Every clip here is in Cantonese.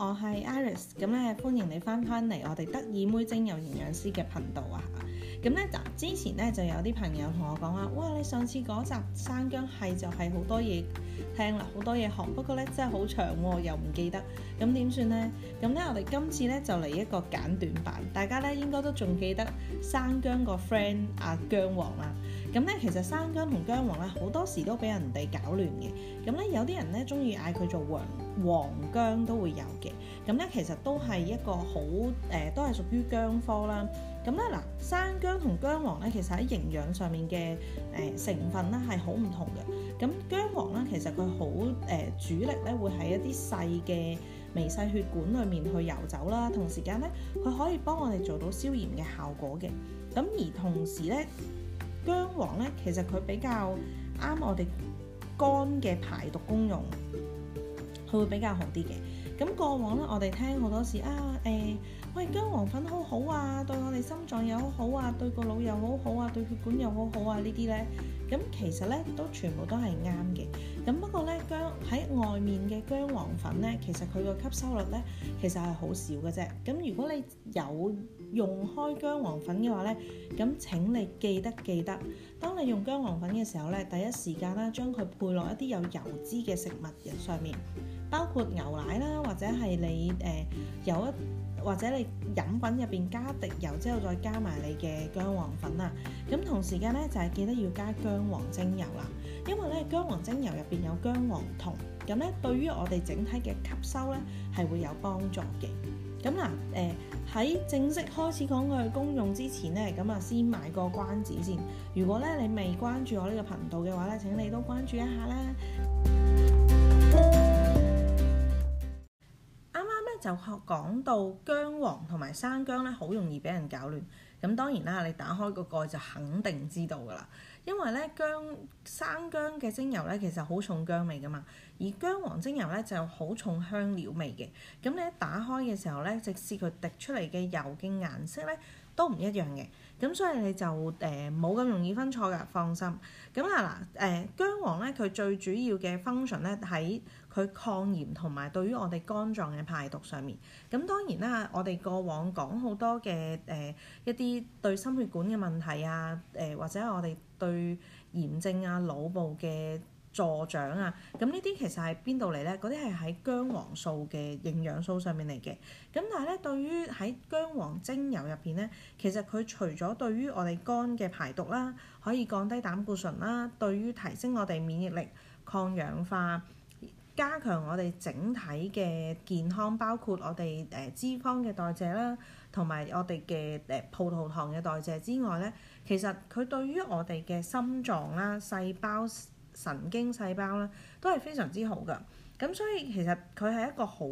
我係 Iris，咁咧歡迎你翻返嚟我哋得意妹精油營養師嘅頻道啊！咁咧，之前咧就有啲朋友同我講話，哇！你上次嗰集生薑係就係好多嘢聽啦，好多嘢學，不過咧真係好長喎，又唔記得，咁點算咧？咁咧我哋今次咧就嚟一個簡短版，大家咧應該都仲記得生薑個 friend 阿薑黃啦。咁咧其實生薑同薑黃咧好多時都俾人哋搞亂嘅。咁咧有啲人咧中意嗌佢做黃。黃薑都會有嘅，咁咧其實都係一個好誒、呃，都係屬於薑科啦。咁咧嗱，山薑同薑黃咧，其實喺營養上面嘅誒、呃、成分咧係好唔同嘅。咁、啊、薑黃咧，其實佢好誒主力咧，會喺一啲細嘅微細血管裡面去游走啦。同時間咧，佢可以幫我哋做到消炎嘅效果嘅。咁、啊、而同時咧，薑黃咧，其實佢比較啱我哋肝嘅排毒功用。佢會比較好啲嘅。咁過往咧，我哋聽好多時啊，誒、欸，喂薑黃粉好好啊，對我哋心臟又好好啊，對個腦又好好啊，對血管又好好啊，呢啲咧。咁其實咧都全部都係啱嘅。咁不過咧薑喺外面嘅薑黃粉咧，其實佢個吸收率咧其實係好少嘅啫。咁如果你有用開薑黃粉嘅話咧，咁請你記得記得，當你用薑黃粉嘅時候咧，第一時間啦將佢配落一啲有油脂嘅食物上面。包括牛奶啦，或者係你誒有一或者你飲品入邊加滴油之後，再加埋你嘅姜黃粉啊。咁同時間咧，就係、是、記得要加姜黃精油啦。因為咧，姜黃精油入邊有姜黃酮，咁咧對於我哋整體嘅吸收咧係會有幫助嘅。咁嗱誒，喺、呃、正式開始講佢功用之前咧，咁啊先買個關子先。如果咧你未關注我呢個頻道嘅話咧，請你都關注一下啦。就講到薑黃同埋生薑咧，好容易俾人搞亂。咁當然啦，你打開個蓋就肯定知道噶啦。因為咧薑生薑嘅精油咧，其實好重薑味噶嘛，而薑黃精油咧就好重香料味嘅。咁你一打開嘅時候咧，即使佢滴出嚟嘅油嘅顏色咧都唔一樣嘅。咁所以你就誒冇咁容易分錯㗎，放心。咁嗱嗱誒薑黃咧，佢最主要嘅 function 咧喺～佢抗炎同埋對於我哋肝臟嘅排毒上面，咁當然啦，我哋過往講好多嘅誒、呃、一啲對心血管嘅問題啊，誒、呃、或者我哋對炎症啊、腦部嘅助長啊，咁呢啲其實係邊度嚟呢？嗰啲係喺姜黃素嘅營養素上面嚟嘅。咁但係咧，對於喺姜黃精油入邊咧，其實佢除咗對於我哋肝嘅排毒啦，可以降低膽固醇啦，對於提升我哋免疫力、抗氧化。加強我哋整體嘅健康，包括我哋誒脂肪嘅代謝啦，同埋我哋嘅誒葡萄糖嘅代謝之外咧，其實佢對於我哋嘅心臟啦、細胞、神經細胞啦，都係非常之好噶。咁所以其實佢係一個好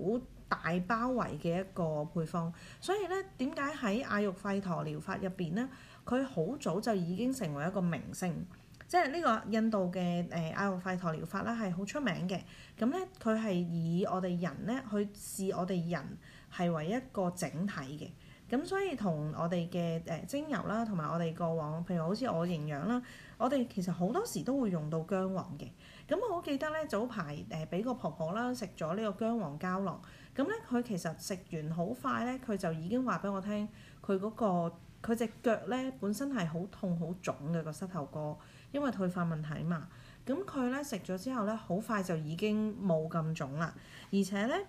大包圍嘅一個配方。所以咧，點解喺阿育吠陀療法入邊咧，佢好早就已經成為一個明星？即係呢、這個印度嘅誒阿育吠陀療法啦，係好出名嘅。咁、嗯、咧，佢係以我哋人咧去視我哋人係為一個整體嘅。咁、嗯、所以同我哋嘅誒精油啦，同埋我哋過往，譬如好似我營養啦，我哋其實好多時都會用到薑黃嘅。咁、嗯、我好記得咧，早排誒俾個婆婆啦食咗呢個薑黃膠囊。咁、嗯、咧，佢其實食完好快咧，佢就已經話俾我聽，佢嗰、那個佢隻腳咧本身係好痛好腫嘅個膝頭哥。因為退化問題嘛，咁佢咧食咗之後咧，好快就已經冇咁腫啦，而且咧，誒、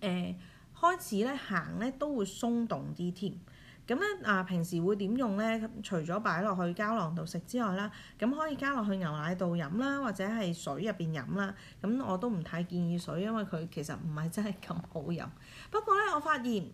呃、開始咧行咧都會鬆動啲添。咁咧啊，平時會點用咧？除咗擺落去膠囊度食之外啦，咁可以加落去牛奶度飲啦，或者係水入邊飲啦。咁我都唔太建議水，因為佢其實唔係真係咁好飲。不過咧，我發現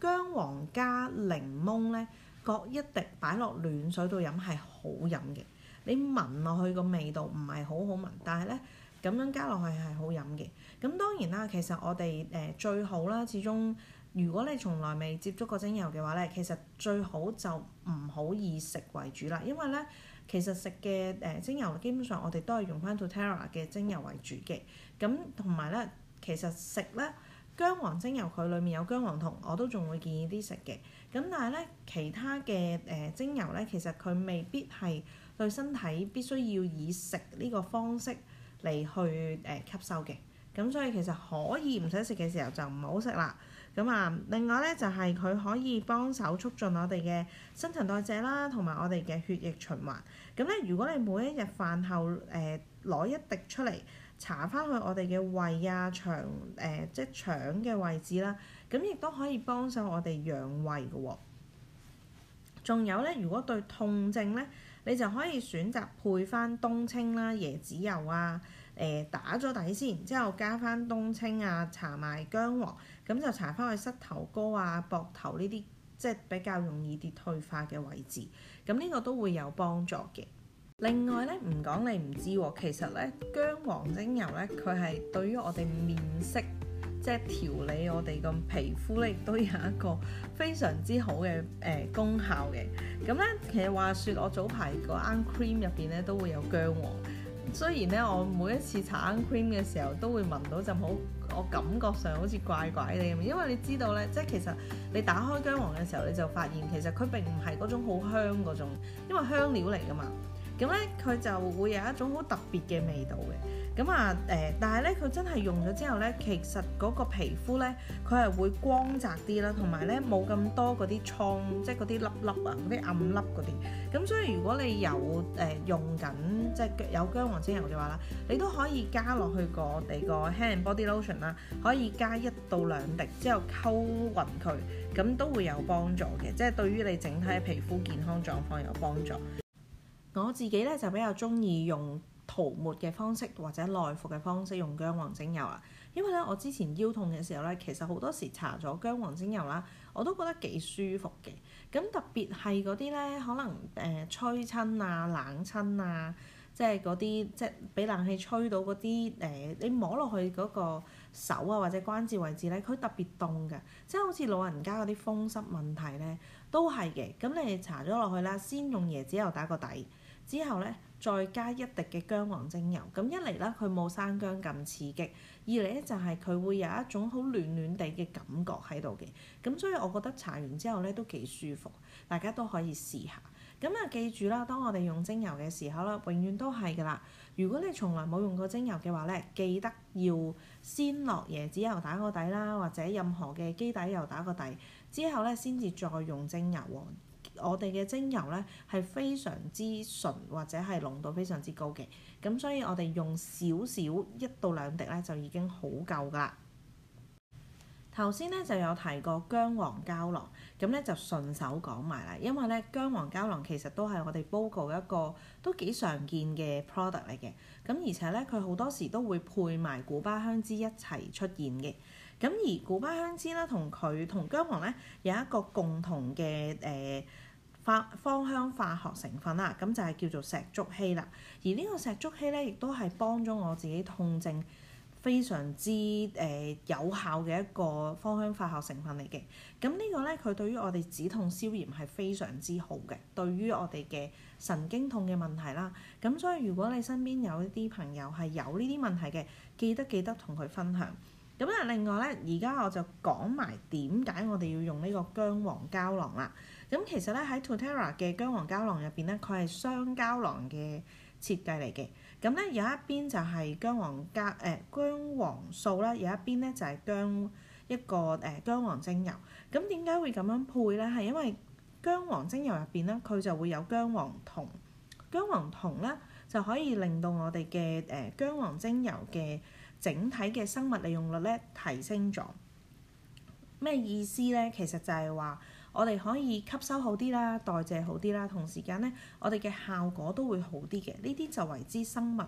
薑黃加檸檬咧，各一滴擺落暖水度飲係好飲嘅。你聞落去個味道唔係好好聞，但係咧咁樣加落去係好飲嘅。咁當然啦，其實我哋誒、呃、最好啦，始終如果你從來未接觸過精油嘅話咧，其實最好就唔好以食為主啦。因為咧，其實食嘅誒精油基本上我哋都係用翻 doTERRA 嘅精油為主嘅。咁同埋咧，其實食咧薑黃精油佢裡面有薑黃酮，我都仲會建議啲食嘅。咁但係咧，其他嘅誒、呃、精油咧，其實佢未必係。對身體必須要以食呢個方式嚟去誒吸收嘅，咁所以其實可以唔使食嘅時候就唔好食啦。咁啊，另外咧就係佢可以幫手促進我哋嘅新陳代謝啦，同埋我哋嘅血液循環。咁咧，如果你每一日飯後誒攞、呃、一滴出嚟，搽翻去我哋嘅胃啊腸誒、呃、即係腸嘅位置啦，咁亦都可以幫手我哋養胃㗎喎。仲有咧，如果對痛症咧～你就可以選擇配翻冬青啦、椰子油啊，誒、呃、打咗底先，之後加翻冬青啊，搽埋薑黃，咁就搽翻去膝頭哥啊、膊頭呢啲即係比較容易跌退化嘅位置，咁呢個都會有幫助嘅。另外咧，唔講你唔知喎，其實咧薑黃精油咧，佢係對於我哋面色。即係調理我哋個皮膚咧，亦都有一個非常之好嘅誒、呃、功效嘅。咁咧，其實話說我早排個安 cream 入邊咧都會有薑黃。雖然咧我每一次擦安 cream 嘅時候都會聞到陣好，我感覺上好似怪怪啲咁。因為你知道咧，即係其實你打開薑黃嘅時候，你就發現其實佢並唔係嗰種好香嗰種，因為香料嚟噶嘛。咁咧佢就會有一種好特別嘅味道嘅。咁啊，誒、嗯，但係咧，佢真係用咗之後咧，其實嗰個皮膚咧，佢係會光澤啲啦，同埋咧冇咁多嗰啲瘡，即係嗰啲粒粒啊，啲暗粒嗰啲。咁、嗯、所以如果你有誒、呃、用緊，即係有姜黃精油嘅話啦，你都可以加落去我哋個 hand body lotion 啦，可以加一到兩滴，之後溝勻佢，咁都會有幫助嘅，即係對於你整體嘅皮膚健康狀況有幫助。我自己咧就比較中意用。塗抹嘅方式或者內服嘅方式用薑黃精油啊，因為咧我之前腰痛嘅時候咧，其實好多時搽咗薑黃精油啦，我都覺得幾舒服嘅。咁特別係嗰啲咧，可能誒、呃、吹親啊、冷親啊，即係嗰啲即係俾冷氣吹到嗰啲誒，你摸落去嗰個手啊或者關節位置咧，佢特別凍嘅，即係好似老人家嗰啲風濕問題咧都係嘅。咁你搽咗落去啦，先用椰子油打個底之後咧。再加一滴嘅薑黃精油，咁一嚟咧佢冇生薑咁刺激，二嚟咧就係佢會有一種好暖暖地嘅感覺喺度嘅，咁所以我覺得搽完之後咧都幾舒服，大家都可以試下。咁啊，記住啦，當我哋用精油嘅時候啦，永遠都係噶啦。如果你從來冇用過精油嘅話咧，記得要先落椰子油打個底啦，或者任何嘅基底油打個底之後咧，先至再用精油喎。我哋嘅精油咧係非常之純，或者係濃度非常之高嘅。咁所以我小小，我哋用少少一到兩滴咧，就已經好夠㗎啦。頭先咧就有提過姜黃膠囊，咁咧就順手講埋啦，因為咧姜黃膠囊其實都係我哋 BOGO 一個都幾常見嘅 product 嚟嘅。咁而且咧，佢好多時都會配埋古巴香脂一齊出現嘅。咁而古巴香脂咧，同佢同姜黃咧有一個共同嘅誒。呃芳香化學成分啦，咁就係叫做石竹烯啦。而呢個石竹烯咧，亦都係幫咗我自己痛症非常之誒有效嘅一個芳香化學成分嚟嘅。咁呢個咧，佢對於我哋止痛消炎係非常之好嘅，對於我哋嘅神經痛嘅問題啦。咁所以如果你身邊有一啲朋友係有呢啲問題嘅，記得記得同佢分享。咁另外咧，而家我就講埋點解我哋要用呢個薑黃膠囊啦。咁其實咧，喺 To Terra 嘅薑黃膠囊入邊咧，佢係雙膠囊嘅設計嚟嘅。咁咧，有一邊就係薑黃膠誒、呃、薑黃素啦，有一邊咧就係薑一個誒、呃、薑黃精油。咁點解會咁樣配咧？係因為薑黃精油入邊咧，佢就會有薑黃酮。薑黃酮咧就可以令到我哋嘅誒薑黃精油嘅整體嘅生物利用率咧提升咗。咩意思咧？其實就係話。我哋可以吸收好啲啦，代謝好啲啦，同時間咧，我哋嘅效果都會好啲嘅。呢啲就為之生物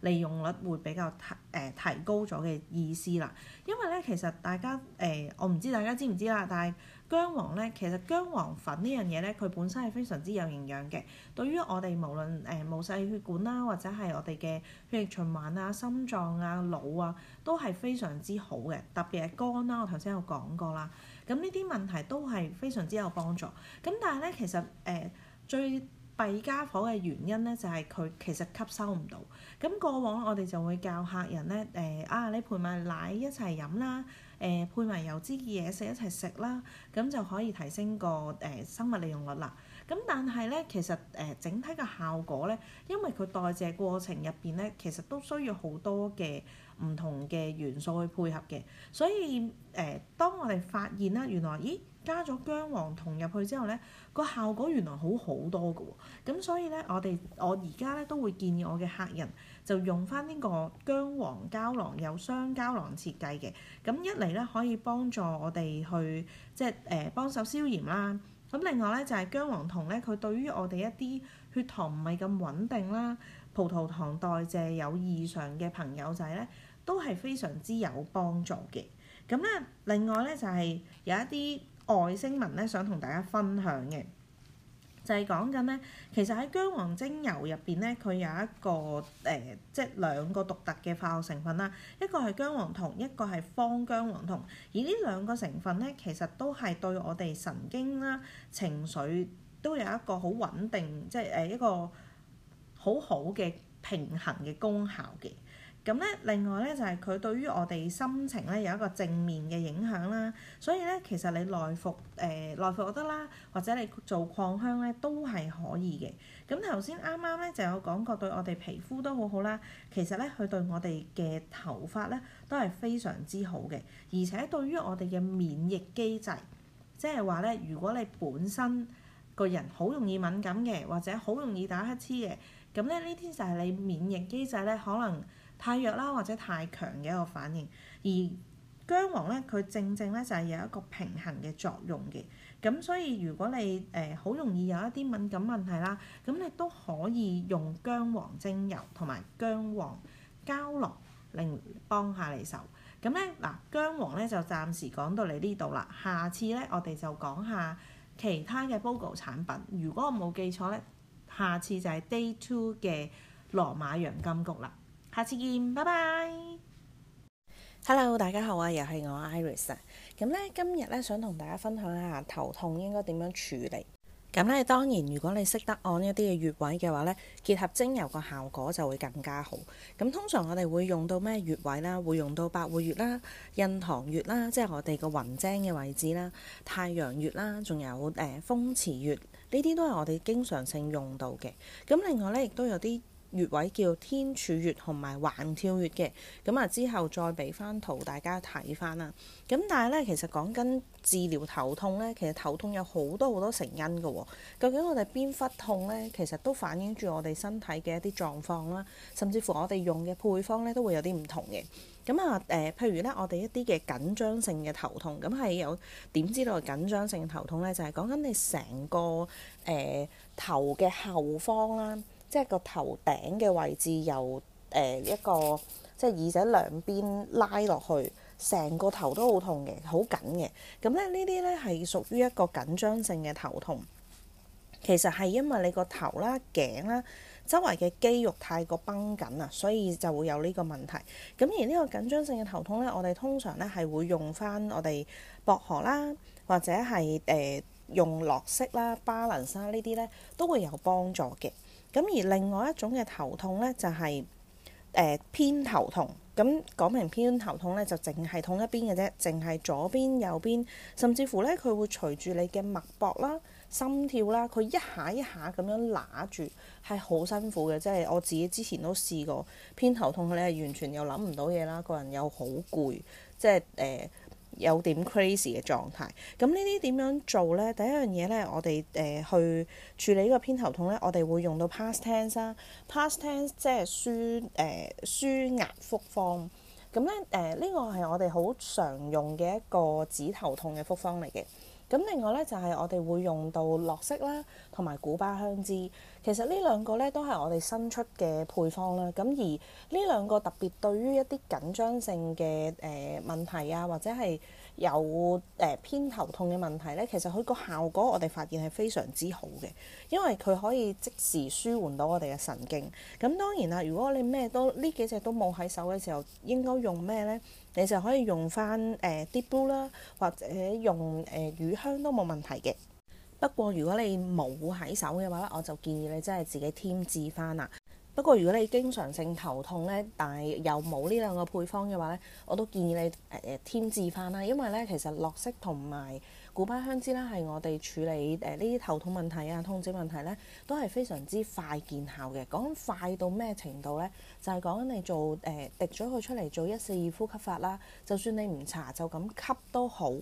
利用率會比較提、呃、提高咗嘅意思啦。因為咧，其實大家誒、呃，我唔知大家知唔知啦，但係薑黃咧，其實薑黃粉呢樣嘢咧，佢本身係非常之有營養嘅。對於我哋無論誒毛、呃、細血管啦，或者係我哋嘅血液循環啊、心臟啊、腦啊，都係非常之好嘅。特別係肝啦，我頭先有講過啦。咁呢啲問題都係非常之有幫助。咁但係咧，其實誒、呃、最弊家伙嘅原因咧，就係佢其實吸收唔到。咁過往我哋就會教客人咧誒、呃、啊，你配埋奶一齊飲啦，誒配埋油脂嘅嘢食一齊食啦，咁就可以提升個誒、呃、生物利用率啦。咁但係咧，其實誒、呃、整體嘅效果咧，因為佢代謝過程入邊咧，其實都需要好多嘅。唔同嘅元素去配合嘅，所以誒、呃，當我哋發現啦，原來咦，加咗薑黃酮入去之後咧，個效果原來好好多㗎喎。咁所以咧，我哋我而家咧都會建議我嘅客人就用返呢個薑黃膠囊有雙膠囊設計嘅。咁一嚟咧，可以幫助我哋去即係誒、呃、幫手消炎啦。咁另外咧就係、是、薑黃酮咧，佢對於我哋一啲血糖唔係咁穩定啦、葡萄糖代謝有異常嘅朋友仔咧。都係非常之有幫助嘅。咁咧，另外咧就係有一啲外星文咧，想同大家分享嘅，就係講緊咧，其實喺薑黃精油入邊咧，佢有一個誒，即係兩個獨特嘅化學成分啦。一個係薑黃酮，一個係芳薑黃酮。而呢兩個成分咧，其實都係對我哋神經啦、情緒都有一個好穩定，即係誒一個好好嘅平衡嘅功效嘅。咁咧，另外咧就係、是、佢對於我哋心情咧有一個正面嘅影響啦。所以咧，其實你內服誒內、呃、服得啦，或者你做擴香咧都係可以嘅。咁頭先啱啱咧就有講過，對我哋皮膚都好好啦。其實咧，佢對我哋嘅頭髮咧都係非常之好嘅，而且對於我哋嘅免疫機制，即係話咧，如果你本身個人好容易敏感嘅，或者好容易打乞嗤嘅，咁咧呢啲就係你免疫機制咧可能。太弱啦，或者太強嘅一個反應，而薑黃咧，佢正正咧就係有一個平衡嘅作用嘅。咁所以如果你誒好、呃、容易有一啲敏感問題啦，咁你都可以用薑黃精油同埋薑黃膠囊嚟幫下你手。咁咧嗱，薑黃咧就暫時講到你呢度啦。下次咧，我哋就講下其他嘅 Bogo 產品。如果我冇記錯咧，下次就係 Day Two 嘅羅馬洋金菊啦。下次見，拜拜。Hello，大家好啊，又係我 Iris 啊。咁咧，今日咧想同大家分享一下頭痛應該點樣處理。咁咧，當然如果你識得按一啲嘅穴位嘅話咧，結合精油個效果就會更加好。咁通常我哋會用到咩穴位啦？會用到百會穴啦、印堂穴啦，即係我哋個雲睛嘅位置啦、太陽穴啦，仲有誒風池穴呢啲都係我哋經常性用到嘅。咁另外呢，亦都有啲。穴位叫天柱穴同埋環跳穴嘅，咁啊之後再俾翻圖大家睇翻啦。咁但係咧，其實講緊治療頭痛咧，其實頭痛有好多好多成因嘅。究竟我哋邊忽痛咧，其實都反映住我哋身體嘅一啲狀況啦，甚至乎我哋用嘅配方咧都會有啲唔同嘅。咁啊誒，譬如咧，我哋一啲嘅緊張性嘅頭痛，咁係有點知道係緊張性頭痛咧？就係講緊你成個誒、呃、頭嘅後方啦。即係個頭頂嘅位置，由誒一個即係耳仔兩邊拉落去，成個頭都好痛嘅，好緊嘅。咁咧呢啲咧係屬於一個緊張性嘅頭痛，其實係因為你個頭啦、啊、頸啦、啊、周圍嘅肌肉太過繃緊啊，所以就會有呢個問題。咁而呢個緊張性嘅頭痛咧，我哋通常咧係會用返我哋薄荷啦，或者係誒、呃、用落色啦、巴倫沙呢啲咧，都會有幫助嘅。咁而另外一種嘅頭痛呢，就係誒偏頭痛。咁講明偏頭痛呢，就淨係痛一邊嘅啫，淨係左邊、右邊，甚至乎呢，佢會隨住你嘅脈搏啦、心跳啦，佢一下一下咁樣拿住，係好辛苦嘅。即係我自己之前都試過偏頭痛，你係完全又諗唔到嘢啦，個人又好攰，即係誒。有點 crazy 嘅狀態，咁呢啲點樣做呢？第一樣嘢呢，我哋誒、呃、去處理呢個偏頭痛呢，我哋會用到 past tense 啦、啊，past tense 即係舒誒舒壓復方，咁咧誒呢個係我哋好常用嘅一個止頭痛嘅復方嚟嘅。咁另外呢，就係、是、我哋會用到樂色啦，同埋古巴香脂。其實呢兩個咧都係我哋新出嘅配方啦，咁而呢兩個特別對於一啲緊張性嘅誒問題啊，或者係有誒偏頭痛嘅問題咧，其實佢個效果我哋發現係非常之好嘅，因為佢可以即時舒緩到我哋嘅神經。咁當然啦，如果你咩都呢幾隻都冇喺手嘅時候，應該用咩咧？你就可以用返誒 Deep Blue 啦，或者用誒乳香都冇問題嘅。不過如果你冇喺手嘅話咧，我就建議你真係自己添置返啦。不過如果你經常性頭痛咧，但係又冇呢兩個配方嘅話咧，我都建議你誒誒、呃、添置返啦。因為咧，其實樂色同埋古巴香脂啦，係我哋處理誒呢啲頭痛問題啊、痛症問題咧，都係非常之快見效嘅。講快到咩程度咧？就係講緊你做誒、呃、滴咗佢出嚟做一四二呼吸法啦，就算你唔搽就咁吸都好。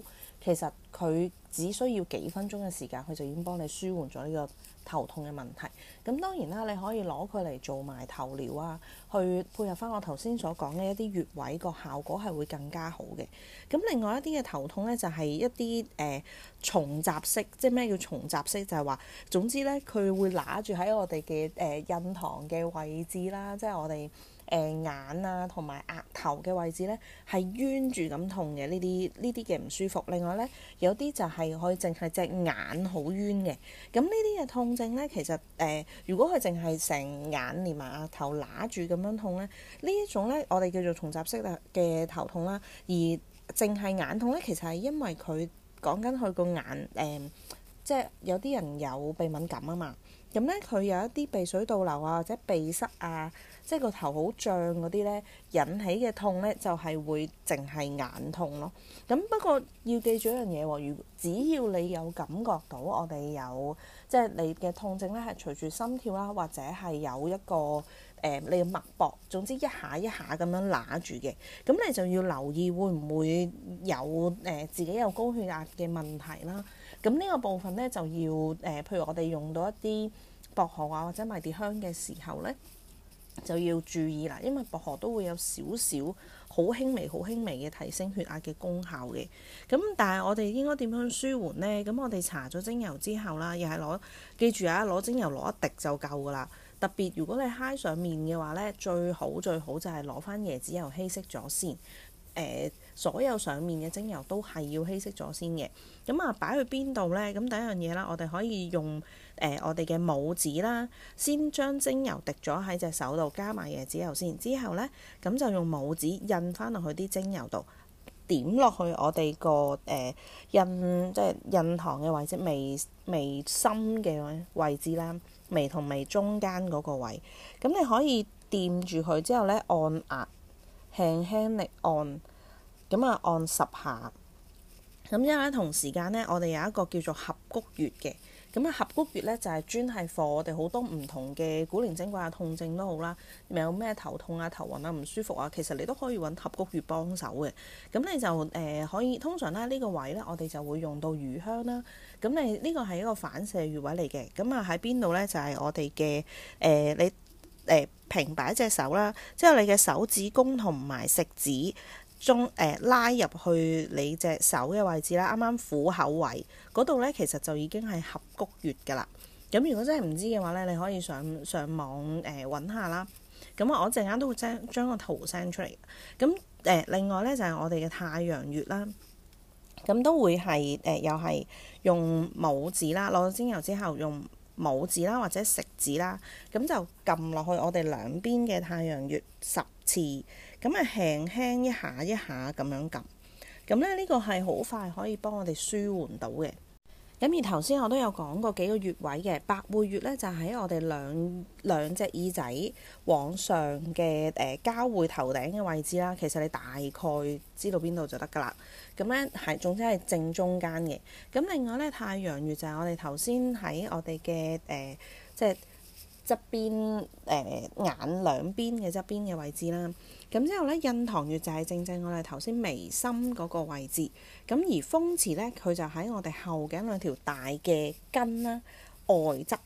其實佢只需要幾分鐘嘅時間，佢就已經幫你舒緩咗呢個頭痛嘅問題。咁當然啦，你可以攞佢嚟做埋頭療啊，去配合返我頭先所講嘅一啲穴位，個效果係會更加好嘅。咁另外一啲嘅頭痛呢，就係、是、一啲誒、呃、重雜式，即係咩叫重雜式？就係、是、話總之呢，佢會拿住喺我哋嘅誒印堂嘅位置啦，即係我哋。呃、眼啊，同埋額頭嘅位置呢，係冤住咁痛嘅呢啲呢啲嘅唔舒服。另外呢，有啲就係可以淨係隻眼好冤嘅。咁呢啲嘅痛症呢，其實誒、呃，如果佢淨係成眼連埋額頭乸住咁樣痛呢，呢一種呢，我哋叫做叢集式嘅頭痛啦。而淨係眼痛呢，其實係因為佢講緊佢個眼誒、呃，即係有啲人有鼻敏感啊嘛。咁呢，佢有一啲鼻水倒流啊，或者鼻塞啊。即係個頭好脹嗰啲咧，引起嘅痛咧就係、是、會淨係眼痛咯。咁不過要記住一樣嘢喎，如只要你有感覺到我哋有即係你嘅痛症咧，係隨住心跳啦，或者係有一個誒、呃、你嘅脈搏，總之一下一下咁樣揦住嘅，咁你就要留意會唔會有誒、呃、自己有高血壓嘅問題啦。咁呢個部分咧就要誒、呃，譬如我哋用到一啲薄荷啊或者迷迭香嘅時候咧，就要注意啦，因為薄荷都會有少少好輕微、好輕微嘅提升血壓嘅功效嘅。咁但係我哋應該點樣舒緩呢？咁我哋搽咗精油之後啦，又係攞，記住啊，攞精油攞一滴就夠㗎啦。特別如果你揩上面嘅話呢，最好最好就係攞返椰子油稀釋咗先。誒、呃。所有上面嘅精油都係要稀釋咗先嘅。咁啊，擺去邊度呢？咁第一樣嘢啦，我哋可以用誒、呃、我哋嘅拇指啦，先將精油滴咗喺隻手度，加埋椰子油先。之後呢，咁就用拇指印翻落去啲精油度，點落去我哋個誒印即係、就是、印堂嘅位置，眉眉心嘅位置啦，眉同眉中間嗰個位。咁你可以掂住佢之後呢，按壓輕輕力按。咁啊，按十下。咁因為同時間咧，我哋有一個叫做合谷穴嘅。咁啊，合谷穴咧就係專係火我哋好多唔同嘅古靈精怪嘅痛症都好啦，咪有咩頭痛啊、頭暈啊、唔舒服啊，其實你都可以揾合谷穴幫手嘅。咁你就誒、呃、可以通常咧呢個位咧，我哋就會用到魚香啦。咁你呢、這個係一個反射穴位嚟嘅。咁啊喺邊度咧？就係我哋嘅誒你誒、呃、平擺隻手啦，之後你嘅手指公同埋食指。中誒、呃、拉入去你隻手嘅位置啦，啱啱虎口位嗰度咧，其實就已經係合谷穴㗎啦。咁如果真係唔知嘅話咧，你可以上上網誒揾、呃、下啦。咁我陣間都會將將個圖 send 出嚟。咁誒、呃、另外咧就係、是、我哋嘅太陽穴啦，咁都會係誒、呃、又係用拇指啦，攞咗精油之後用拇指啦或者食指啦，咁就撳落去我哋兩邊嘅太陽穴十次。咁啊，輕輕一下一下咁樣撳，咁咧呢個係好快可以幫我哋舒緩到嘅。咁而頭先我都有講過幾個穴位嘅，百會穴咧就喺、是、我哋兩兩隻耳仔往上嘅誒、呃、交匯頭頂嘅位置啦。其實你大概知道邊度就得㗎啦。咁咧係總之係正中間嘅。咁另外咧太陽穴就係我哋頭先喺我哋嘅誒，即係。側邊誒、呃、眼兩邊嘅側邊嘅位置啦，咁之後咧印堂穴就係正正我哋頭先眉心嗰個位置，咁而風池咧佢就喺我哋後頸兩條大嘅筋啦外側。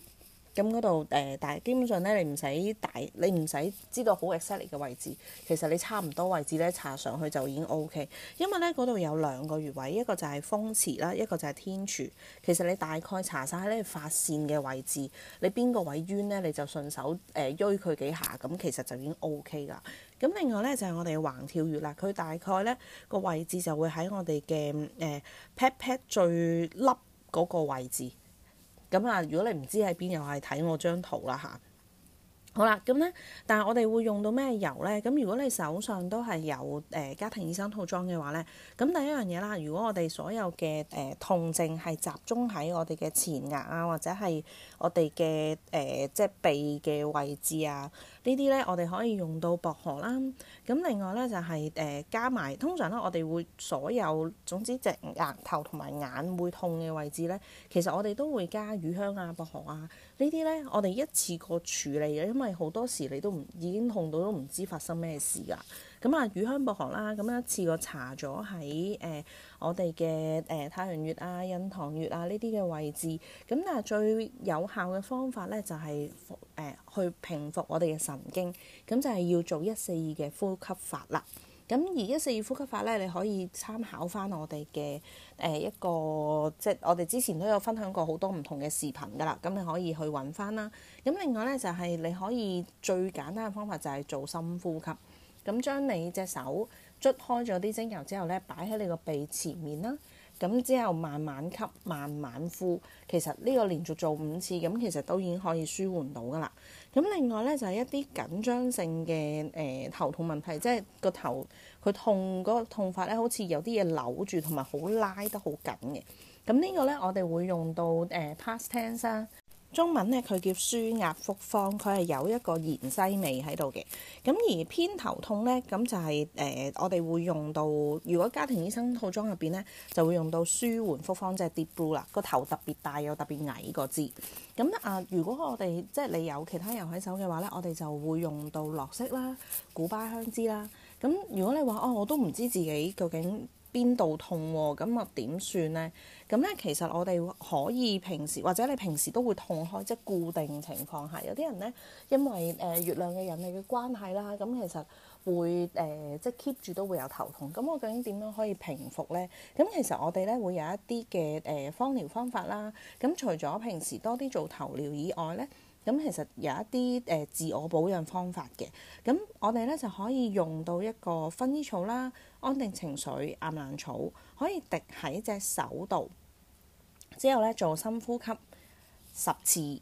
咁嗰度誒，但係、呃、基本上咧，你唔使大，你唔使知道好 exactly 嘅位置，其實你差唔多位置咧搽上去就已經 O K。因為咧嗰度有兩個穴位，一個就係風池啦，一個就係天柱。其實你大概搽晒喺你發線嘅位置，你邊個位冤咧，你就順手誒推佢幾下，咁其實就已經 O K 噶。咁另外咧就係、是、我哋嘅環跳穴啦，佢大概咧個位置就會喺我哋嘅誒 pat pat 最凹嗰個位置。咁啊，如果你唔知喺邊，又係睇我張圖啦吓，好啦，咁咧，但係我哋會用到咩油咧？咁如果你手上都係有誒、呃、家庭醫生套裝嘅話咧，咁第一樣嘢啦，如果我哋所有嘅誒、呃、痛症係集中喺我哋嘅前額啊，或者係我哋嘅誒即係鼻嘅位置啊。呢啲咧，我哋可以用到薄荷啦。咁另外咧就係、是、誒、呃、加埋，通常咧我哋會所有總之隻額頭同埋眼會痛嘅位置咧，其實我哋都會加乳香啊、薄荷啊呢啲咧，我哋一次過處理嘅，因為好多時你都唔已經痛到都唔知發生咩事㗎。咁啊，乳香薄荷啦。咁一次過搽咗喺誒我哋嘅誒太陽穴啊、印堂穴啊呢啲嘅位置。咁但係最有效嘅方法咧，就係、是、誒、呃、去平復我哋嘅神經。咁就係要做一四二嘅呼吸法啦。咁而一四二呼吸法咧，你可以參考翻我哋嘅誒一個，即、就、係、是、我哋之前都有分享過好多唔同嘅視頻噶啦。咁你可以去揾翻啦。咁另外咧，就係、是、你可以最簡單嘅方法就係做深呼吸。咁將你隻手捽開咗啲精油之後咧，擺喺你個鼻前面啦。咁之後慢慢吸，慢慢呼。其實呢個連續做五次，咁其實都已經可以舒緩到噶啦。咁另外咧就係、是、一啲緊張性嘅誒、呃、頭痛問題，即係個頭佢痛嗰、那個痛法咧，好似有啲嘢扭住同埋好拉得好緊嘅。咁、這個、呢個咧，我哋會用到誒 past tense 啦。呃中文咧佢叫舒壓復方，佢係有一個芫荽味喺度嘅。咁而偏頭痛咧，咁就係、是、誒、呃、我哋會用到，如果家庭醫生套裝入邊咧，就會用到舒緩復方，即係 Deep Blue 啦。個頭特別大又特別矮個字。咁咧啊，如果我哋即係你有其他人喺手嘅話咧，我哋就會用到樂色啦、古巴香脂啦。咁如果你話哦，我都唔知自己究竟。邊度痛喎、啊？咁啊點算呢？咁咧其實我哋可以平時或者你平時都會痛開，即係固定情況下，有啲人咧因為誒、呃、月亮嘅引力嘅關係啦，咁其實會誒、呃、即係 keep 住都會有頭痛。咁我究竟點樣可以平復呢？咁其實我哋咧會有一啲嘅誒芳療方法啦。咁除咗平時多啲做頭療以外咧，咁其實有一啲誒、呃、自我保養方法嘅。咁我哋咧就可以用到一個薰衣草啦。安定情緒，岩蘭草可以滴喺隻手度，之後咧做深呼吸十次，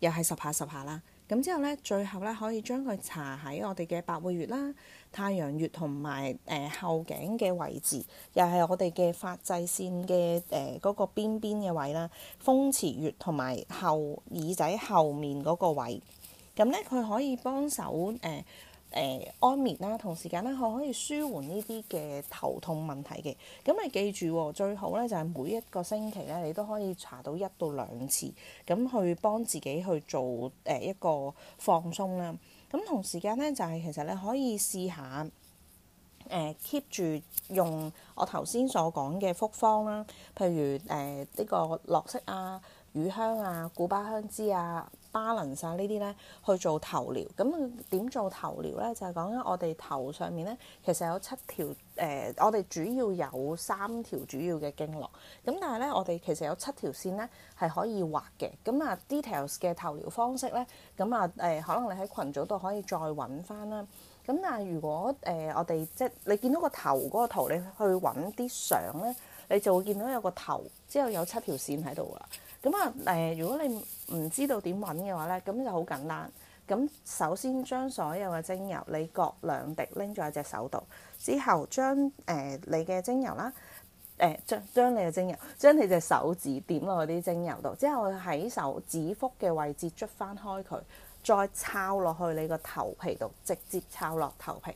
又係十下十下啦。咁之後咧，最後咧可以將佢搽喺我哋嘅百會穴啦、太陽穴同埋誒後頸嘅位置，又係我哋嘅發際線嘅誒嗰個邊邊嘅位啦、風池穴同埋後耳仔後面嗰個位。咁咧佢可以幫手誒。呃誒、呃、安眠啦，同時間咧，佢可以舒緩呢啲嘅頭痛問題嘅。咁你記住，最好咧就係、是、每一個星期咧，你都可以查到一到兩次，咁去幫自己去做誒、呃、一個放鬆啦。咁同時間咧，就係、是、其實你可以試下誒 keep 住用我頭先所講嘅複方啦，譬如誒呢、呃這個樂色啊、乳香啊、古巴香脂啊。巴倫晒呢啲咧去做頭療，咁點做頭療咧？就係、是、講緊我哋頭上面咧，其實有七條誒、呃，我哋主要有三條主要嘅經絡，咁但係咧，我哋其實有七條線咧係可以畫嘅。咁啊，details 嘅頭療方式咧，咁啊誒、呃，可能你喺群組度可以再揾翻啦。咁但係如果誒、呃、我哋即係你見到個頭嗰個圖，你去揾啲相咧，你就會見到有個頭之後有七條線喺度啦。咁啊誒、呃，如果你唔知道點揾嘅話呢，咁就好簡單。咁首先將所有嘅精油，你各兩滴拎咗喺隻手度，之後將誒、呃、你嘅精油啦，誒將將你嘅精油，將、呃、你隻手指點落啲精油度，之後喺手指腹嘅位置捽翻開佢，再抄落去你個頭皮度，直接抄落頭皮。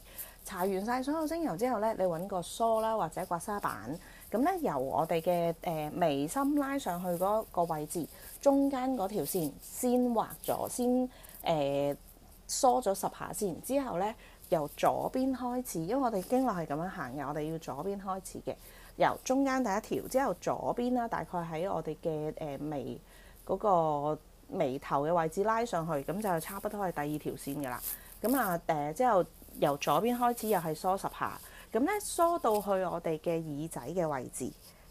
搽完晒所有精油之後呢，你揾個梳啦或者刮痧板，咁呢，由我哋嘅誒眉心拉上去嗰個位置。中間嗰條線先畫咗，先誒、呃、梳咗十下先。之後咧由左邊開始，因為我哋經絡係咁樣行嘅，我哋要左邊開始嘅。由中間第一條，之後左邊啦，大概喺我哋嘅誒眉嗰、嗰個眉頭嘅位置拉上去，咁就差唔多係第二條線嘅啦。咁啊誒，之後由左邊開始又係梳十下，咁咧梳到去我哋嘅耳仔嘅位置。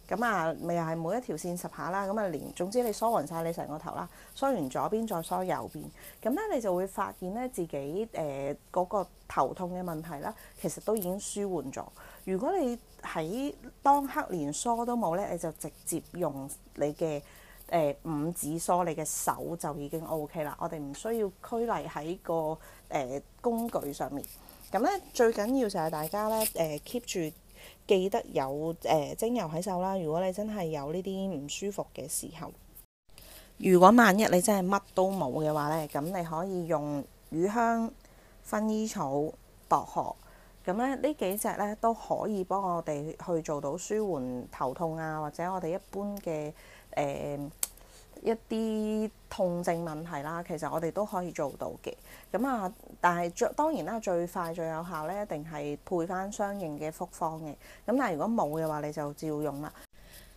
咁啊，咪又係每一條線十下啦。咁啊，連總之你梳完晒你成個頭啦，梳完左邊再梳右邊。咁咧，你就會發現咧自己誒嗰、呃那個頭痛嘅問題啦，其實都已經舒緩咗。如果你喺當刻連梳都冇咧，你就直接用你嘅誒五指梳，你嘅手就已經 OK 啦。我哋唔需要拘泥喺、那個誒、呃、工具上面。咁咧，最緊要就係大家咧誒 keep 住。記得有誒、呃、精油喺手啦。如果你真係有呢啲唔舒服嘅時候，如果萬一你真係乜都冇嘅話呢，咁你可以用乳香、薰衣草、薄荷，咁咧呢幾隻呢都可以幫我哋去做到舒緩頭痛啊，或者我哋一般嘅誒。呃一啲痛症問題啦，其實我哋都可以做到嘅。咁啊，但係最當然啦，最快最有效咧，一定係配翻相應嘅複方嘅。咁但係如果冇嘅話，你就照用啦。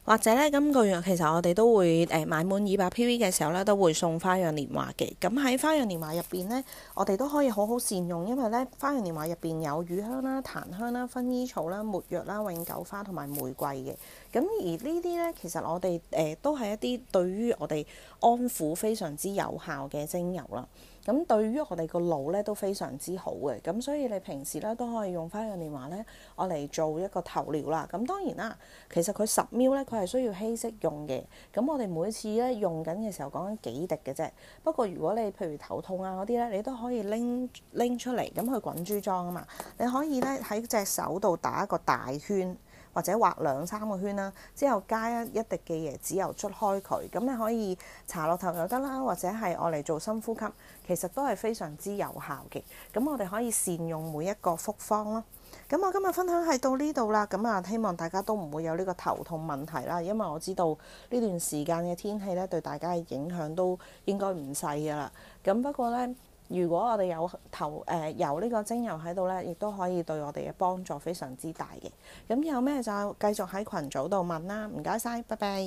或者咧，今、那個月其實我哋都會誒、呃、買滿二百 PV 嘅時候咧，都會送花樣《花漾年華》嘅。咁喺《花漾年華》入邊咧，我哋都可以好好善用，因為咧，《花漾年華》入邊有乳香啦、檀香啦、薰衣草啦、沒藥啦、永久花同埋玫瑰嘅。咁而呢啲咧，其實我哋誒、呃、都係一啲對於我哋安撫非常之有效嘅精油啦。咁對於我哋個腦咧都非常之好嘅。咁所以你平時咧都可以用翻呢樣話咧，我嚟做一個頭療啦。咁當然啦，其實佢十秒咧，佢係需要稀釋用嘅。咁我哋每次咧用緊嘅時候，講緊幾滴嘅啫。不過如果你譬如頭痛啊嗰啲咧，你都可以拎拎出嚟。咁去滾珠裝啊嘛，你可以咧喺隻手度打一個大圈。或者畫兩三個圈啦，之後加一一滴嘅椰子油捽開佢，咁你可以搽落頭又得啦，或者係我嚟做深呼吸，其實都係非常之有效嘅。咁我哋可以善用每一個複方咯。咁我今日分享係到呢度啦，咁啊希望大家都唔會有呢個頭痛問題啦，因為我知道呢段時間嘅天氣咧對大家嘅影響都應該唔細噶啦。咁不過咧。如果我哋有頭誒、呃、有呢個精油喺度咧，亦都可以對我哋嘅幫助非常之大嘅。咁有咩就繼續喺群組度問啦。唔該晒，拜拜。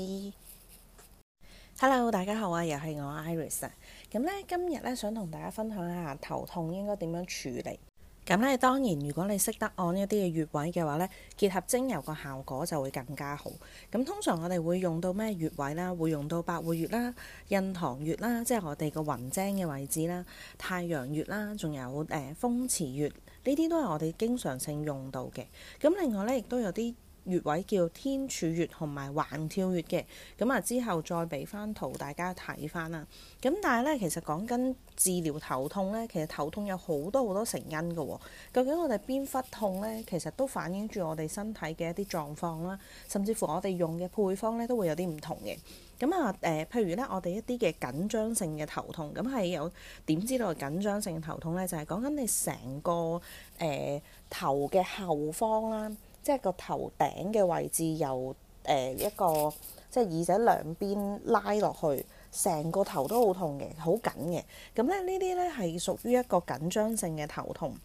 Hello，大家好啊，又係我 Iris。咁咧，今日咧想同大家分享一下頭痛應該點樣處理。咁咧當然，如果你識得按一啲嘅穴位嘅話咧，結合精油個效果就會更加好。咁通常我哋會用到咩穴位啦？會用到百會穴啦、印堂穴啦，即係我哋個雲霧嘅位置啦、太陽穴啦，仲有誒風池穴，呢啲都係我哋經常性用到嘅。咁另外咧，亦都有啲穴位叫天柱穴同埋環跳穴嘅，咁啊之後再俾翻圖大家睇翻啦。咁但係咧，其實講緊治療頭痛咧，其實頭痛有好多好多成因嘅喎。究竟我哋邊忽痛咧，其實都反映住我哋身體嘅一啲狀況啦，甚至乎我哋用嘅配方咧都會有啲唔同嘅。咁啊誒，譬如咧，我哋一啲嘅緊張性嘅頭痛，咁係有點知道緊張性頭痛咧？就係講緊你成個誒、呃、頭嘅後方啦。即係個頭頂嘅位置，由誒一個即係耳仔兩邊拉落去，成個頭都好痛嘅，好緊嘅。咁咧呢啲咧係屬於一個緊張性嘅頭痛，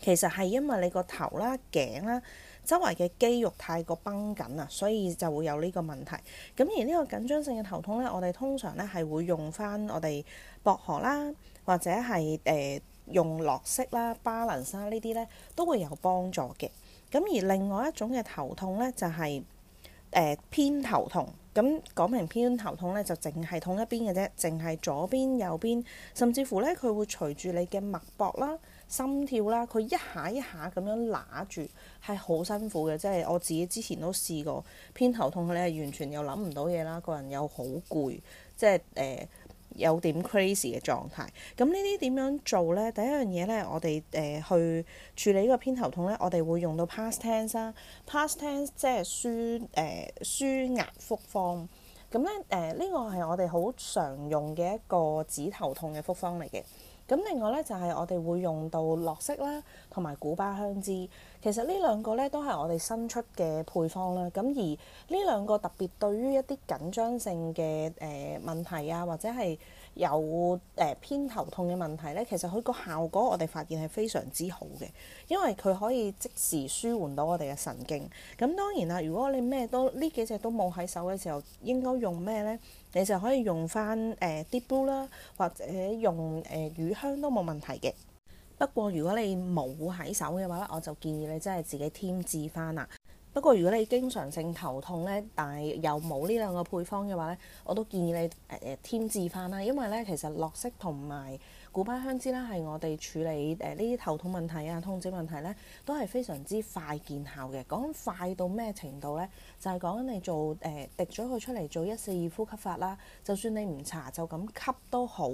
其實係因為你個頭啦、頸啦周圍嘅肌肉太過繃緊啦，所以就會有呢個問題。咁而呢個緊張性嘅頭痛咧，我哋通常咧係會用返我哋薄荷啦，或者係誒、呃、用落色啦、巴倫沙呢啲咧都會有幫助嘅。咁而另外一種嘅頭痛呢，就係、是、誒、呃、偏頭痛。咁講明偏頭痛呢，就淨係痛一邊嘅啫，淨係左邊、右邊，甚至乎呢，佢會隨住你嘅脈搏啦、心跳啦，佢一下一下咁樣拿住，係好辛苦嘅。即、就、係、是、我自己之前都試過偏頭痛，你係完全又諗唔到嘢啦，個人又好攰，即係誒。呃有點 crazy 嘅狀態，咁呢啲點樣做呢？第一樣嘢呢，我哋誒、呃、去處理個偏頭痛呢，我哋會用到 past tense 啦、啊，past tense 即係舒誒舒壓複方，咁咧誒呢個係、呃、我哋好常用嘅一個止頭痛嘅複方嚟嘅。咁另外咧就係我哋會用到樂色啦，同埋古巴香脂。其實呢兩個咧都係我哋新出嘅配方啦。咁而呢兩個特別對於一啲緊張性嘅誒問題啊，或者係。有誒、呃、偏頭痛嘅問題咧，其實佢個效果我哋發現係非常之好嘅，因為佢可以即時舒緩到我哋嘅神經。咁當然啦，如果你咩都呢幾隻都冇喺手嘅時候，應該用咩咧？你就可以用翻誒 Deep Blue 啦，或者用誒乳香都冇問題嘅。不過如果你冇喺手嘅話咧，我就建議你真係自己添置翻啦。不過如果你經常性頭痛咧，但係又冇呢兩個配方嘅話咧，我都建議你誒誒、呃呃、添置翻啦。因為咧，其實樂色同埋古巴香脂啦，係我哋處理誒呢啲頭痛問題啊、痛症問題咧，都係非常之快見效嘅。講快到咩程度咧？就係講緊你做誒、呃、滴咗佢出嚟做一四二呼吸法啦。就算你唔搽，就咁吸都好，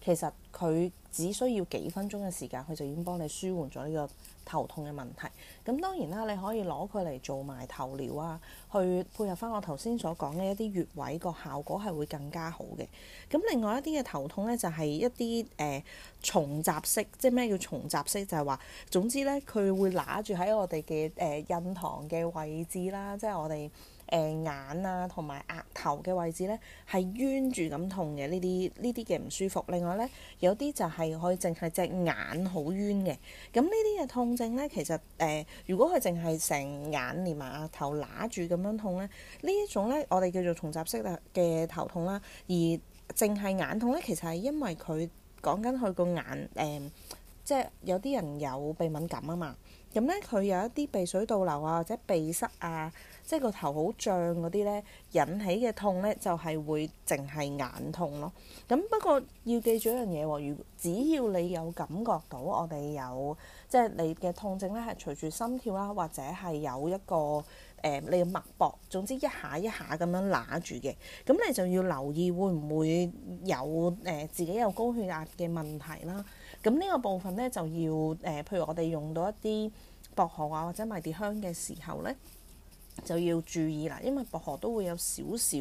其實佢只需要幾分鐘嘅時間，佢就已經幫你舒緩咗呢個。頭痛嘅問題，咁當然啦，你可以攞佢嚟做埋頭療啊，去配合返我頭先所講嘅一啲穴位，個效果係會更加好嘅。咁另外一啲嘅頭痛呢，就係、是、一啲誒、呃、重雜式，即係咩叫重雜式？就係、是、話，總之呢，佢會拿住喺我哋嘅誒印堂嘅位置啦，即係我哋。眼啊，同埋額頭嘅位置呢，係冤住咁痛嘅，呢啲呢啲嘅唔舒服。另外呢，有啲就係可以淨係隻眼好冤嘅。咁呢啲嘅痛症呢，其實誒、呃，如果佢淨係成眼連埋額頭乸住咁樣痛呢，呢一種呢，我哋叫做叢集式嘅頭痛啦。而淨係眼痛呢，其實係因為佢講緊佢個眼誒，即、呃、係、就是、有啲人有鼻敏感啊嘛。咁呢，佢有一啲鼻水倒流啊，或者鼻塞啊。即係個頭好脹嗰啲咧，引起嘅痛咧就係會淨係眼痛咯。咁不過要記住一樣嘢喎，如只要你有感覺到我哋有即係你嘅痛症咧，係隨住心跳啦，或者係有一個誒、呃、你嘅脈搏，總之一下一下咁樣揦住嘅，咁你就要留意會唔會有誒、呃、自己有高血壓嘅問題啦。咁呢個部分咧就要誒、呃，譬如我哋用到一啲薄荷啊或者迷迭香嘅時候咧。就要注意啦，因為薄荷都會有少少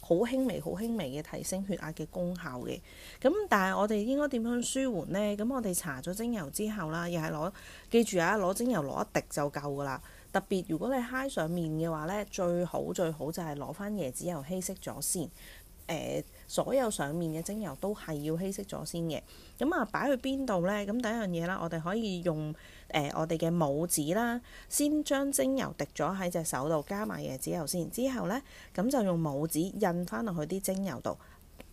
好輕微、好輕微嘅提升血壓嘅功效嘅。咁但係我哋應該點樣舒緩呢？咁我哋搽咗精油之後啦，又係攞，記住啊，攞精油攞一滴就夠㗎啦。特別如果你揩上面嘅話呢，最好最好就係攞返椰子油稀釋咗先。誒、呃，所有上面嘅精油都係要稀釋咗先嘅。咁啊，擺去邊度呢？咁第一樣嘢啦，我哋可以用。誒、呃，我哋嘅拇指啦，先將精油滴咗喺隻手度，加埋椰子油先。之後呢，咁就用拇指印翻落去啲精油度，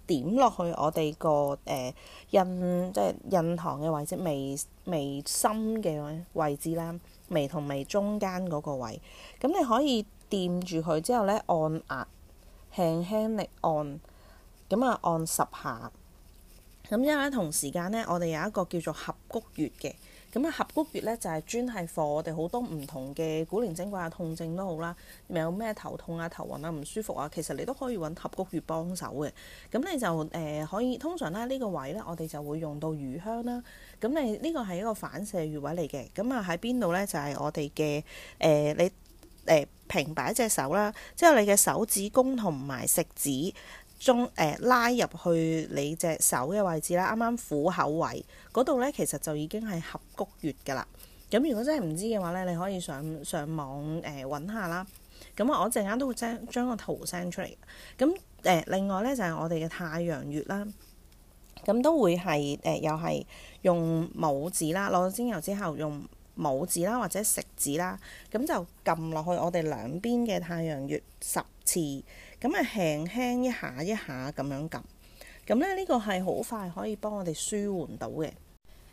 點落去我哋個誒印，即係印堂嘅位置，眉眉心嘅位置啦，眉同眉中間嗰個位。咁你可以掂住佢之後呢，按壓輕輕力按，咁啊按十下。咁因為同時間呢，我哋有一個叫做合谷穴嘅。咁啊，合谷穴咧就係專係課我哋好多唔同嘅古靈精怪啊、痛症都好啦，咪有咩頭痛啊、頭暈啊、唔舒服啊，其實你都可以揾合谷穴幫手嘅。咁你就誒、呃、可以通常咧呢個位咧，我哋就會用到乳香啦。咁你呢個係一個反射穴位嚟嘅。咁啊喺邊度咧？就係、是、我哋嘅誒你誒、呃、平擺隻手啦，之後你嘅手指公同埋食指。中誒、呃、拉入去你隻手嘅位置啦，啱啱虎口位嗰度咧，其實就已經係合谷穴㗎啦。咁如果真係唔知嘅話咧，你可以上上網誒揾、呃、下啦。咁我一陣間都會將將個圖 send 出嚟。咁誒、呃、另外咧就係、是、我哋嘅太陽穴啦，咁都會係誒、呃、又係用拇指啦，攞咗精油之後用拇指啦或者食指啦，咁就撳落去我哋兩邊嘅太陽穴十次。咁啊，輕輕一下一下咁樣撳咁咧，呢、這個係好快可以幫我哋舒緩到嘅。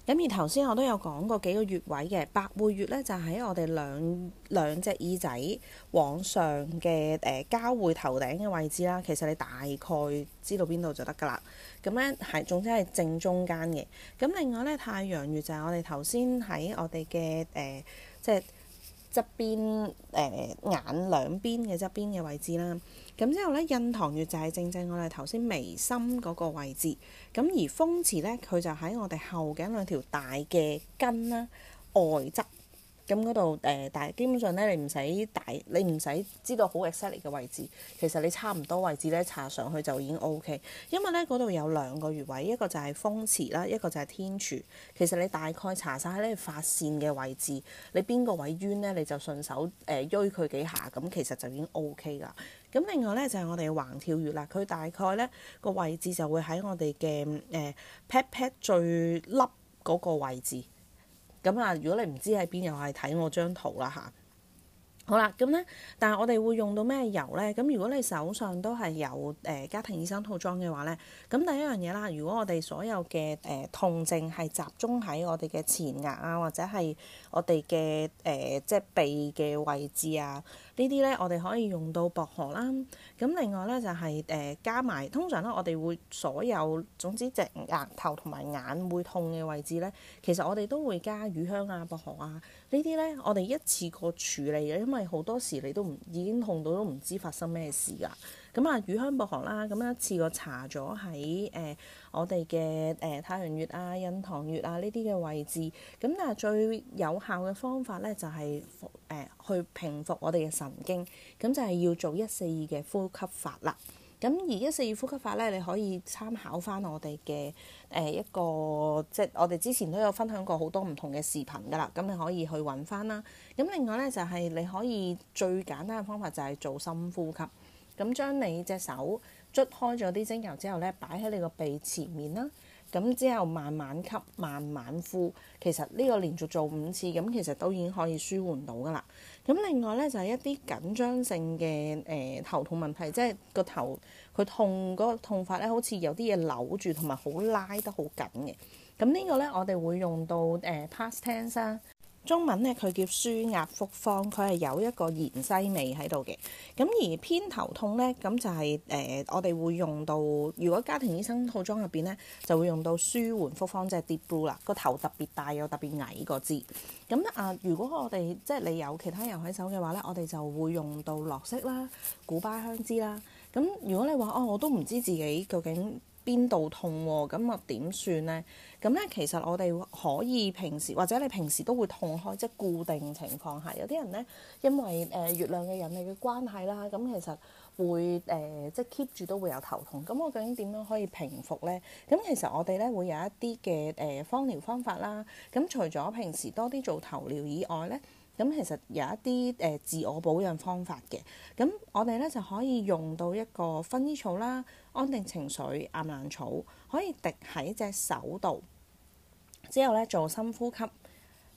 咁而頭先我都有講過幾個穴位嘅，百會穴咧就喺、是、我哋兩兩隻耳仔往上嘅誒、呃、交匯頭頂嘅位置啦。其實你大概知道邊度就得㗎啦。咁咧係總之係正中間嘅。咁另外咧太陽穴就係我哋頭先喺我哋嘅誒即係側邊誒眼兩邊嘅側邊嘅位置啦。咁之後咧，印堂穴就係正正我哋頭先眉心嗰個位置，咁而風池咧，佢就喺我哋後頸兩條大嘅筋啦，外側。咁嗰度誒，但係、呃、基本上咧，你唔使大，你唔使知道好 exactly 嘅位置，其實你差唔多位置咧，搽上去就已經 O K。因為咧，嗰度有兩個穴位，一個就係風池啦，一個就係天柱。其實你大概搽曬咧發線嘅位置，你邊個位冤咧，你就順手誒推佢幾下，咁其實就已經 O K 啦。咁另外咧就係、是、我哋嘅橫跳穴啦，佢大概咧個位置就會喺我哋嘅誒 pat pat 最凹嗰個位置。咁啊！如果你唔知喺邊，又係睇我張圖啦嚇。好啦，咁咧，但係我哋會用到咩油咧？咁如果你手上都係有誒家庭醫生套裝嘅話咧，咁第一樣嘢啦，如果我哋所有嘅誒、呃、痛症係集中喺我哋嘅前額啊，或者係。我哋嘅誒，即係鼻嘅位置啊，呢啲咧我哋可以用到薄荷啦。咁另外咧就係、是、誒、呃、加埋，通常咧我哋會所有總之隻額頭同埋眼會痛嘅位置咧，其實我哋都會加乳香啊、薄荷啊呢啲咧，我哋一次過處理嘅，因為好多時你都唔已經痛到都唔知發生咩事㗎。咁啊，乳香薄荷啦，咁一次過搽咗喺誒我哋嘅誒太陽穴啊、印堂穴啊呢啲嘅位置。咁但係最有效嘅方法咧，就係誒去平復我哋嘅神經。咁就係要做一四二嘅呼吸法啦。咁而一四二呼吸法咧，你可以參考翻我哋嘅誒一個即係我哋之前都有分享過好多唔同嘅視頻噶啦。咁你可以去揾翻啦。咁另外咧就係你可以最簡單嘅方法就係做深呼吸。咁將你隻手捽開咗啲精油之後咧，擺喺你個鼻前面啦。咁之後慢慢吸，慢慢呼。其實呢個連續做五次，咁其實都已經可以舒緩到㗎喇。咁另外咧就係一啲緊張性嘅誒、呃、頭痛問題，即係個頭佢痛嗰、那個痛法咧，好似有啲嘢扭住同埋好拉得好緊嘅。咁、這、呢個咧我哋會用到誒、呃、past tense 啦。中文咧，佢叫舒壓復方，佢係有一個芫茜味喺度嘅。咁而偏頭痛咧，咁就係、是、誒、呃，我哋會用到，如果家庭醫生套裝入邊咧，就會用到舒緩復方，即係 Deep Blue 啦。個頭特別大又特別矮個字。咁咧啊，如果我哋即係你有其他人喺手嘅話咧，我哋就會用到樂色啦、古巴香脂啦。咁如果你話哦，我都唔知自己究竟，邊度痛喎、啊？咁啊點算呢？咁咧其實我哋可以平時或者你平時都會痛開，即係固定情況下，有啲人呢，因為誒、呃、月亮嘅引力嘅關係啦，咁其實會誒、呃、即係 keep 住都會有頭痛。咁我究竟點樣可以平復呢？咁其實我哋咧會有一啲嘅誒方療方法啦。咁除咗平時多啲做頭療以外呢。咁其實有一啲誒自我保養方法嘅，咁我哋咧就可以用到一個薰衣草啦，安定情緒，亞麻草可以滴喺隻手度，之後咧做深呼吸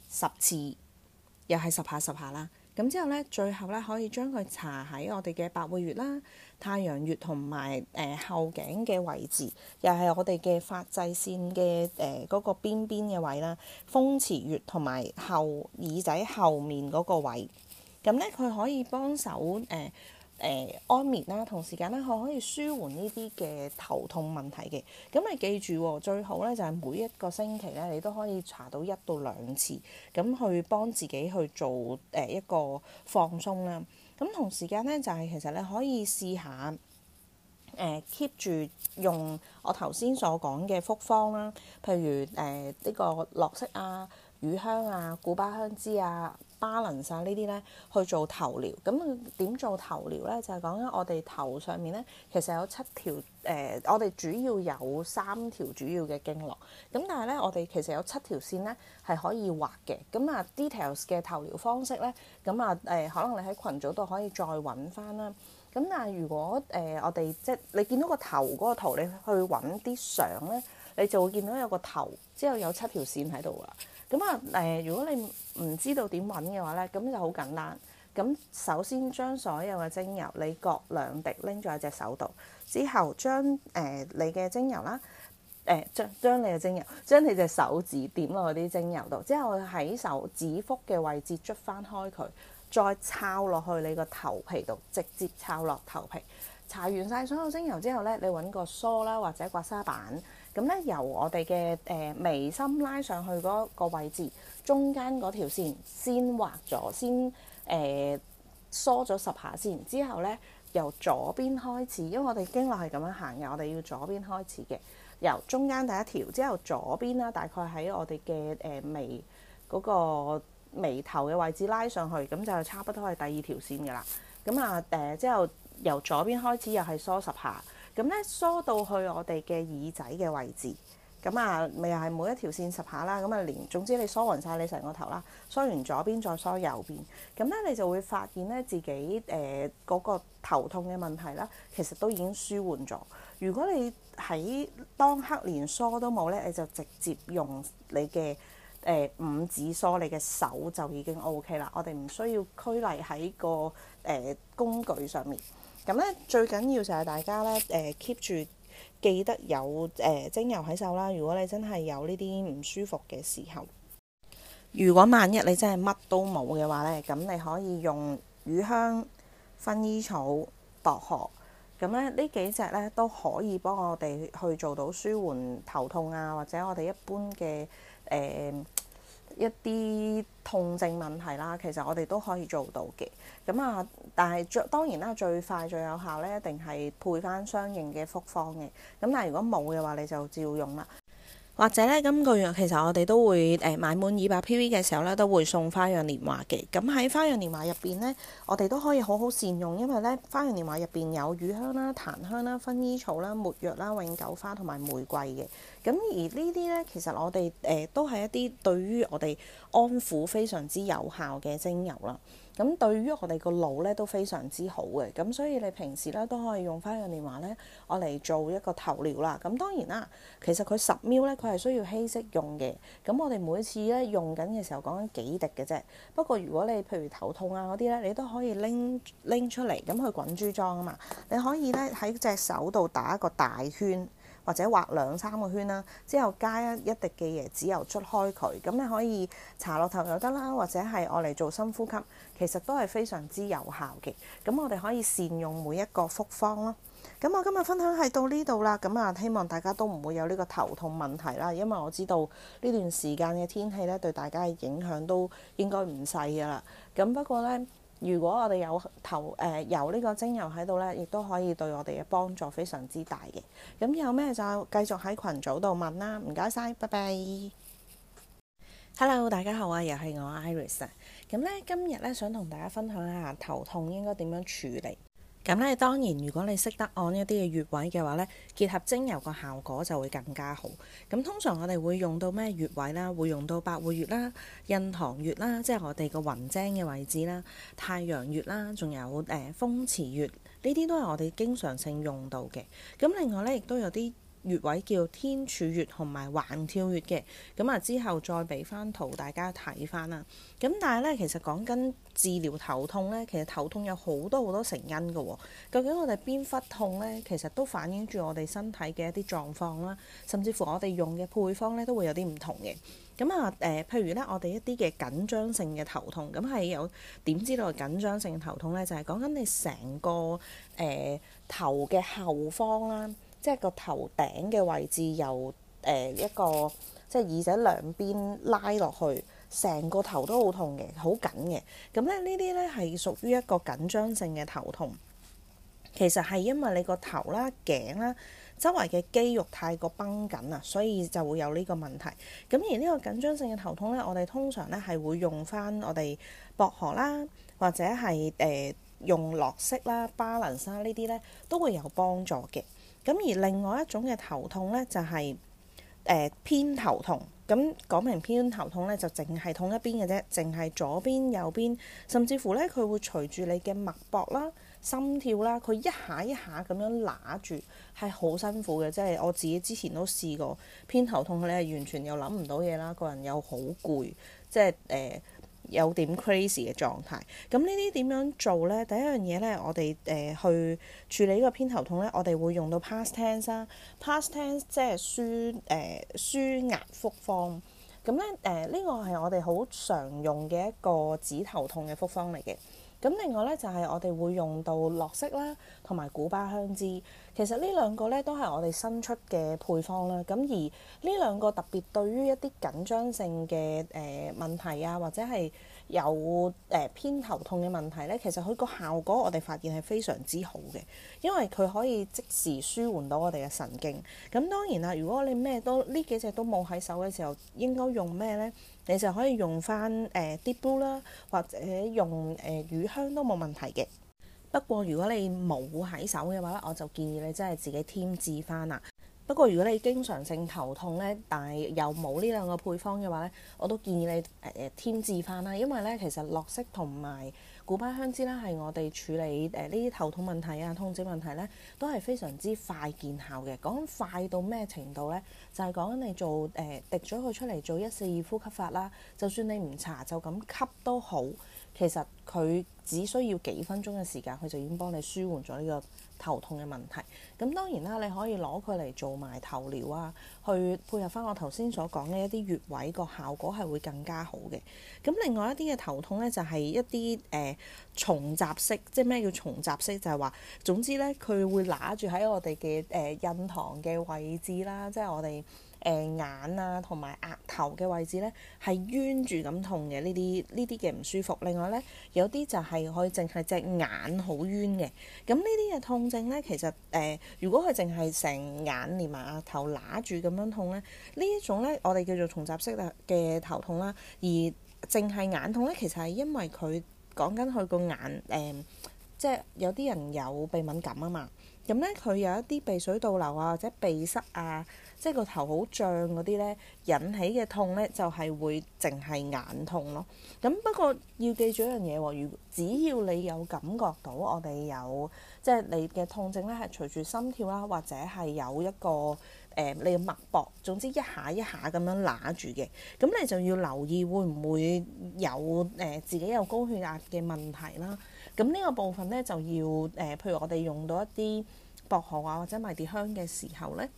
十次，又係十下十下啦，咁之後咧最後咧可以將佢搽喺我哋嘅百會穴啦。太陽穴同埋誒後頸嘅位置，又係我哋嘅髮際線嘅誒嗰個邊邊嘅位啦。風池穴同埋後耳仔後面嗰個位，咁咧佢可以幫手誒誒安眠啦，同時間咧佢可以舒緩呢啲嘅頭痛問題嘅。咁啊記住，最好咧就係每一個星期咧，你都可以查到一到兩次，咁去幫自己去做誒一個放鬆啦。咁同時間咧，就係、是、其實你可以試下誒 keep 住用我頭先所講嘅複方啦，譬如誒呢、呃這個樂色啊、乳香啊、古巴香脂啊。巴倫晒呢啲咧去做頭療，咁點做頭療咧？就係、是、講緊我哋頭上面咧，其實有七條誒、呃，我哋主要有三條主要嘅經絡，咁但係咧，我哋其實有七條線咧係可以畫嘅。咁啊，details 嘅頭療方式咧，咁啊誒，可能你喺群組度可以再揾翻啦。咁但係如果誒、呃、我哋即係你見到個頭嗰個圖，你去揾啲相咧，你就會見到有個頭之後有，有七條線喺度啦。咁啊，誒，如果你唔知道點揾嘅話咧，咁就好簡單。咁首先將所有嘅精油，你各兩滴拎咗喺隻手度，之後將誒、呃、你嘅精油啦，誒將將你嘅精油，將、呃、你隻手指點落啲精油度，之後喺手指腹嘅位置捽翻開佢，再抄落去你個頭皮度，直接抄落頭皮。搽完晒所有精油之後咧，你揾個梳啦或者刮痧板。咁咧，由我哋嘅誒眉心拉上去嗰個位置，中間嗰條線先畫咗，先誒、呃、梳咗十下先。之後咧，由左邊開始，因為我哋經絡係咁樣行嘅，我哋要左邊開始嘅。由中間第一條，之後左邊啦，大概喺我哋嘅誒眉嗰、嗰個眉頭嘅位置拉上去，咁就差唔多係第二條線㗎喇。咁啊誒，之後由左邊開始又係梳十下。咁咧梳到去我哋嘅耳仔嘅位置，咁啊咪又係每一條線十下啦，咁啊連總之你梳勻晒你成個頭啦，梳完左邊再梳右邊，咁咧你就會發現咧自己誒嗰、呃那個頭痛嘅問題啦，其實都已經舒緩咗。如果你喺當刻連梳都冇咧，你就直接用你嘅誒、呃、五指梳，你嘅手就已經 OK 啦。我哋唔需要拘泥喺個誒、呃、工具上面。咁咧最緊要就係大家咧誒 keep 住記得有誒精、呃、油喺手啦。如果你真係有呢啲唔舒服嘅時候，如果萬一你真係乜都冇嘅話咧，咁你可以用乳香、薰衣草、薄荷。咁咧呢幾隻咧都可以幫我哋去做到舒緩頭痛啊，或者我哋一般嘅誒。呃一啲痛症問題啦，其實我哋都可以做到嘅。咁啊，但係最當然啦，最快最有效咧，一定係配返相應嘅複方嘅。咁但係如果冇嘅話，你就照用啦。或者咧，今個月其實我哋都會誒買滿二百 PV 嘅時候咧，都會送《花漾年華》嘅。咁喺《花漾年華》入邊咧，我哋都可以好好善用，因為咧，《花漾年華》入邊有乳香啦、檀香啦、薰衣草啦、沒藥啦、永久花同埋玫瑰嘅。咁而呢啲咧，其實我哋誒、呃、都係一啲對於我哋安撫非常之有效嘅精油啦。咁對於我哋個腦咧都非常之好嘅，咁所以你平時咧都可以用翻呢個電話咧，我嚟做一個頭療啦。咁當然啦，其實佢十毫升咧，佢係需要稀釋用嘅。咁我哋每次咧用緊嘅時候講緊幾滴嘅啫。不過如果你譬如頭痛啊嗰啲咧，你都可以拎拎出嚟，咁去滾珠裝啊嘛，你可以咧喺隻手度打一個大圈。或者畫兩三個圈啦，之後加一一滴嘅椰子油捽開佢，咁你可以搽落頭又得啦，或者係我嚟做深呼吸，其實都係非常之有效嘅。咁我哋可以善用每一個複方囉。咁我今日分享係到呢度啦，咁啊，希望大家都唔會有呢個頭痛問題啦。因為我知道呢段時間嘅天氣咧，對大家嘅影響都應該唔細噶啦。咁不過咧。如果我哋有頭誒、呃、有呢個精油喺度咧，亦都可以對我哋嘅幫助非常之大嘅。咁有咩就繼續喺群組度問啦。唔該晒，拜拜。Hello，大家好啊，又係我 Iris。咁咧今日咧想同大家分享一下頭痛應該點樣處理。咁咧，當然如果你識得按一啲嘅穴位嘅話咧，結合精油個效果就會更加好。咁通常我哋會用到咩穴位啦？會用到百會穴啦、印堂穴啦，即係我哋個雲睛嘅位置啦、太陽穴啦，仲有誒風池穴，呢啲都係我哋經常性用到嘅。咁另外咧，亦都有啲穴位叫天柱穴同埋環跳穴嘅，咁啊之後再俾翻圖大家睇翻啦。咁但係咧，其實講緊治療頭痛咧，其實頭痛有好多好多成因嘅。究竟我哋邊忽痛咧，其實都反映住我哋身體嘅一啲狀況啦，甚至乎我哋用嘅配方咧都會有啲唔同嘅。咁啊誒，譬、呃、如咧我哋一啲嘅緊張性嘅頭痛，咁係有點知道緊張性頭痛咧？就係講緊你成個誒、呃、頭嘅後方啦。即係個頭頂嘅位置，由誒一個即係耳仔兩邊拉落去，成個頭都好痛嘅，好緊嘅。咁咧呢啲咧係屬於一個緊張性嘅頭痛，其實係因為你個頭啦、頸啦周圍嘅肌肉太過繃緊啊，所以就會有呢個問題。咁而呢個緊張性嘅頭痛咧，我哋通常咧係會用返我哋薄荷啦，或者係誒、呃、用落色啦、巴倫沙呢啲咧都會有幫助嘅。咁而另外一種嘅頭痛呢，就係、是、誒、呃、偏頭痛。咁講明偏頭痛呢，就淨係痛一邊嘅啫，淨係左邊、右邊，甚至乎呢，佢會隨住你嘅脈搏啦、心跳啦，佢一下一下咁樣拿住，係好辛苦嘅。即、就、係、是、我自己之前都試過偏頭痛，你係完全又諗唔到嘢啦，個人又好攰，即係誒。呃有點 crazy 嘅狀態，咁呢啲點樣做呢？第一樣嘢呢，我哋誒、呃、去處理呢個偏頭痛呢，我哋會用到 past tense 啦、啊，past tense 即係舒誒舒壓復方，咁咧誒呢個係我哋好常用嘅一個止頭痛嘅復方嚟嘅。咁另外咧就係我哋會用到樂色啦，同埋古巴香脂。其實呢兩個咧都係我哋新出嘅配方啦。咁而呢兩個特別對於一啲緊張性嘅誒問題啊，或者係。有誒、呃、偏頭痛嘅問題咧，其實佢個效果，我哋發現係非常之好嘅，因為佢可以即時舒緩到我哋嘅神經。咁當然啦，如果你咩都呢幾隻都冇喺手嘅時候，應該用咩咧？你就可以用翻誒 Deep Blue 啦，或者用誒乳、呃、香都冇問題嘅。不過如果你冇喺手嘅話咧，我就建議你真係自己添置翻啦。不過如果你經常性頭痛咧，但係又冇呢兩個配方嘅話咧，我都建議你誒誒、呃、添置翻啦。因為咧，其實樂色同埋古巴香脂啦，係我哋處理誒呢啲頭痛問題啊、痛症問題咧，都係非常之快見效嘅。講快到咩程度咧？就係講緊你做誒、呃、滴咗佢出嚟做一四二呼吸法啦。就算你唔搽，就咁吸都好，其實佢只需要幾分鐘嘅時間，佢就已經幫你舒緩咗呢個。頭痛嘅問題，咁當然啦，你可以攞佢嚟做埋頭療啊，去配合翻我頭先所講嘅一啲穴位，個效果係會更加好嘅。咁另外一啲嘅頭痛呢，就係一啲誒重雜式，即係咩叫重雜式？就係話總之呢，佢會拿住喺我哋嘅誒印堂嘅位置啦，即係我哋。呃、眼啊，同埋額頭嘅位置呢，係冤住咁痛嘅呢啲呢啲嘅唔舒服。另外呢，有啲就係可以淨係隻眼好冤嘅。咁呢啲嘅痛症呢，其實誒、呃，如果佢淨係成眼連埋額頭揦住咁樣痛呢，呢一種呢，我哋叫做叢集式嘅頭痛啦。而淨係眼痛呢，其實係因為佢講緊佢個眼誒，即、呃、係、就是、有啲人有鼻敏感啊嘛。咁咧，佢有一啲鼻水倒流啊，或者鼻塞啊，即係個頭好脹嗰啲咧，引起嘅痛咧，就係、是、會淨係眼痛咯。咁不過要記住一樣嘢喎，如只要你有感覺到我哋有，即係你嘅痛症咧，係隨住心跳啦，或者係有一個誒、呃、你嘅脈搏，總之一下一下咁樣揦住嘅，咁你就要留意會唔會有誒、呃、自己有高血壓嘅問題啦。咁呢個部分咧就要誒、呃，譬如我哋用到一啲薄荷啊或者迷迭香嘅時候咧，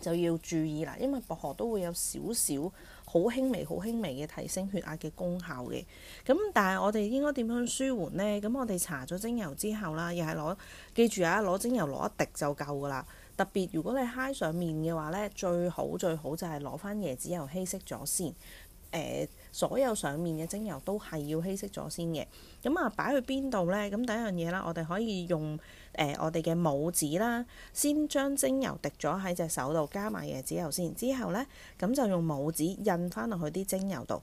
就要注意啦，因為薄荷都會有少少好輕微、好輕微嘅提升血壓嘅功效嘅。咁但係我哋應該點樣舒緩咧？咁我哋搽咗精油之後啦，又係攞，記住啊，攞精油攞一滴就夠噶啦。特別如果你揩上面嘅話咧，最好最好就係攞翻椰子油稀釋咗先，誒、呃。所有上面嘅精油都係要稀釋咗先嘅。咁啊，擺去邊度呢？咁第一樣嘢啦，我哋可以用誒、呃、我哋嘅拇指啦，先將精油滴咗喺隻手度，加埋椰子油先。之後呢，咁就用拇指印翻落去啲精油度，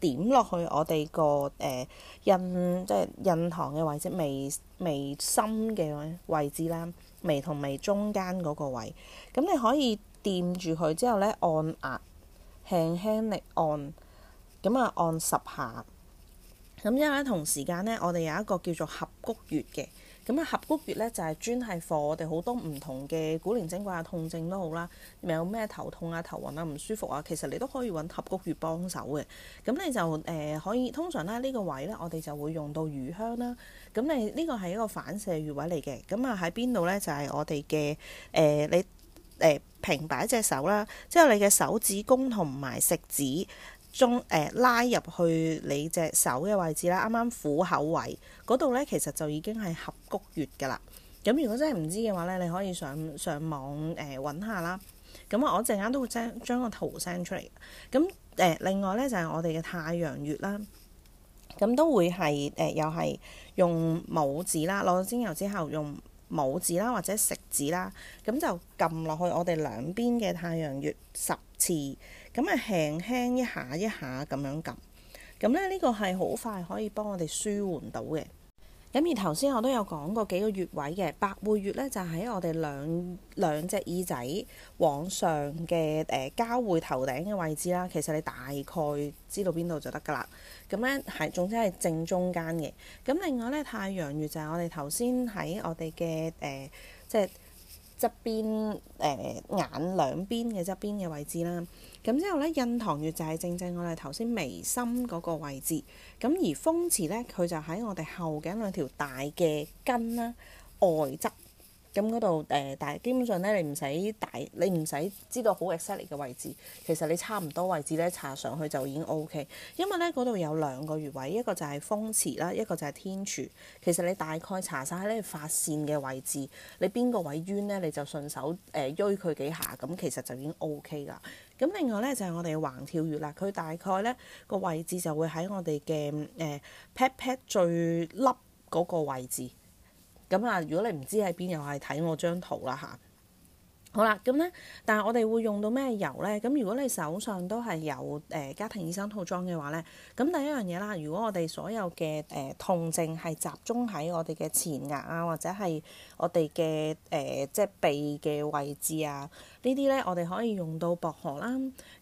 點落去我哋個誒印即係、即係、印堂嘅位置，眉眉心嘅位置啦，眉同眉中間嗰個位。咁你可以掂住佢之後呢，按壓輕輕力按。咁啊，按十下。咁因為同時間咧，我哋有一個叫做合谷穴嘅。咁啊，合谷穴咧就係專係課我哋好多唔同嘅古靈精怪嘅痛症都好啦。有咩頭痛啊、頭暈啊、唔舒服啊，其實你都可以揾合谷穴幫手嘅。咁你就誒可以通常咧呢個位咧，我哋就會用到乳香啦。咁你呢、這個係一個反射穴位嚟嘅。咁啊喺邊度咧？就係我哋嘅誒你誒、呃、平擺隻手啦，之後你嘅手指公同埋食指。中誒、呃、拉入去你隻手嘅位置啦，啱啱虎口位嗰度咧，其實就已經係合谷穴噶啦。咁如果真係唔知嘅話咧，你可以上上網誒揾、呃、下啦。咁我陣間都會將將個圖 send 出嚟。咁誒、呃，另外咧就係、是、我哋嘅太陽穴啦。咁都會係誒、呃，又係用拇指啦，攞咗精油之後用拇指啦或者食指啦，咁就撳落去我哋兩邊嘅太陽穴十次。咁啊輕輕一下一下咁樣撳，咁咧呢個係好快可以幫我哋舒緩到嘅。咁而頭先我都有講過幾個穴位嘅，百會穴咧就喺、是、我哋兩兩隻耳仔往上嘅誒、呃、交匯頭頂嘅位置啦。其實你大概知道邊度就得㗎啦。咁咧係總之係正中間嘅。咁另外咧太陽穴就係我哋頭先喺我哋嘅誒即係。側邊誒、呃、眼兩邊嘅側邊嘅位置啦，咁之後咧印堂穴就係正正我哋頭先眉心嗰個位置，咁而風池咧佢就喺我哋後頸兩條大嘅筋啦外側。咁嗰度誒，但係、呃、基本上咧，你唔使大，你唔使知道好 exactly 嘅位置，其實你差唔多位置咧，搽上去就已經 OK。因為咧，嗰度有兩個穴位，一個就係風池啦，一個就係天柱。其實你大概搽晒喺你發線嘅位置，你邊個位冤咧，你就順手誒推佢幾下，咁其實就已經 OK 噶。咁另外咧就係、是、我哋嘅橫跳穴啦，佢大概咧個位置就會喺我哋嘅誒 pat pat 最凹嗰個位置。咁啊，如果你唔知喺邊，又係睇我張圖啦嚇。好啦，咁咧，但係我哋會用到咩油咧？咁如果你手上都係有誒、呃、家庭醫生套裝嘅話咧，咁第一樣嘢啦，如果我哋所有嘅誒、呃、痛症係集中喺我哋嘅前額啊，或者係我哋嘅誒即係鼻嘅位置啊。呢啲咧，我哋可以用到薄荷啦。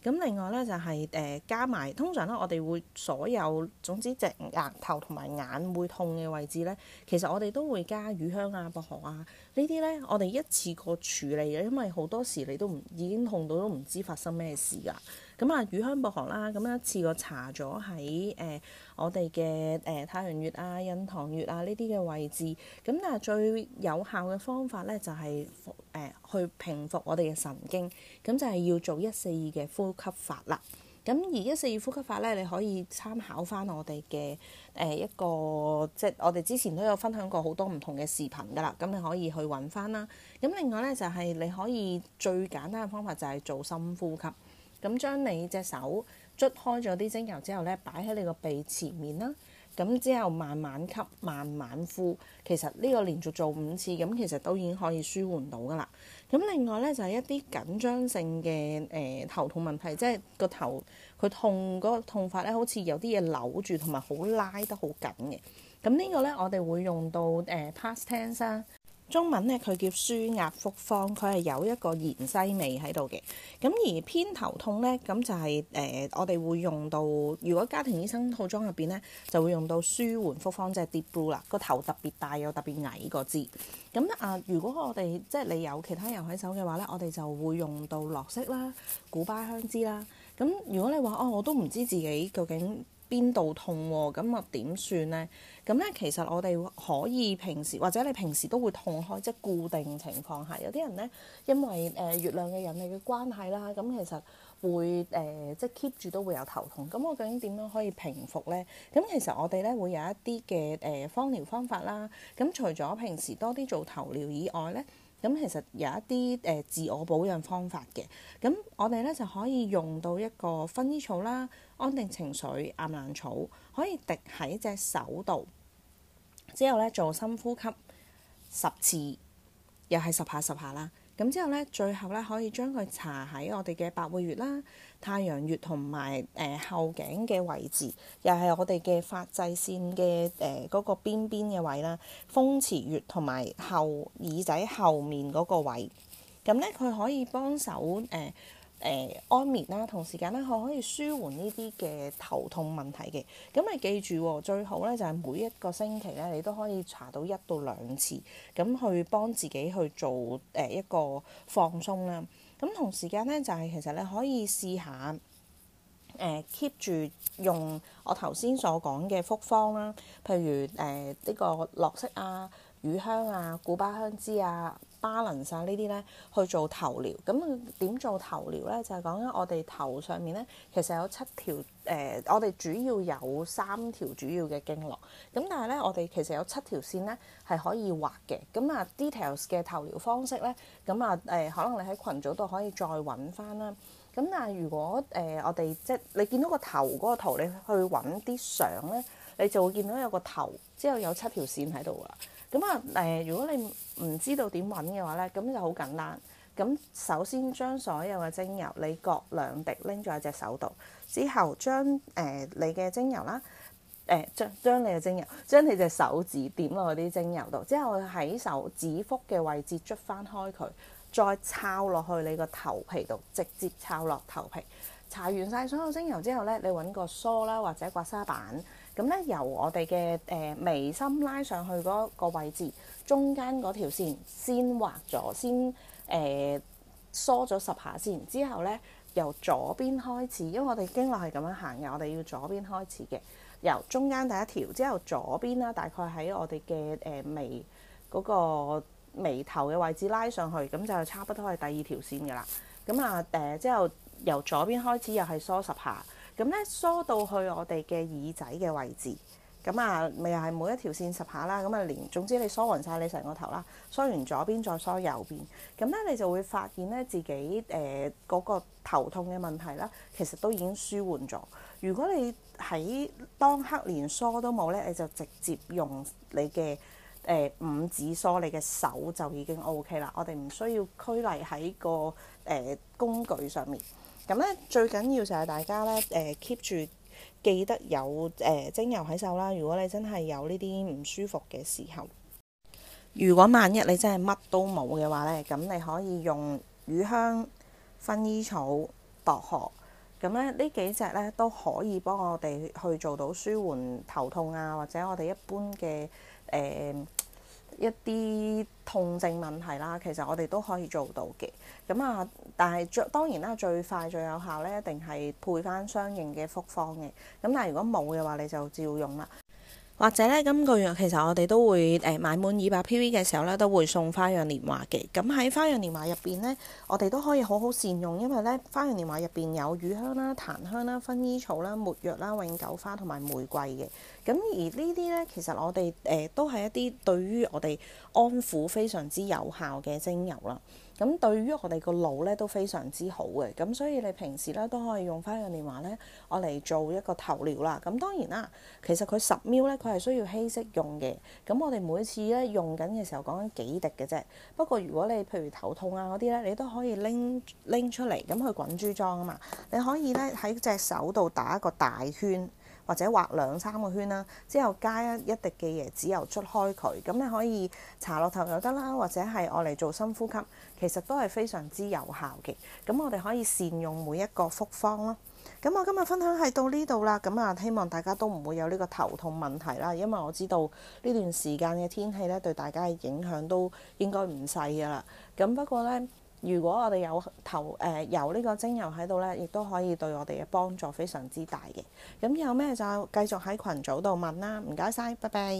咁另外咧、就是，就係誒加埋，通常咧，我哋會所有總之隻額頭同埋眼會痛嘅位置咧，其實我哋都會加乳香啊、薄荷啊呢啲咧，我哋一次過處理嘅，因為好多時你都唔已經痛到都唔知發生咩事㗎。咁啊，乳香薄荷啦。咁一次過查咗喺誒我哋嘅誒太陽穴啊、印堂穴啊呢啲嘅位置。咁但係最有效嘅方法咧，就係、是、誒、呃、去平復我哋嘅神經。咁就係要做一四二嘅呼吸法啦。咁而一四二呼吸法咧，你可以參考翻我哋嘅誒一個，即、就、係、是、我哋之前都有分享過好多唔同嘅視頻噶啦。咁你可以去揾翻啦。咁另外咧，就係、是、你可以最簡單嘅方法就係做深呼吸。咁將你隻手捽開咗啲精油之後咧，擺喺你個鼻前面啦。咁之後慢慢吸，慢慢呼。其實呢個連續做五次，咁其實都已經可以舒緩到噶啦。咁另外咧就係一啲緊張性嘅誒、呃、頭痛問題，即係個頭佢痛嗰、那個痛法咧，好似有啲嘢扭住同埋好拉得好緊嘅。咁、這、呢個咧，我哋會用到誒 past tense 啦。呃中文咧，佢叫舒壓復方，佢係有一個芫茜味喺度嘅。咁而偏頭痛咧，咁就係、是、誒、呃，我哋會用到。如果家庭醫生套裝入邊咧，就會用到舒緩復方，即係 Deep Blue 啦。個頭特別大又特別矮個字。咁啊，如果我哋即係你有其他人喺手嘅話咧，我哋就會用到樂色啦、古巴香脂啦。咁如果你話哦，我都唔知自己究竟。邊度痛喎、啊。咁啊點算呢？咁咧其實我哋可以平時或者你平時都會痛開，即係固定情況下，有啲人呢，因為誒、呃、月亮嘅引力嘅關係啦，咁其實會誒、呃、即係 keep 住都會有頭痛。咁我究竟點樣可以平復呢？咁其實我哋咧會有一啲嘅誒方療方法啦。咁除咗平時多啲做頭療以外呢，咁其實有一啲誒自我保養方法嘅，咁我哋咧就可以用到一個薰衣草啦，安定情緒岩蘭草，可以滴喺隻手度，之後咧做深呼吸十次，又係十下十下啦。咁之後咧，最後咧可以將佢搽喺我哋嘅百會穴啦、太陽穴同埋誒後頸嘅位置，又係我哋嘅發際線嘅誒嗰個邊邊嘅位啦、風池穴同埋後耳仔後面嗰個位。咁咧，佢可以幫手誒。呃誒、呃、安眠啦，同時間咧，佢可以舒緩呢啲嘅頭痛問題嘅。咁你記住，最好咧就係、是、每一個星期咧，你都可以查到一到兩次，咁去幫自己去做誒、呃、一個放鬆啦。咁同時間咧，就係、是、其實你可以試下誒 keep 住用我頭先所講嘅複方啦，譬如誒呢、呃這個樂色啊、乳香啊、古巴香脂啊。balance 呢啲咧去做頭療，咁點做頭療咧？就係、是、講緊我哋頭上面咧，其實有七條誒、呃，我哋主要有三條主要嘅經絡，咁但係咧，我哋其實有七條線咧係可以畫嘅。咁啊，details 嘅頭療方式咧，咁啊誒、呃，可能你喺群組度可以再揾翻啦。咁但係如果誒、呃、我哋即係你見到個頭嗰個圖，你去揾啲相咧，你就會見到有個頭之後有七條線喺度啦。咁啊誒、呃，如果你唔知道點揾嘅話呢，咁就好簡單。咁首先將所有嘅精油，你各兩滴拎咗喺隻手度。之後將誒、呃、你嘅精油啦，誒將將你嘅精油，將、呃、你隻手指點落啲精油度。之後喺手指腹嘅位置捽翻開佢，再抄落去你個頭皮度，直接抄落頭皮。搽完晒所有精油之後呢，你揾個梳啦或者刮痧板，咁呢，由我哋嘅誒眉心拉上去嗰個位置。中間嗰條線先畫咗，先誒、呃、梳咗十下先。之後咧由左邊開始，因為我哋經絡係咁樣行嘅，我哋要左邊開始嘅。由中間第一條，之後左邊啦，大概喺我哋嘅誒眉嗰、嗰個眉頭嘅位置拉上去，咁就差不多係第二條線噶啦。咁啊誒，之後由左邊開始又係梳十下，咁咧梳到去我哋嘅耳仔嘅位置。咁啊，咪又係每一條線十下啦，咁啊連，總之你梳勻晒,你成個頭啦，梳完左邊再梳右邊。咁咧你就會發現咧自己誒嗰、呃、嗰個頭痛嘅問題啦，其實都已經舒緩咗。如果你喺當刻連梳都冇咧，你就直接用你嘅誒、呃、五指梳，你嘅手就已經 OK 啦。我哋唔需要拘泥喺個誒、呃、工具上面。咁咧最緊要就係大家咧誒 keep 住。記得有誒、呃、精油喺手啦，如果你真係有呢啲唔舒服嘅時候，如果萬一你真係乜都冇嘅話呢，咁你可以用乳香、薰衣草、薄荷，咁咧呢幾隻呢，都可以幫我哋去，去做到舒緩頭痛啊，或者我哋一般嘅誒。呃一啲痛症問題啦，其實我哋都可以做到嘅。咁啊，但係最當然啦，最快最有效咧，一定係配返相應嘅複方嘅。咁但係如果冇嘅話，你就照用啦。或者咧，今個月其實我哋都會誒買滿二百 PV 嘅時候咧，都會送《花漾年華》嘅。咁喺《花漾年華》入邊咧，我哋都可以好好善用，因為咧，《花漾年華》入邊有乳香啦、檀香啦、薰衣草啦、沒藥啦、永久花同埋玫瑰嘅。咁而呢啲咧，其實我哋誒、呃、都係一啲對於我哋安撫非常之有效嘅精油啦。咁對於我哋個腦咧都非常之好嘅，咁所以你平時咧都可以用翻個電話咧，我嚟做一個頭療啦。咁當然啦，其實佢十秒咧，佢係需要稀釋用嘅。咁我哋每次咧用緊嘅時候，講緊幾滴嘅啫。不過如果你譬如頭痛啊嗰啲咧，你都可以拎拎出嚟，咁去滾珠裝啊嘛，你可以咧喺隻手度打一個大圈。或者畫兩三個圈啦，之後加一一滴嘅椰子油捽開佢，咁你可以搽落頭又得啦，或者係我嚟做深呼吸，其實都係非常之有效嘅。咁我哋可以善用每一個複方咯。咁我今日分享係到呢度啦。咁啊，希望大家都唔會有呢個頭痛問題啦，因為我知道呢段時間嘅天氣咧對大家嘅影響都應該唔細噶啦。咁不過咧。如果我哋有頭誒、呃、有呢個精油喺度咧，亦都可以對我哋嘅幫助非常之大嘅。咁有咩就繼續喺群組度問啦。唔該晒，拜拜。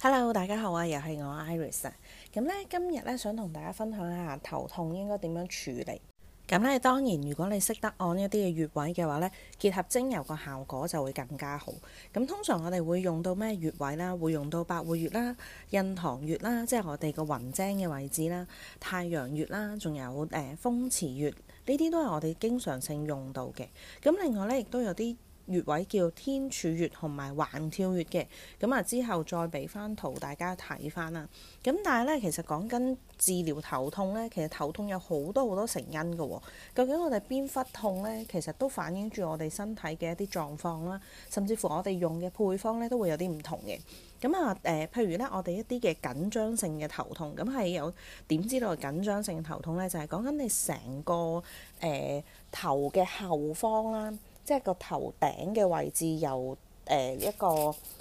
Hello，大家好啊，又係我 Iris。咁咧，今日咧想同大家分享一下頭痛應該點樣處理。咁咧當然，如果你識得按一啲嘅穴位嘅話咧，結合精油個效果就會更加好。咁通常我哋會用到咩穴位啦？會用到百會穴啦、印堂穴啦，即係我哋個雲霧嘅位置啦、太陽穴啦，仲有誒風池穴，呢啲都係我哋經常性用到嘅。咁另外咧，亦都有啲穴位叫天柱穴同埋橫跳穴嘅，咁啊之後再俾翻圖大家睇翻啦。咁但係咧，其實講緊治療頭痛咧，其實頭痛有好多好多成因嘅喎。究竟我哋邊忽痛咧，其實都反映住我哋身體嘅一啲狀況啦，甚至乎我哋用嘅配方咧都會有啲唔同嘅。咁啊誒，譬如咧我哋一啲嘅緊張性嘅頭痛，咁係有點知道緊張性頭痛咧？就係講緊你成個誒、呃、頭嘅後方啦。即係個頭頂嘅位置，由誒一個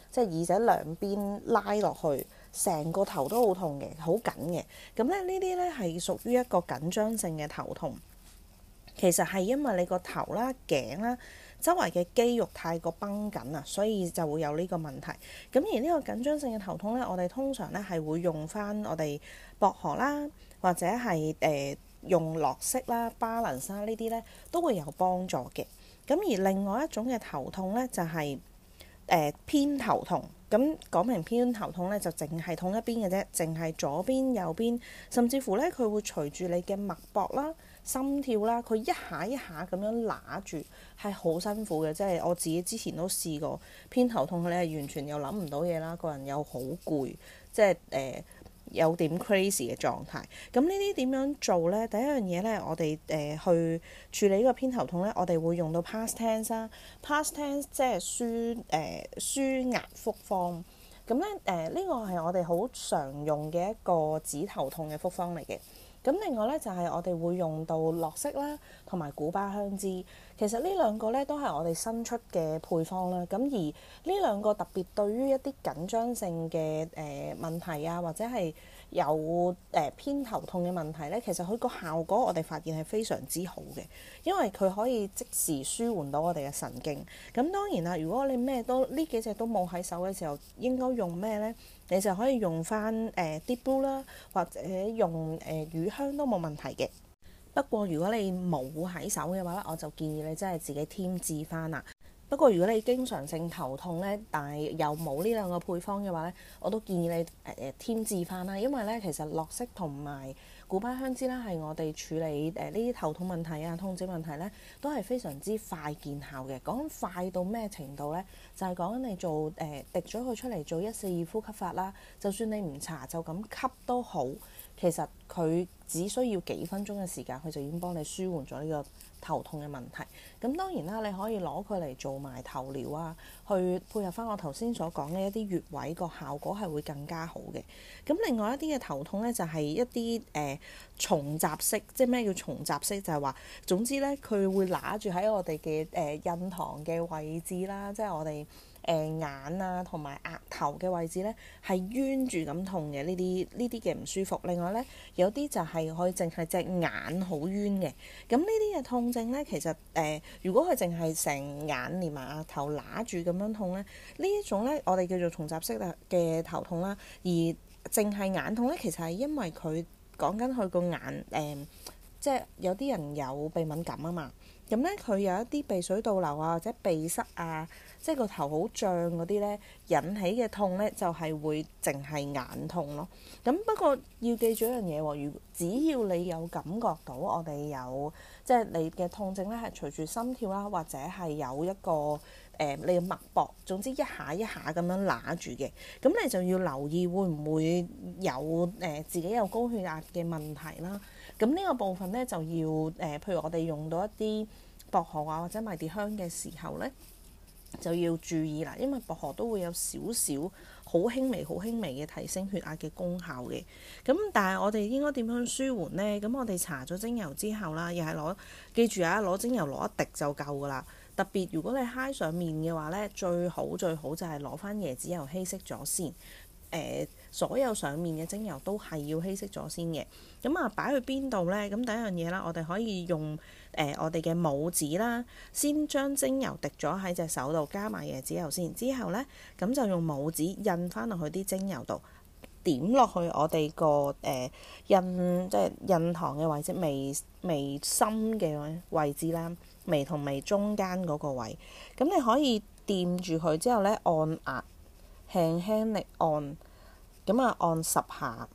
即係耳仔兩邊拉落去，成個頭都好痛嘅，好緊嘅。咁咧呢啲咧係屬於一個緊張性嘅頭痛，其實係因為你個頭啦、頸啦周圍嘅肌肉太過繃緊啦，所以就會有呢個問題。咁而呢個緊張性嘅頭痛咧，我哋通常咧係會用返我哋薄荷啦，或者係誒、呃、用落色啦、巴倫沙呢啲咧都會有幫助嘅。咁而另外一種嘅頭痛呢，就係、是、誒、呃、偏頭痛。咁講明偏頭痛呢，就淨係痛一邊嘅啫，淨係左邊、右邊，甚至乎呢，佢會隨住你嘅脈搏啦、心跳啦，佢一下一下咁樣拿住，係好辛苦嘅即係。即係、我自己之前都試過偏頭痛，你係完全又諗唔到嘢啦，個人又好攰，即係誒。呃有點 crazy 嘅狀態，咁呢啲點樣做呢？第一樣嘢呢，我哋誒、呃、去處理個偏頭痛呢，我哋會用到 past tense 啦、啊，past tense 即係舒誒舒壓複方，咁咧誒呢個係我哋好常用嘅一個止頭痛嘅複方嚟嘅，咁另外呢，就係、是、我哋會用到落色啦，同埋古巴香脂。其實呢兩個咧都係我哋新出嘅配方啦，咁而呢兩個特別對於一啲緊張性嘅誒問題啊，或者係有誒偏頭痛嘅問題咧，其實佢個效果我哋發現係非常之好嘅，因為佢可以即時舒緩到我哋嘅神經。咁當然啦，如果你咩都呢幾隻都冇喺手嘅時候，應該用咩咧？你就可以用返誒 Deep Blue 啦，或者用誒乳香都冇問題嘅。不過如果你冇喺手嘅話咧，我就建議你真係自己添置翻啦。不過如果你經常性頭痛咧，但係又冇呢兩個配方嘅話咧，我都建議你誒誒、呃、添置翻啦。因為咧，其實樂色同埋古巴香脂啦，係我哋處理誒呢啲頭痛問題啊、痛症問題咧，都係非常之快見效嘅。講快到咩程度咧？就係講緊你做誒、呃、滴咗佢出嚟做一四二呼吸法啦，就算你唔搽就咁吸都好。其實佢只需要幾分鐘嘅時間，佢就已經幫你舒緩咗呢個頭痛嘅問題。咁當然啦，你可以攞佢嚟做埋頭療啊，去配合翻我頭先所講嘅一啲穴位，個效果係會更加好嘅。咁另外一啲嘅頭痛呢，就係、是、一啲誒、呃、重雜式，即係咩叫重雜式？就係、是、話總之呢，佢會拿住喺我哋嘅誒印堂嘅位置啦，即係我哋。眼啊，同埋額頭嘅位置呢，係冤住咁痛嘅呢啲呢啲嘅唔舒服。另外呢，有啲就係可以淨係隻眼好冤嘅。咁呢啲嘅痛症呢，其實誒、呃，如果佢淨係成眼連埋額頭揦住咁樣痛呢，呢一種呢，我哋叫做叢集式嘅頭痛啦。而淨係眼痛呢，其實係因為佢講緊佢個眼誒，即、呃、係、就是、有啲人有鼻敏感啊嘛。咁呢，佢有一啲鼻水倒流啊，或者鼻塞啊。即係個頭好脹嗰啲咧，引起嘅痛咧就係會淨係眼痛咯。咁不過要記住一樣嘢喎，如只要你有感覺到我哋有，即係你嘅痛症咧係隨住心跳啦，或者係有一個誒你嘅脈搏，總之一下一下咁樣揦住嘅，咁你就要留意會唔會有誒自己有高血壓嘅問題啦。咁呢個部分咧就要誒，譬如我哋用到一啲薄荷啊或者迷迭香嘅時候咧，就要注意啦，因為薄荷都會有少少好輕微、好輕微嘅提升血壓嘅功效嘅。咁但係我哋應該點樣舒緩呢？咁我哋搽咗精油之後啦，又係攞記住啊，攞精油攞一滴就夠㗎啦。特別如果你揩上面嘅話呢，最好最好就係攞返椰子油稀釋咗先。誒、呃，所有上面嘅精油都係要稀釋咗先嘅。咁啊，擺去邊度咧？咁第一樣嘢啦，我哋可以用誒、呃、我哋嘅拇指啦，先將精油滴咗喺隻手度，加埋椰子油先。之後咧，咁就用拇指印翻落去啲精油度，點落去我哋個誒印，即係印堂嘅位置，眉眉心嘅位置啦，眉同眉中間嗰個位。咁你可以掂住佢，之後咧，按壓。輕輕力按，咁啊按十下。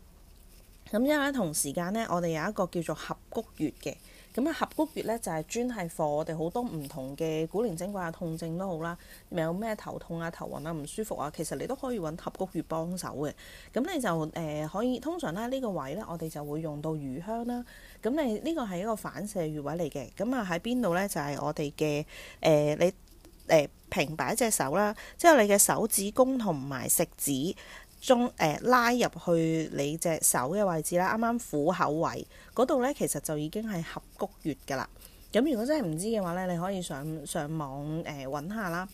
咁因為咧同時間呢，我哋有一個叫做合谷穴嘅。咁啊合谷穴呢，就係專係扶我哋好多唔同嘅古靈精怪嘅痛症都好啦。有咩頭痛啊、頭暈啊、唔舒服啊，其實你都可以揾合谷穴幫手嘅。咁你就誒可以通常呢，呢個位呢，我哋就會用到乳香啦。咁你呢個係一個反射穴位嚟嘅。咁啊喺邊度呢？就係我哋嘅誒你。誒平擺一隻手啦，之後你嘅手指公同埋食指中誒、呃、拉入去你隻手嘅位置啦，啱啱虎口位嗰度咧，其實就已經係合谷穴㗎喇。咁如果真係唔知嘅話咧，你可以上上網誒揾下啦。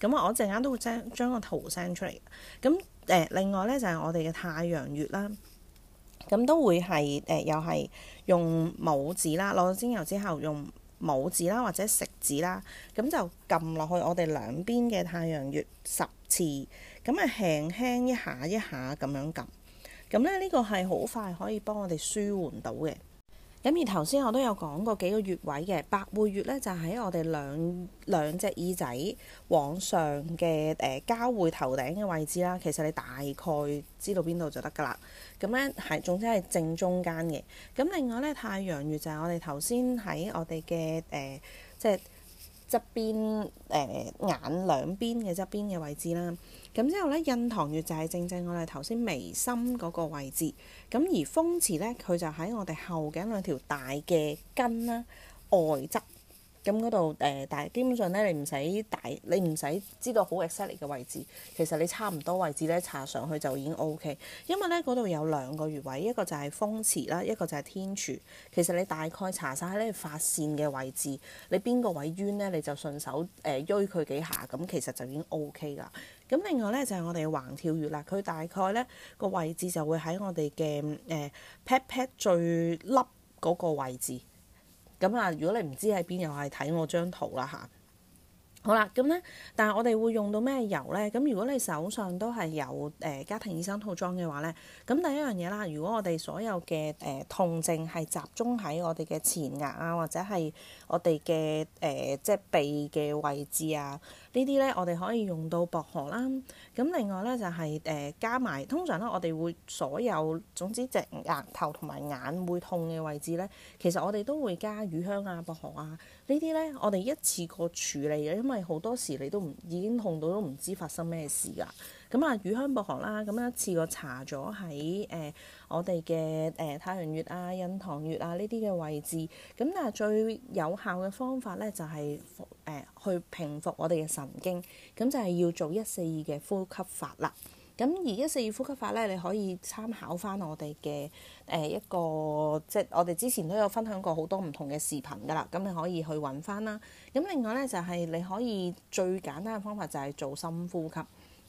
咁我陣間都會將將個圖 send 出嚟。咁誒、呃、另外咧就係、係、我哋嘅太陽穴啦，咁都會係誒、呃、又係用拇指啦，攞咗精油之後用。拇指啦，或者食指啦，咁就撳落去我哋兩邊嘅太陽穴十次，咁啊輕輕一下一下咁樣撳，咁咧呢個係好快可以幫我哋舒緩到嘅。咁而頭先我都有講過幾個穴位嘅，百會穴咧就喺、是、我哋兩兩隻耳仔往上嘅誒、呃、交匯頭頂嘅位置啦。其實你大概知道邊度就得㗎啦。咁咧係總之係正中間嘅。咁、嗯、另外咧，太陽穴就係我哋頭先喺我哋嘅誒即係。呃就是側邊誒、呃、眼兩邊嘅側邊嘅位置啦，咁之後咧印堂穴就係正正我哋頭先眉心嗰個位置，咁而風池咧佢就喺我哋後頸兩條大嘅筋啦外側。咁嗰度誒，但係、呃、基本上咧，你唔使大，你唔使知道好 exact 嘅位置，其實你差唔多位置咧，搽上去就已經 O K。因為咧，嗰度有兩個穴位，一個就係風池啦，一個就係天柱。其實你大概搽曬咧發線嘅位置，你邊個位冤咧，你就順手誒推佢幾下，咁其實就已經 O K 噶。咁另外咧就係、是、我哋嘅橫跳穴啦，佢大概咧個位置就會喺我哋嘅誒 pat pat 最凹嗰個位置。咁啊！如果你唔知喺邊，又係睇我張圖啦吓，好啦，咁呢。但係我哋會用到咩油呢？咁如果你手上都係有誒家庭醫生套裝嘅話呢，咁第一樣嘢啦，如果我哋所有嘅誒痛症係集中喺我哋嘅前額啊，或者係。我哋嘅誒，即係鼻嘅位置啊，呢啲咧我哋可以用到薄荷啦。咁另外咧就係、是、誒、呃、加埋，通常咧我哋會所有總之隻額頭同埋眼會痛嘅位置咧，其實我哋都會加乳香啊、薄荷啊呢啲咧，我哋一次過處理嘅，因為好多時你都唔已經痛到都唔知發生咩事㗎。咁啊，乳香薄荷啦。咁一次過、呃，我查咗喺誒我哋嘅誒太陽穴啊、印堂穴啊呢啲嘅位置。咁但係最有效嘅方法咧，就係、是、誒、呃、去平復我哋嘅神經。咁、呃、就係、是、要做一四二嘅呼吸法啦。咁、呃、而一四二呼吸法咧，你可以參考翻我哋嘅誒一個，即、就、係、是、我哋之前都有分享過好多唔同嘅視頻噶啦。咁你可以去揾翻啦。咁、呃、另外咧，就係、是、你可以最簡單嘅方法就係做深呼吸。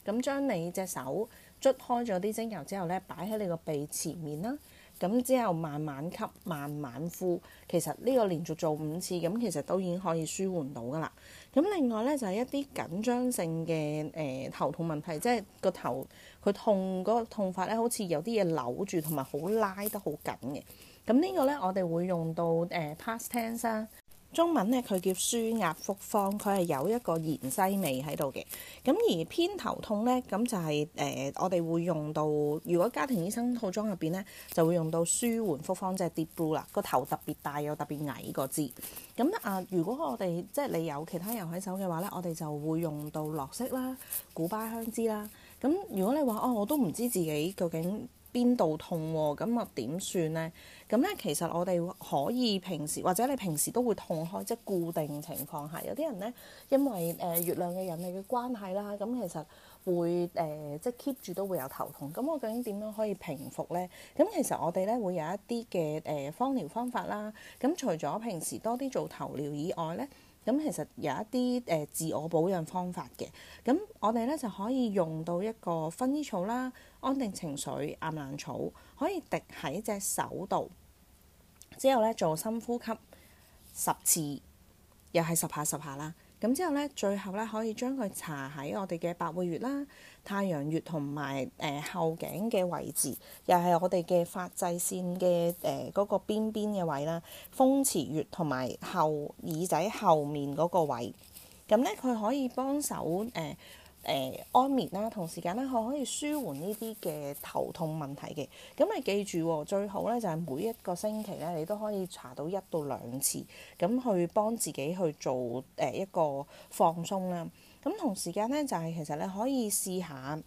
咁將你隻手捽開咗啲精油之後咧，擺喺你個鼻前面啦。咁之後慢慢吸，慢慢呼。其實呢個連續做五次，咁其實都已經可以舒緩到噶啦。咁另外咧，就係、是、一啲緊張性嘅誒、呃、頭痛問題，即係個頭佢痛嗰、那個痛法咧，好似有啲嘢扭住同埋好拉得好緊嘅。咁、這個、呢個咧我哋會用到誒 past tense 啦。呃中文咧，佢叫舒壓復方，佢係有一個芫荽味喺度嘅。咁而偏頭痛咧，咁就係、是、誒、呃，我哋會用到。如果家庭醫生套裝入邊咧，就會用到舒緩復方，即係 Deep Blue 啦。個頭特別大又特別矮個字。咁啊，如果我哋即係你有其他人喺手嘅話咧，我哋就會用到樂色啦、古巴香脂啦。咁如果你話哦，我都唔知自己究竟，邊度痛喎、啊？咁啊點算呢？咁咧其實我哋可以平時或者你平時都會痛開，即係固定情況下，有啲人呢，因為誒、呃、月亮嘅引力嘅關係啦，咁其實會誒、呃、即係 keep 住都會有頭痛。咁我究竟點樣可以平復呢？咁其實我哋咧會有一啲嘅誒芳療方法啦。咁除咗平時多啲做頭療以外呢，咁其實有一啲誒、呃、自我保養方法嘅。咁我哋咧就可以用到一個薰衣草啦。安定情緒，亞麻草可以滴喺隻手度，之後咧做深呼吸十次，又係十下十下啦。咁之後咧，最後咧可以將佢搽喺我哋嘅百會穴啦、太陽穴同埋誒後頸嘅位置，又係我哋嘅發際線嘅誒嗰個邊邊嘅位啦、風池穴同埋後耳仔後面嗰個位。咁咧佢可以幫手誒。呃誒、呃、安眠啦，同時間咧，佢可以舒緩呢啲嘅頭痛問題嘅。咁咪記住，哦、最好咧就係、是、每一個星期咧，你都可以查到一到兩次，咁去幫自己去做誒、呃、一個放鬆啦。咁同時間咧，就係、是、其實你可以試下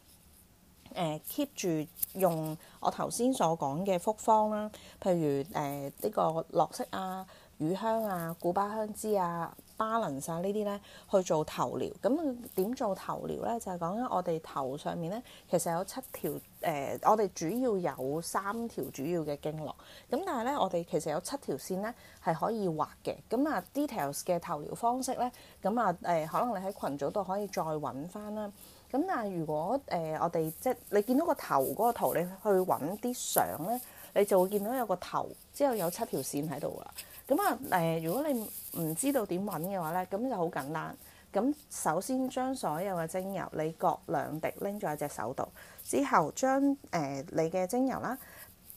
誒 keep 住用我頭先所講嘅複方啦，譬如誒呢、呃這個落色啊。乳香啊、古巴香脂啊、巴林曬呢啲咧，去做頭療。咁點做頭療咧？就係、是、講緊我哋頭上面咧，其實有七條誒、呃。我哋主要有三條主要嘅經絡。咁但係咧，我哋其實有七條線咧係可以畫嘅。咁啊，details 嘅頭療方式咧，咁啊誒，可能你喺群組度可以再揾翻啦。咁但係如果誒、呃，我哋即係你見到個頭嗰個圖，你去揾啲相咧，你就會見到有個頭之後有七條線喺度啦。咁啊，誒，如果你唔知道點揾嘅話咧，咁就好簡單。咁首先將所有嘅精油，你各兩滴拎咗喺隻手度，之後將誒、呃、你嘅精油啦，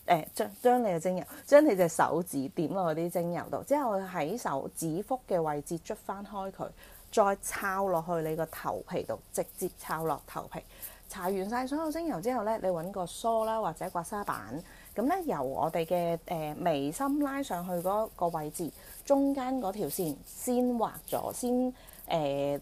誒將將你嘅精油，將、呃、你隻手指點落啲精油度，之後喺手指腹嘅位置捽翻開佢，再抄落去你個頭皮度，直接抄落頭皮。搽完晒所有精油之後咧，你揾個梳啦或者刮痧板。咁咧，由我哋嘅誒眉心拉上去嗰個位置，中間嗰條線先畫咗，先誒、呃、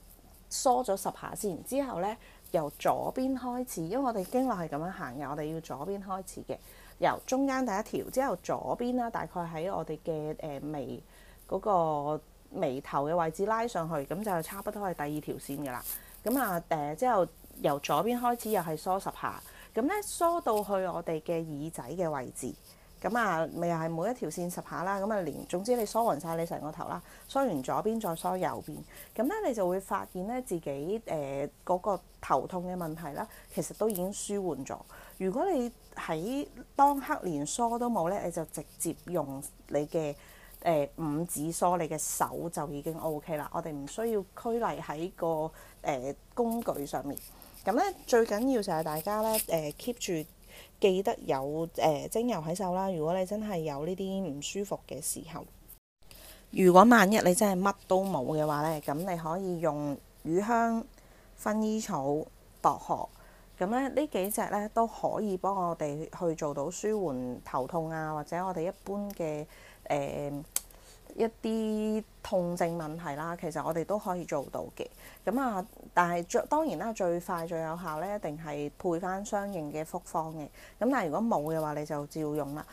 梳咗十下先。之後咧，由左邊開始，因為我哋經絡係咁樣行嘅，我哋要左邊開始嘅。由中間第一條，之後左邊啦，大概喺我哋嘅誒眉嗰、嗰個眉頭嘅位置拉上去，咁就差唔多係第二條線噶啦。咁啊誒，之後由左邊開始又係梳十下。咁咧梳到去我哋嘅耳仔嘅位置，咁啊咪又係每一條線十下啦，咁啊連，總之你梳匀晒你成個頭啦，梳完左邊再梳右邊，咁咧你就會發現咧自己誒嗰、呃那個頭痛嘅問題啦，其實都已經舒緩咗。如果你喺當刻連梳都冇咧，你就直接用你嘅誒五指梳，你嘅手就已經 OK 啦。我哋唔需要拘泥喺個誒、呃、工具上面。咁咧最緊要就係大家咧誒 keep 住記得有誒精油喺手啦。如果你真係有呢啲唔舒服嘅時候，如果萬一你真係乜都冇嘅話咧，咁你可以用乳香、薰衣草、薄荷，咁咧呢幾隻咧都可以幫我哋去做到舒緩頭痛啊，或者我哋一般嘅誒，呃一啲痛症問題啦，其實我哋都可以做到嘅。咁啊，但係最當然啦，最快最有效咧，一定係配返相應嘅複方嘅。咁但係如果冇嘅話，你就照用啦。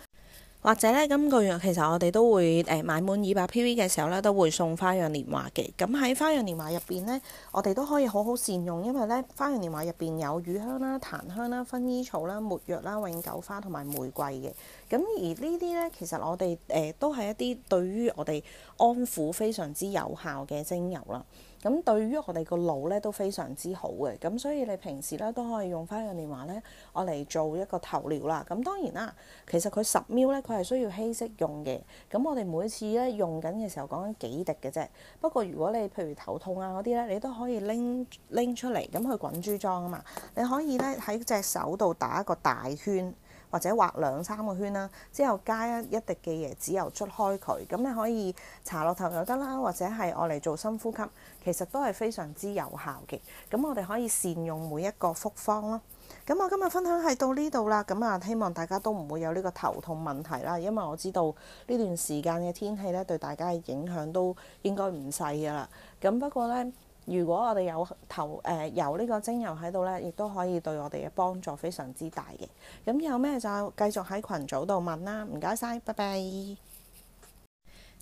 或者咧，今個月其實我哋都會誒買滿二百 PV 嘅時候咧，都會送《花漾年華》嘅。咁喺《花漾年華》入邊咧，我哋都可以好好善用，因為咧，《花漾年華》入邊有乳香啦、檀香啦、薰衣草啦、沒藥啦、永久花同埋玫瑰嘅。咁而呢啲咧，其實我哋誒、呃、都係一啲對於我哋安撫非常之有效嘅精油啦。咁對於我哋個腦咧都非常之好嘅，咁所以你平時咧都可以用翻個電話咧，我嚟做一個頭療啦。咁當然啦，其實佢十秒咧，佢係需要稀釋用嘅。咁我哋每次咧用緊嘅時候，講緊幾滴嘅啫。不過如果你譬如頭痛啊嗰啲咧，你都可以拎拎出嚟，咁佢滾珠裝啊嘛，你可以咧喺隻手度打一個大圈。或者畫兩三個圈啦，之後加一一滴嘅椰子油捽開佢，咁你可以搽落頭又得啦，或者係我嚟做深呼吸，其實都係非常之有效嘅。咁我哋可以善用每一個複方咯。咁我今日分享係到呢度啦，咁啊，希望大家都唔會有呢個頭痛問題啦。因為我知道呢段時間嘅天氣咧，對大家嘅影響都應該唔細噶啦。咁不過咧。如果我哋有頭誒油呢個精油喺度咧，亦都可以對我哋嘅幫助非常之大嘅。咁有咩就繼續喺群組度問啦。唔該晒，拜拜。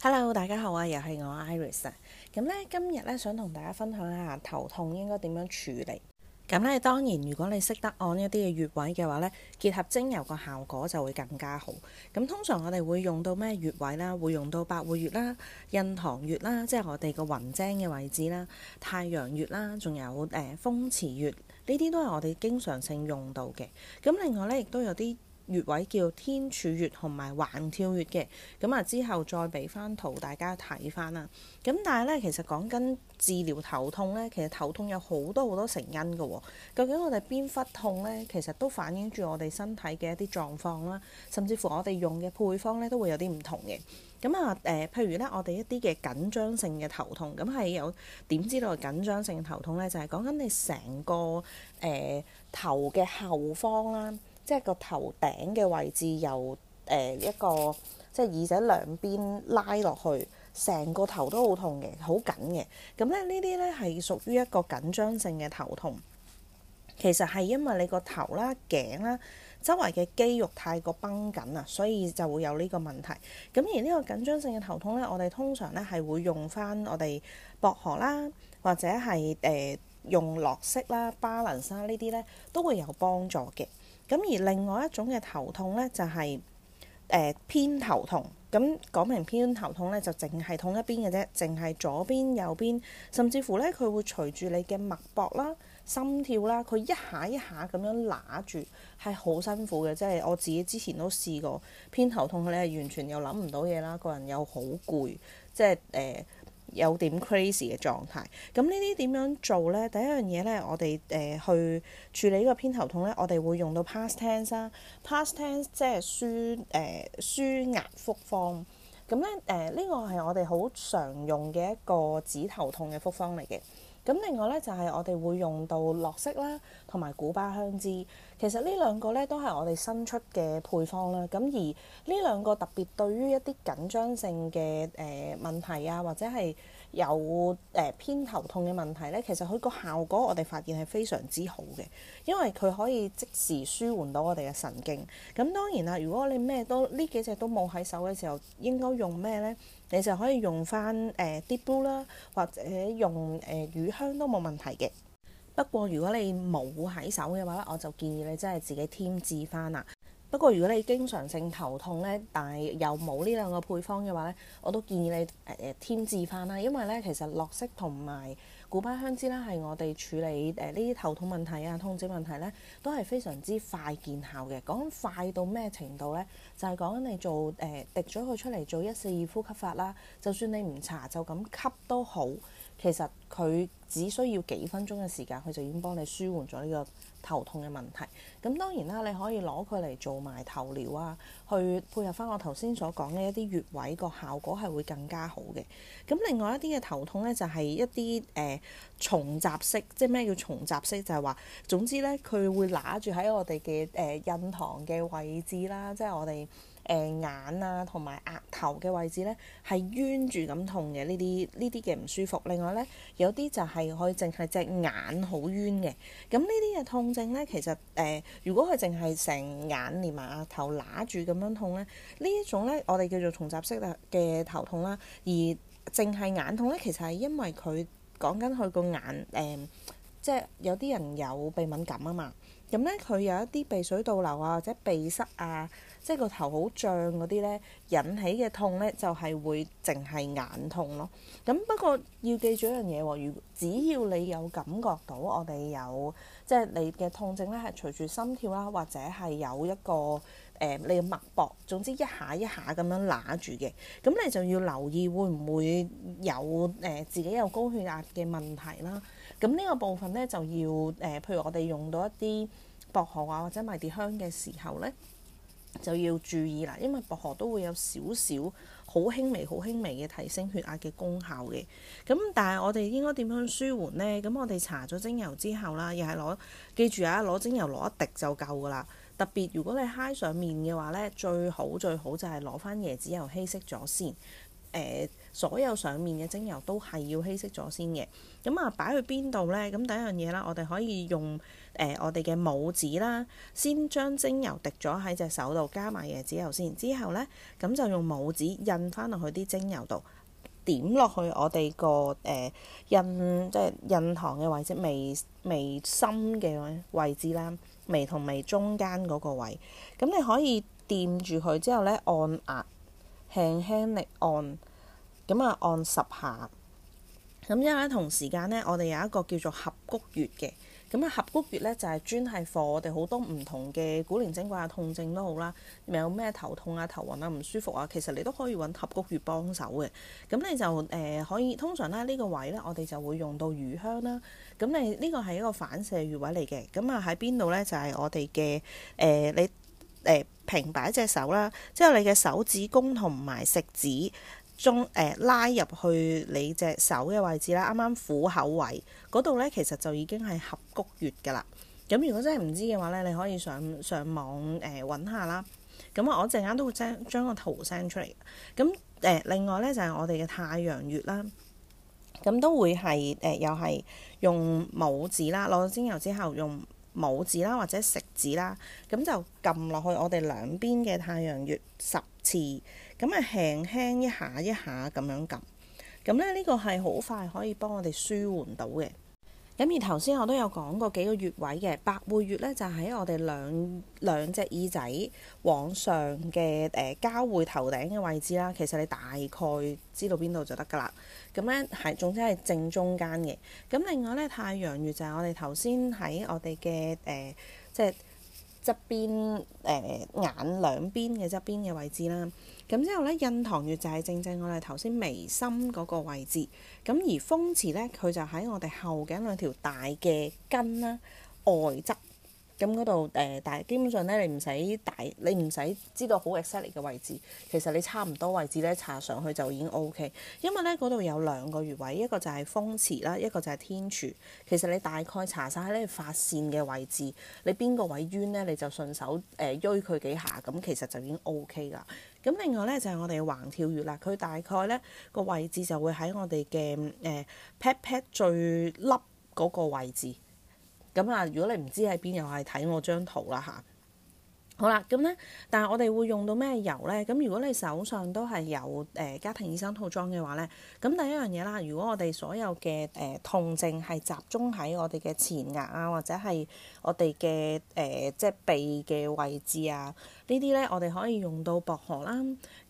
Hello，大家好啊，又係我 Iris。咁咧今日咧想同大家分享一下頭痛應該點樣處理。咁咧當然，如果你識得按一啲嘅穴位嘅話咧，結合精油個效果就會更加好。咁通常我哋會用到咩穴位啦？會用到百會穴啦、印堂穴啦，即係我哋個雲睛嘅位置啦、太陽穴啦，仲有誒風池穴，呢啲都係我哋經常性用到嘅。咁另外咧，亦都有啲。穴位叫天柱穴同埋橫跳穴嘅，咁啊之後再俾翻圖大家睇翻啦。咁但係咧，其實講緊治療頭痛咧，其實頭痛有好多好多成因嘅。究竟我哋邊忽痛咧，其實都反映住我哋身體嘅一啲狀況啦，甚至乎我哋用嘅配方咧都會有啲唔同嘅。咁啊誒，譬如咧我哋一啲嘅緊張性嘅頭痛，咁係有點知道緊張性頭痛咧，就係講緊你成個誒、呃、頭嘅後方啦。即係個頭頂嘅位置，由誒一個即係耳仔兩邊拉落去，成個頭都好痛嘅，好緊嘅。咁咧呢啲咧係屬於一個緊張性嘅頭痛，其實係因為你個頭啦、頸啦周圍嘅肌肉太過繃緊啊，所以就會有呢個問題。咁而呢個緊張性嘅頭痛咧，我哋通常咧係會用返我哋薄荷啦，或者係誒、呃、用落色啦、巴倫沙呢啲咧，都會有幫助嘅。咁而另外一種嘅頭痛呢，就係誒偏頭痛。咁講明偏頭痛呢，就淨係痛一邊嘅啫，淨係左邊、右邊，甚至乎呢，佢會隨住你嘅脈搏啦、心跳啦，佢一下一下咁樣揦住，係好辛苦嘅。即係我自己之前都試過偏頭痛，你係完全又諗唔到嘢啦，個人又好攰，即係誒。呃有點 crazy 嘅狀態，咁呢啲點樣做呢？第一樣嘢呢，我哋誒、呃、去處理呢個偏頭痛呢，我哋會用到 past tense 啦、啊，past tense 即係舒誒舒壓復方，咁咧誒呢個係我哋好常用嘅一個止頭痛嘅復方嚟嘅。咁另外咧就係我哋會用到樂色啦，同埋古巴香脂。其實呢兩個咧都係我哋新出嘅配方啦。咁而呢兩個特別對於一啲緊張性嘅誒問題啊，或者係。有誒、呃、偏頭痛嘅問題咧，其實佢個效果，我哋發現係非常之好嘅，因為佢可以即時舒緩到我哋嘅神經。咁當然啦，如果你咩都呢幾隻都冇喺手嘅時候，應該用咩咧？你就可以用翻誒 deep blue 啦，呃、或者用誒乳、呃、香都冇問題嘅。不過如果你冇喺手嘅話咧，我就建議你真係自己添置翻啦。不過如果你經常性頭痛咧，但係又冇呢兩個配方嘅話咧，我都建議你誒誒、呃呃、添置翻啦。因為咧，其實樂色同埋古巴香脂啦，係我哋處理誒呢啲頭痛問題啊、痛症問題咧，都係非常之快見效嘅。講快到咩程度咧？就係、是、講緊你做誒、呃、滴咗佢出嚟做一四二呼吸法啦。就算你唔搽，就咁吸都好，其實佢只需要幾分鐘嘅時間，佢就已經幫你舒緩咗呢個。頭痛嘅問題，咁當然啦，你可以攞佢嚟做埋頭療啊，去配合翻我頭先所講嘅一啲穴位，個效果係會更加好嘅。咁另外一啲嘅頭痛呢，就係、是、一啲誒、呃、重雜式，即係咩叫重雜式？就係、是、話總之呢，佢會拿住喺我哋嘅誒印堂嘅位置啦，即係我哋。呃、眼啊，同埋額頭嘅位置呢，係冤住咁痛嘅呢啲呢啲嘅唔舒服。另外呢，有啲就係可以淨係隻眼好冤嘅。咁呢啲嘅痛症呢，其實誒、呃，如果佢淨係成眼連埋額頭揦住咁樣痛呢，呢一種呢，我哋叫做叢集式嘅頭痛啦。而淨係眼痛呢，其實係因為佢講緊佢個眼誒、呃，即係有啲人有鼻敏感啊嘛。咁呢，佢有一啲鼻水倒流啊，或者鼻塞啊。即係個頭好脹嗰啲咧，引起嘅痛咧就係會淨係眼痛咯。咁不過要記住一樣嘢喎，如只要你有感覺到我哋有即係你嘅痛症咧，係隨住心跳啦，或者係有一個誒、呃、你嘅脈搏，總之一下一下咁樣拿住嘅，咁你就要留意會唔會有誒、呃、自己有高血壓嘅問題啦。咁呢個部分咧就要誒、呃，譬如我哋用到一啲薄荷啊或者迷迭香嘅時候咧。就要注意啦，因為薄荷都會有少少好輕微、好輕微嘅提升血壓嘅功效嘅。咁但係我哋應該點樣舒緩呢？咁我哋搽咗精油之後啦，又係攞，記住啊，攞精油攞一滴就夠噶啦。特別如果你揩上面嘅話呢，最好最好就係攞返椰子油稀釋咗先。誒、呃，所有上面嘅精油都係要稀釋咗先嘅。咁啊，擺去邊度呢？咁第一樣嘢啦，我哋可以用。誒、呃，我哋嘅拇指啦，先將精油滴咗喺隻手度，加埋椰子油先。之後呢，咁就用拇指印翻落去啲精油度，點落去我哋個誒印即係印堂嘅位置，眉眉心嘅位置啦，眉同眉中間嗰個位。咁你可以掂住佢之後呢，按壓輕輕力按，咁啊按十下。咁因為同時間呢，我哋有一個叫做合谷穴嘅。咁啊，合谷穴咧就係專係火，我哋好多唔同嘅古靈精怪嘅痛症都好啦，咪有咩頭痛啊、頭暈啊、唔舒服啊，其實你都可以揾合谷穴幫手嘅。咁你就誒可以通常咧呢個位咧，我哋就會用到乳香啦。咁你呢個係一個反射穴位嚟嘅。咁啊喺邊度咧？就係、是、我哋嘅誒你誒、呃、平擺隻手啦，即係你嘅手指公同埋食指。中誒、呃、拉入去你隻手嘅位置啦，啱啱虎口位嗰度咧，其實就已經係合谷穴㗎啦。咁如果真係唔知嘅話咧，你可以上上網誒揾、呃、下啦。咁我陣間都會將將個圖 send 出嚟。咁誒、呃、另外咧就係、係、我哋嘅太陽穴啦，咁都會係誒、呃、又係用拇指啦，攞咗精油之後用拇指啦或者食指啦，咁就撳落去我哋兩邊嘅太陽穴十次。咁啊，輕輕一下一下咁樣撳，咁咧呢個係好快可以幫我哋舒緩到嘅。咁而頭先我都有講過幾個穴位嘅，百會穴咧就喺、是、我哋兩兩隻耳仔往上嘅誒、呃、交匯頭頂嘅位置啦。其實你大概知道邊度就得㗎啦。咁咧係總之係正中間嘅。咁另外咧太陽穴就係我哋頭先喺我哋嘅誒，即係側邊誒眼兩邊嘅側邊嘅位置啦。咁之後咧，印堂穴就係正正我哋頭先眉心個位置。咁而風池咧，佢就喺我哋後頸兩條大嘅筋啦外側。咁嗰度誒，但係、呃、基本上咧，你唔使大，你唔使知道好 exactly 嘅位置，其實你差唔多位置咧，搽上去就已經 O K。因為咧，嗰度有兩個穴位，一個就係風池啦，一個就係天柱。其實你大概搽晒喺你發線嘅位置，你邊個位冤咧，你就順手誒推佢幾下，咁其實就已經 O K 噶。咁另外咧就係、是、我哋嘅橫跳穴啦，佢大概咧個位置就會喺我哋嘅誒 pat pat 最凹嗰個位置。咁啊，如果你唔知喺邊，又係睇我張圖啦吓。好啦，咁咧，但係我哋會用到咩油咧？咁如果你手上都係有誒家庭醫生套裝嘅話咧，咁第一樣嘢啦，如果我哋所有嘅誒痛症係集中喺我哋嘅前額啊，或者係我哋嘅誒即係鼻嘅位置啊。呢啲咧，我哋可以用到薄荷啦。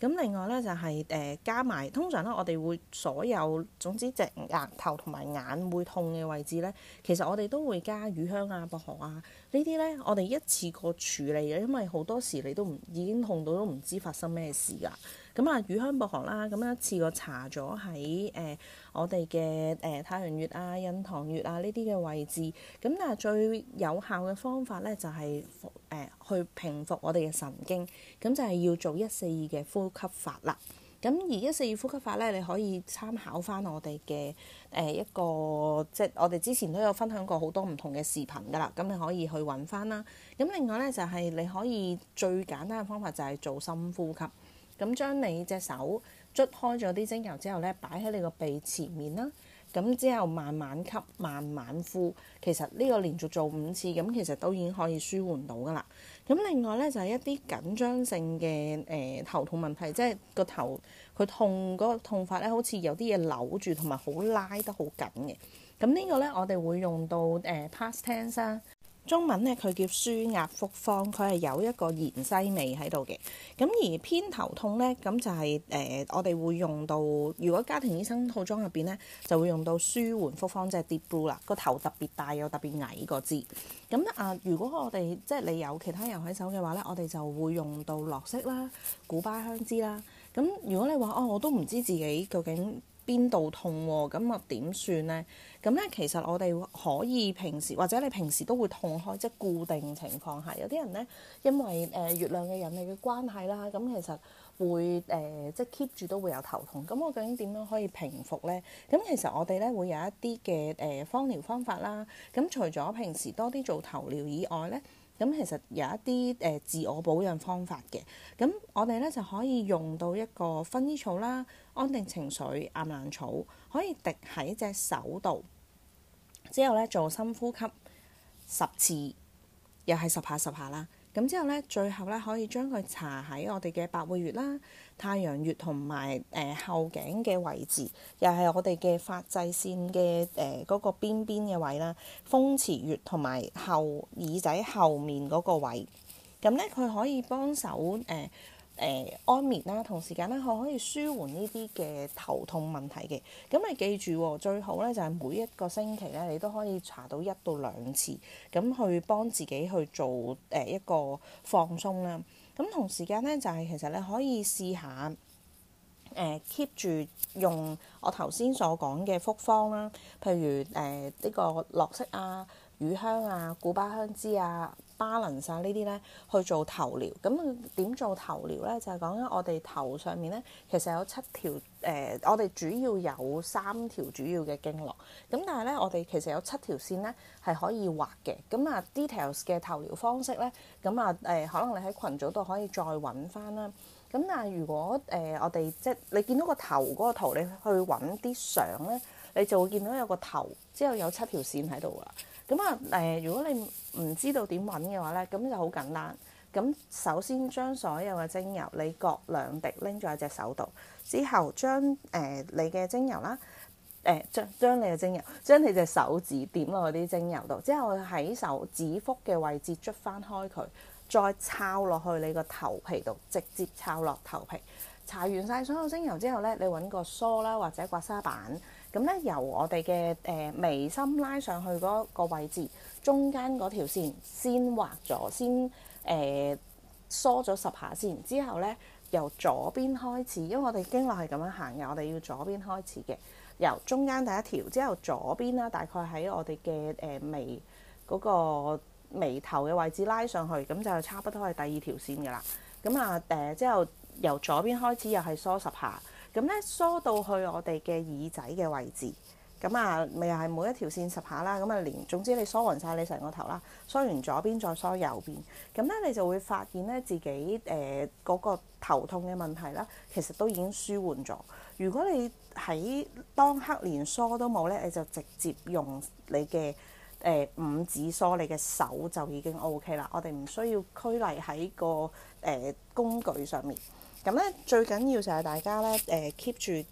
咁另外咧、就係，就係誒加埋，通常咧，我哋會所有總之隻額頭同埋眼會痛嘅位置咧，其實我哋都會加乳香啊、薄荷啊呢啲咧，我哋一次過處理嘅，因為好多時你都唔已經痛到都唔知發生咩事㗎。咁啊，乳香薄荷啦，咁啊一次查、呃、我搽咗喺誒我哋嘅誒太陽穴啊、印堂穴啊呢啲嘅位置。咁但係，最有效嘅方法咧就係、是、誒、呃、去平復我哋嘅神經。咁就係要做一四二嘅呼吸法啦。咁而一四二呼吸法咧，你可以參考翻我哋嘅誒一個即係、就是、我哋之前都有分享過好多唔同嘅視頻噶啦。咁你可以去揾翻啦。咁另外咧就係、是、你可以最簡單嘅方法就係做深呼吸。咁將你隻手捽開咗啲精油之後咧，擺喺你個鼻前面啦。咁之後慢慢吸，慢慢呼。其實呢個連續做五次，咁其實都已經可以舒緩到噶啦。咁另外咧就係、是、一啲緊張性嘅誒、呃、頭痛問題，即係個頭佢痛嗰、那個痛法咧，好似有啲嘢扭住同埋好拉得好緊嘅。咁、這個、呢個咧，我哋會用到誒、呃、past tense 啦。中文咧，佢叫舒壓復方，佢係有一個芫茜味喺度嘅。咁而偏頭痛咧，咁就係、是、誒、呃，我哋會用到，如果家庭醫生套裝入邊咧，就會用到舒緩復方，即係 Deep Blue 啦，個頭特別大又特別矮個字。咁啊，如果我哋即係你有其他人喺手嘅話咧，我哋就會用到落色啦、古巴香脂啦。咁如果你話哦，我都唔知自己究竟邊度痛喎、啊，咁啊點算咧？咁咧，其實我哋可以平時或者你平時都會痛開，即係固定情況下，有啲人咧，因為誒、呃、月亮嘅引力嘅關係啦，咁其實會誒、呃、即係 keep 住都會有頭痛。咁我究竟點樣可以平復咧？咁其實我哋咧會有一啲嘅誒芳療方法啦。咁除咗平時多啲做頭療以外咧，咁其實有一啲誒、呃、自我保養方法嘅。咁我哋咧就可以用到一個薰衣草啦、安定情緒、岩蘭草，可以滴喺隻手度。之後咧做深呼吸十次，又係十下十下啦。咁之後咧，最後咧可以將佢搽喺我哋嘅百會穴啦、太陽穴同埋誒後頸嘅位置，又係我哋嘅髮際線嘅誒嗰個邊邊嘅位啦、風池穴同埋後耳仔後面嗰個位。咁咧，佢可以幫手誒。呃誒、呃、安眠啦，同時間咧，佢可以舒緩呢啲嘅頭痛問題嘅。咁你記住，哦、最好咧就係、是、每一個星期咧，你都可以查到一到兩次，咁去幫自己去做誒、呃、一個放鬆啦。咁同時間咧，就係、是、其實你可以試下誒 keep 住用我頭先所講嘅複方啦，譬如誒呢、呃這個樂色啊、乳香啊、古巴香脂啊。balance 啊呢啲咧去做頭療，咁點做頭療咧？就係、是、講緊我哋頭上面咧，其實有七條誒、呃，我哋主要有三條主要嘅經絡，咁但係咧，我哋其實有七條線咧係可以畫嘅。咁啊，details 嘅頭療方式咧，咁啊誒，可能你喺群組度可以再揾翻啦。咁但係如果誒、呃、我哋即係你見到個頭嗰個圖，你去揾啲相咧，你就會見到有個頭之後有七條線喺度啊。咁啊誒，如果你唔知道點揾嘅話咧，咁就好簡單。咁首先將所有嘅精、呃、精油，呃、你各兩滴拎咗喺隻手度，之後將誒你嘅精油啦，誒將將你嘅精油，將你隻手指點落啲精油度，之後喺手指腹嘅位置捽翻開佢，再抄落去你個頭皮度，直接抄落頭皮。搽完晒所有精油之後咧，你揾個梳啦或者刮痧板。咁咧，由我哋嘅誒眉心拉上去嗰個位置，中間嗰條線先畫咗，先誒、呃、梳咗十下先。之後咧，由左邊開始，因為我哋經絡係咁樣行嘅，我哋要左邊開始嘅。由中間第一條，之後左邊啦，大概喺我哋嘅誒眉嗰、嗰個眉頭嘅位置拉上去，咁就差不多係第二條線㗎啦。咁啊誒，之後由左邊開始又係梳十下。咁咧梳到去我哋嘅耳仔嘅位置，咁啊咪又係每一條線十下啦，咁啊連，總之你梳勻晒你成個頭啦，梳完左邊再梳右邊，咁咧你就會發現咧自己誒嗰、呃那個頭痛嘅問題啦，其實都已經舒緩咗。如果你喺當刻連梳都冇咧，你就直接用你嘅誒五指梳，你嘅手就已經 O K 啦。我哋唔需要拘泥喺個誒、呃、工具上面。咁咧最緊要就係大家咧誒 keep 住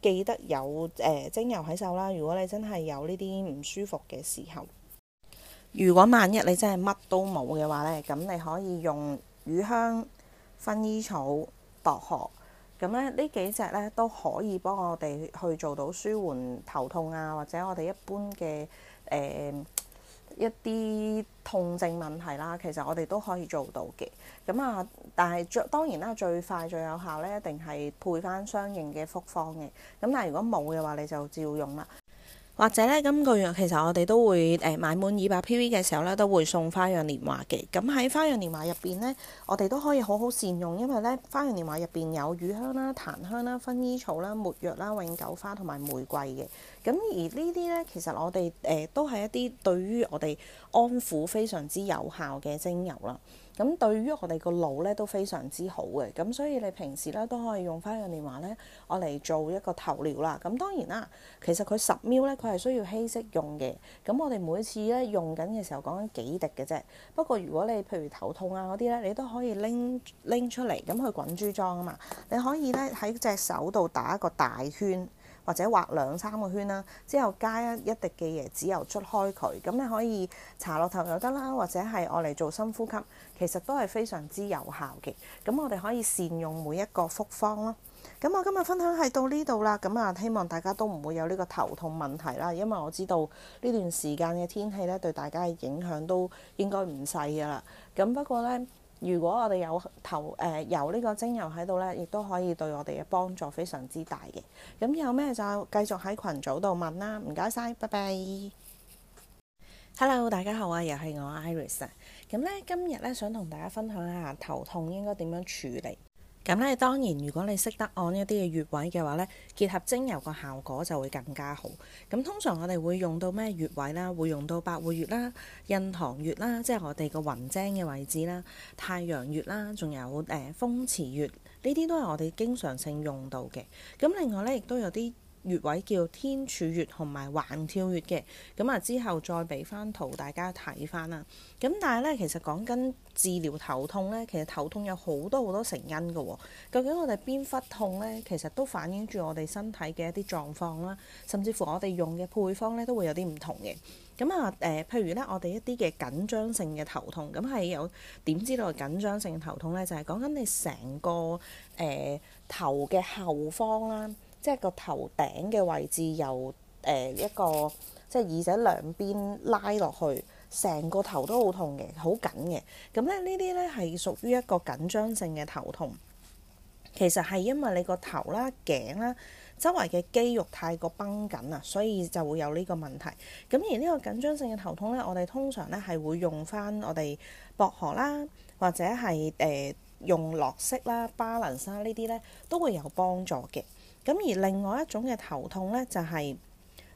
記得有誒、呃、精油喺手啦。如果你真係有呢啲唔舒服嘅時候，如果萬一你真係乜都冇嘅話咧，咁你可以用乳香、薰衣草、薄荷。咁咧呢幾隻咧都可以幫我哋去做到舒緩頭痛啊，或者我哋一般嘅誒。呃一啲痛症問題啦，其實我哋都可以做到嘅。咁啊，但係最當然啦，最快最有效咧，一定係配翻相應嘅複方嘅。咁但係如果冇嘅話，你就照用啦。或者咧，咁、那個藥其實我哋都會誒、呃、買滿二百 PV 嘅時候咧，都會送花漾年華嘅。咁喺花漾年華入邊咧，我哋都可以好好善用，因為咧花漾年華入邊有乳香啦、檀香啦、薰衣草啦、沒藥啦、永久花同埋玫瑰嘅。咁而呢啲咧，其實我哋誒、呃、都係一啲對於我哋安撫非常之有效嘅精油啦。咁對於我哋個腦咧都非常之好嘅。咁所以你平時咧都可以用翻樣電話咧，我嚟做一個頭療啦。咁當然啦，其實佢 10ml 咧，佢係需要稀釋用嘅。咁我哋每次咧用緊嘅時候，講緊幾滴嘅啫。不過如果你譬如頭痛啊嗰啲咧，你都可以拎拎出嚟，咁去滾珠裝啊嘛，你可以咧喺隻手度打一個大圈。或者畫兩三個圈啦，之後加一一滴嘅椰子油捽開佢，咁你可以搽落頭又得啦，或者係我嚟做深呼吸，其實都係非常之有效嘅。咁我哋可以善用每一個複方咯。咁我今日分享係到呢度啦。咁啊，希望大家都唔會有呢個頭痛問題啦。因為我知道呢段時間嘅天氣咧對大家嘅影響都應該唔細噶啦。咁不過咧。如果我哋有頭誒有呢個精油喺度咧，亦都可以對我哋嘅幫助非常之大嘅。咁有咩就繼續喺群組度問啦。唔該晒，拜拜。Hello，大家好啊，又係我 Iris 啊。咁咧今日咧想同大家分享一下頭痛應該點樣處理。咁咧，當然如果你識得按一啲嘅穴位嘅話咧，結合精油個效果就會更加好。咁通常我哋會用到咩穴位啦？會用到百會穴啦、印堂穴啦，即係我哋個雲睛嘅位置啦、太陽穴啦，仲有誒風池穴，呢啲都係我哋經常性用到嘅。咁另外咧，亦都有啲穴位叫天柱穴同埋環跳穴嘅，咁啊之後再俾翻圖大家睇翻啦。咁但係咧，其實講緊治療頭痛咧，其實頭痛有好多好多成因嘅喎。究竟我哋邊忽痛咧，其實都反映住我哋身體嘅一啲狀況啦，甚至乎我哋用嘅配方咧都會有啲唔同嘅。咁啊誒，譬如咧我哋一啲嘅緊張性嘅頭痛，咁係有點知道係緊張性頭痛咧？就係講緊你成個誒、呃、頭嘅後方啦。即係個頭頂嘅位置，由誒一個即係耳仔兩邊拉落去，成個頭都好痛嘅，好緊嘅。咁咧呢啲咧係屬於一個緊張性嘅頭痛，其實係因為你個頭啦、頸啦周圍嘅肌肉太過繃緊啦，所以就會有呢個問題。咁而呢個緊張性嘅頭痛咧，我哋通常咧係會用翻我哋薄荷啦，或者係誒、呃、用落色啦、巴倫沙呢啲咧都會有幫助嘅。咁而另外一種嘅頭痛呢，就係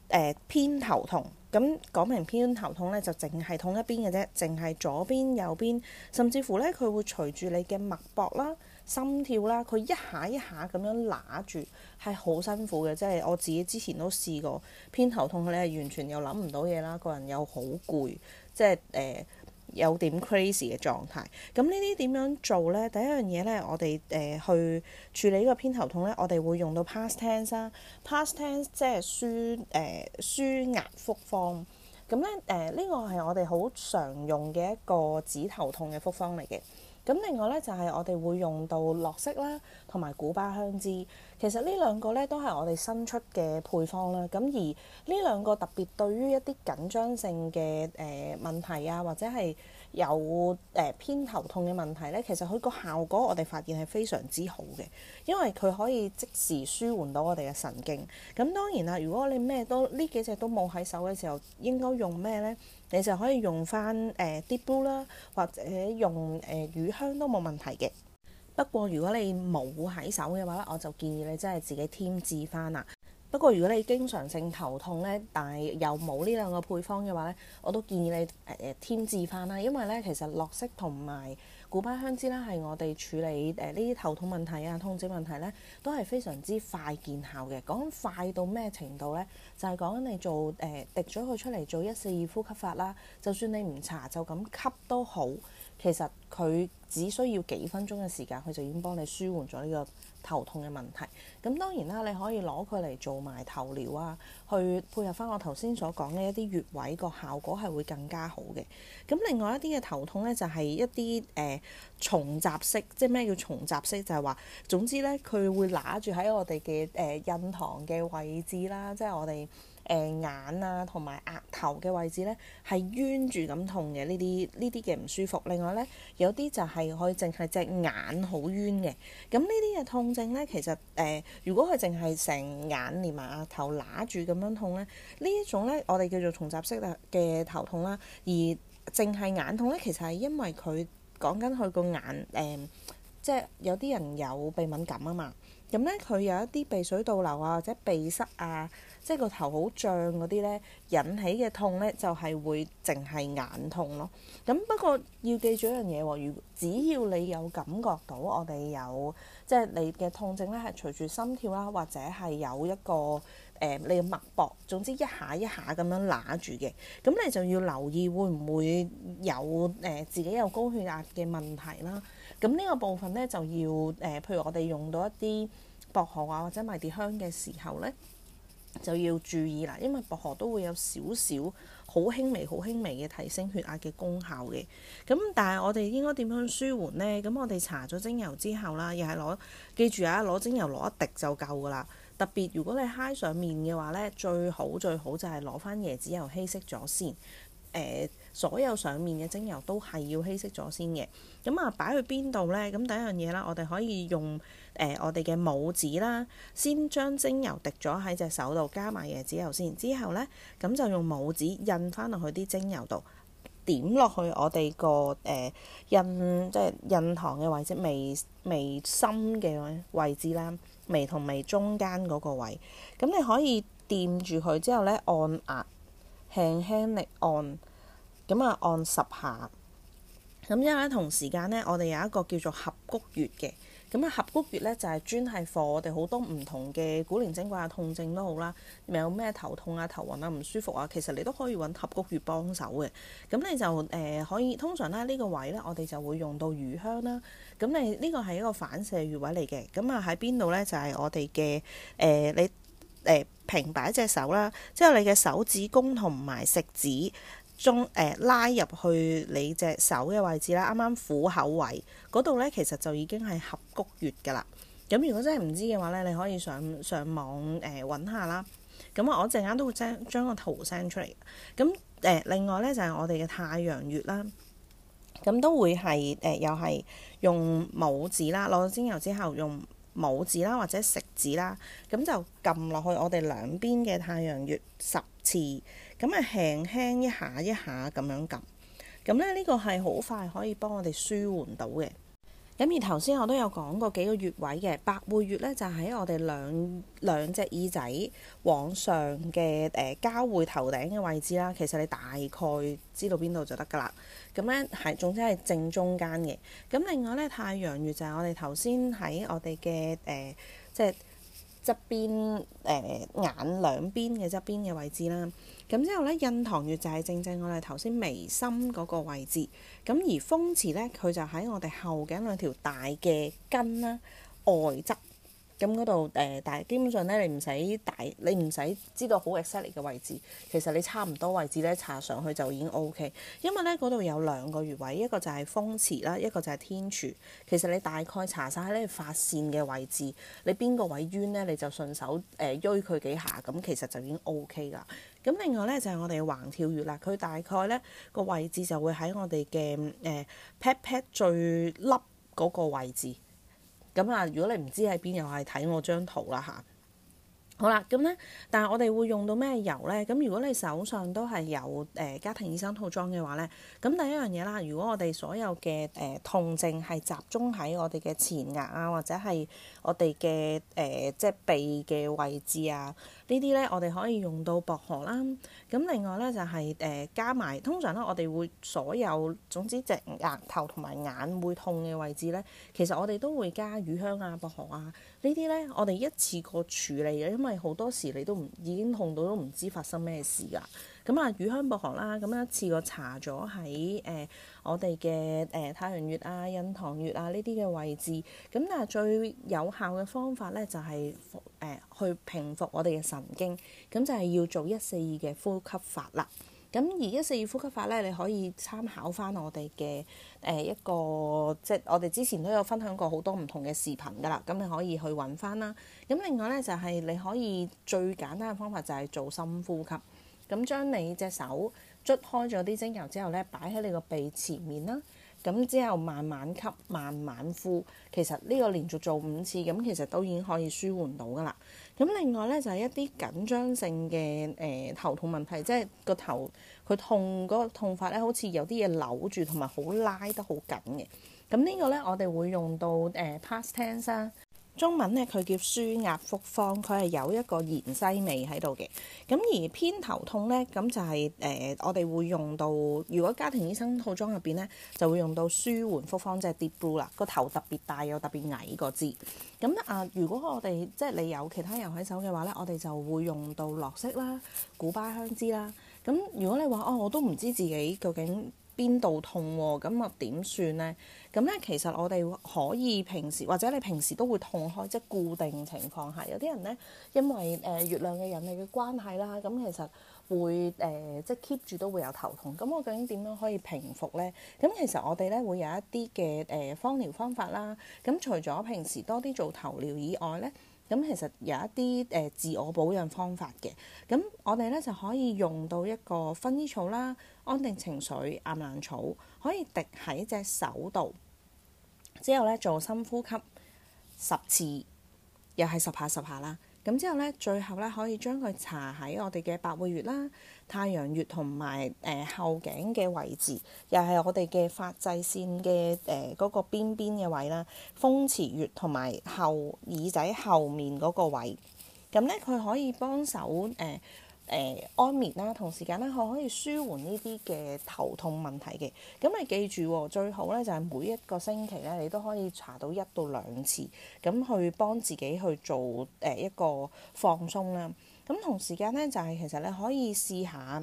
誒偏頭痛。咁講明偏頭痛呢，就淨係痛一邊嘅啫，淨係左邊、右邊，甚至乎呢，佢會隨住你嘅脈搏啦、心跳啦，佢一下一下咁樣拿住，係好辛苦嘅。即係我自己之前都試過偏頭痛，你係完全又諗唔到嘢啦，個人又好攰，即係誒。呃有點 crazy 嘅狀態，咁呢啲點樣做呢？第一樣嘢呢，我哋誒、呃、去處理呢個偏頭痛呢，我哋會用到 past tense 啦、啊、past tense 即係舒誒舒壓復方，咁咧誒呢個係我哋好常用嘅一個止頭痛嘅復方嚟嘅。咁另外呢，就係、是、我哋會用到落色啦，同埋古巴香脂。其實呢兩個咧都係我哋新出嘅配方啦，咁而呢兩個特別對於一啲緊張性嘅誒問題啊，或者係有誒偏頭痛嘅問題咧，其實佢個效果我哋發現係非常之好嘅，因為佢可以即時舒緩到我哋嘅神經。咁當然啦，如果你咩都呢幾隻都冇喺手嘅時候，應該用咩咧？你就可以用翻誒 Deep Blue 啦，或者用誒乳香都冇問題嘅。不過如果你冇喺手嘅話咧，我就建議你真係自己添置翻啦。不過如果你經常性頭痛咧，但係又冇呢兩個配方嘅話咧，我都建議你誒誒、呃、添置翻啦。因為咧，其實樂色同埋古巴香脂啦，係我哋處理誒呢啲頭痛問題啊、痛症問題咧，都係非常之快見效嘅。講快到咩程度咧？就係講緊你做誒、呃、滴咗佢出嚟做一四二呼吸法啦，就算你唔搽就咁吸都好。其實佢只需要幾分鐘嘅時間，佢就已經幫你舒緩咗呢個頭痛嘅問題。咁當然啦，你可以攞佢嚟做埋頭療啊，去配合翻我頭先所講嘅一啲穴位，個效果係會更加好嘅。咁另外一啲嘅頭痛咧，就係、是、一啲誒、呃、重雜式，即係咩叫重雜式？就係、是、話總之咧，佢會拿住喺我哋嘅誒印堂嘅位置啦，即係我哋。眼啊，同埋額頭嘅位置呢，係冤住咁痛嘅呢啲呢啲嘅唔舒服。另外呢，有啲就係可以淨係隻眼好冤嘅。咁呢啲嘅痛症呢，其實誒、呃，如果佢淨係成眼連埋額頭揦住咁樣痛呢，呢一種呢，我哋叫做重疊式嘅嘅頭痛啦。而淨係眼痛呢，其實係因為佢講緊佢個眼誒，即、呃、係、即係、有啲人有鼻敏感啊嘛。咁呢，佢有一啲鼻水倒流啊，或者鼻塞啊。即係個頭好脹嗰啲咧，引起嘅痛咧就係會淨係眼痛咯。咁不過要記住一樣嘢喎，如只要你有感覺到我哋有即係、就是、你嘅痛症咧，係隨住心跳啦，或者係有一個誒、呃、你嘅脈搏，總之一下一下咁樣揦住嘅，咁你就要留意會唔會有誒、呃、自己有高血壓嘅問題啦。咁呢個部分咧就要誒、呃，譬如我哋用到一啲薄荷啊或者迷迭香嘅時候咧，就要注意啦，因為薄荷都會有少少好輕微、好輕微嘅提升血壓嘅功效嘅。咁但係我哋應該點樣舒緩呢？咁我哋搽咗精油之後啦，又係攞，記住啊，攞精油攞一滴就夠㗎啦。特別如果你揩上面嘅話呢，最好最好就係攞返椰子油稀釋咗先。誒、呃。所有上面嘅精油都係要稀釋咗先嘅。咁啊，擺去邊度呢？咁第一樣嘢啦，我哋可以用誒、呃、我哋嘅拇指啦，先將精油滴咗喺隻手度，加埋椰子油先。之後呢，咁就用拇指印翻落去啲精油度，點落去我哋個誒印即係、就是、印堂嘅位置，眉眉心嘅位置啦，眉同眉中間嗰個位。咁你可以掂住佢之後呢，按壓輕輕力按。咁啊，按十下。咁因為同時間咧，我哋有一個叫做合谷穴嘅。咁啊，合谷穴咧就係專係課我哋好多唔同嘅古靈精怪啊，痛症都好啦。有咩頭痛啊、頭暈啊、唔舒服啊，其實你都可以揾合谷穴幫手嘅。咁你就誒、呃、可以通常咧呢個位咧，我哋就會用到乳香啦。咁你呢、這個係一個反射穴位嚟嘅。咁啊喺邊度咧？就係我哋嘅誒你誒、呃、平擺隻手啦，之後你嘅手指公同埋食指。中誒、呃、拉入去你隻手嘅位置啦，啱啱虎口位嗰度咧，其實就已經係合谷穴㗎啦。咁如果真係唔知嘅話咧，你可以上上網誒揾、呃、下啦。咁我陣間都會 send 將，將個圖 send 出嚟。咁誒、呃、另外咧就係、是、我哋嘅太陽穴啦，咁都會係誒、呃、又係用拇指啦，攞咗精油之後用拇指啦或者食指啦，咁就撳落去我哋兩邊嘅太陽穴十次。咁啊輕輕一下一下咁樣撳，咁咧呢個係好快可以幫我哋舒緩到嘅。咁而頭先我都有講過幾個穴位嘅，百會穴咧就喺、是、我哋兩兩隻耳仔往上嘅誒、呃、交匯頭頂嘅位置啦。其實你大概知道邊度就得㗎啦。咁咧係總之係正中間嘅。咁另外咧太陽穴就係我哋頭先喺我哋嘅誒即係。側邊誒、呃、眼兩邊嘅側邊嘅位置啦，咁之後咧印堂穴就係正正我哋頭先眉心嗰個位置，咁而風池咧佢就喺我哋後頸兩條大嘅筋啦外側。咁嗰度誒，但係、呃、基本上咧，你唔使大，你唔使知道好 exactly 嘅位置，其實你差唔多位置咧搽上去就已經 O K。因為咧嗰度有兩個穴位，一個就係風池啦，一個就係天柱。其實你大概搽曬呢發線嘅位置，你邊個位冤咧，你就順手誒推佢幾下，咁其實就已經 O K 噶。咁另外咧就係、是、我哋嘅橫跳穴啦，佢大概咧個位置就會喺我哋嘅誒 pat pat 最凹嗰個位置。咁啊，如果你唔知喺邊，又係睇我張圖啦吓，好啦，咁咧，但係我哋會用到咩油咧？咁如果你手上都係有誒家庭醫生套裝嘅話咧，咁第一樣嘢啦，如果我哋所有嘅誒、呃、痛症係集中喺我哋嘅前額啊，或者係我哋嘅誒即係鼻嘅位置啊。呢啲咧，我哋可以用到薄荷啦。咁另外咧、就係，就係誒加埋，通常咧，我哋會所有總之隻額頭同埋眼會痛嘅位置咧，其實我哋都會加乳香啊、薄荷啊呢啲咧，我哋一次過處理嘅，因為好多時你都唔已經痛到都唔知發生咩事㗎。咁啊，乳香薄荷啦，咁一次過搽咗喺誒我哋嘅誒太陽穴啊、印堂穴啊呢啲嘅位置。咁但係最有效嘅方法咧，就係、是、誒、呃、去平復我哋嘅神經。咁就係要做一四二嘅呼吸法啦。咁而一四二呼吸法咧，你可以參考翻我哋嘅誒一個，即、就、係、是、我哋之前都有分享過好多唔同嘅視頻噶啦。咁你可以去揾翻啦。咁另外咧，就係、是、你可以最簡單嘅方法就係做深呼吸。咁將你隻手捽開咗啲精油之後咧，擺喺你個鼻前面啦。咁之後慢慢吸，慢慢呼。其實呢個連續做五次，咁其實都已經可以舒緩到噶啦。咁另外咧就係、是、一啲緊張性嘅誒、呃、頭痛問題，即係個頭佢痛嗰、那個痛法咧，好似有啲嘢扭住同埋好拉得好緊嘅。咁、這個、呢個咧我哋會用到誒 past tense 啦。呃中文咧，佢叫舒壓復方，佢係有一個芫荽味喺度嘅。咁而偏頭痛咧，咁就係、是、誒、呃，我哋會用到。如果家庭醫生套裝入邊咧，就會用到舒緩復方，即係 Deep Blue 啦。個頭特別大又特別矮個字。咁、嗯、啊，如果我哋即係你有其他人喺手嘅話咧，我哋就會用到樂色啦、古巴香脂啦。咁、嗯、如果你話哦，我都唔知自己究竟。邊度痛喎？咁啊點算呢？咁咧其實我哋可以平時或者你平時都會痛開，即係固定情況下，有啲人呢，因為誒月亮嘅引力嘅關係啦，咁其實會誒即係 keep 住都會有頭痛。咁我究竟點樣可以平復呢？咁其實我哋咧會有一啲嘅誒方療方法啦。咁除咗平時多啲做頭療以外呢。咁其實有一啲誒自我保養方法嘅，咁我哋咧就可以用到一個薰衣草啦，安定情緒，亞麻草可以滴喺隻手度，之後咧做深呼吸十次，又係十下十下啦。咁之後咧，最後咧可以將佢搽喺我哋嘅百會穴啦、太陽穴同埋誒後頸嘅位置，又係我哋嘅發際線嘅誒嗰個邊邊嘅位啦、風池穴同埋後耳仔後面嗰個位。咁咧，佢可以幫手誒。呃誒、呃、安眠啦，同時間咧，佢可以舒緩呢啲嘅頭痛問題嘅。咁你記住，最好咧就係、是、每一個星期咧，你都可以查到一到兩次，咁去幫自己去做誒、呃、一個放鬆啦。咁同時間咧，就係、是、其實你可以試下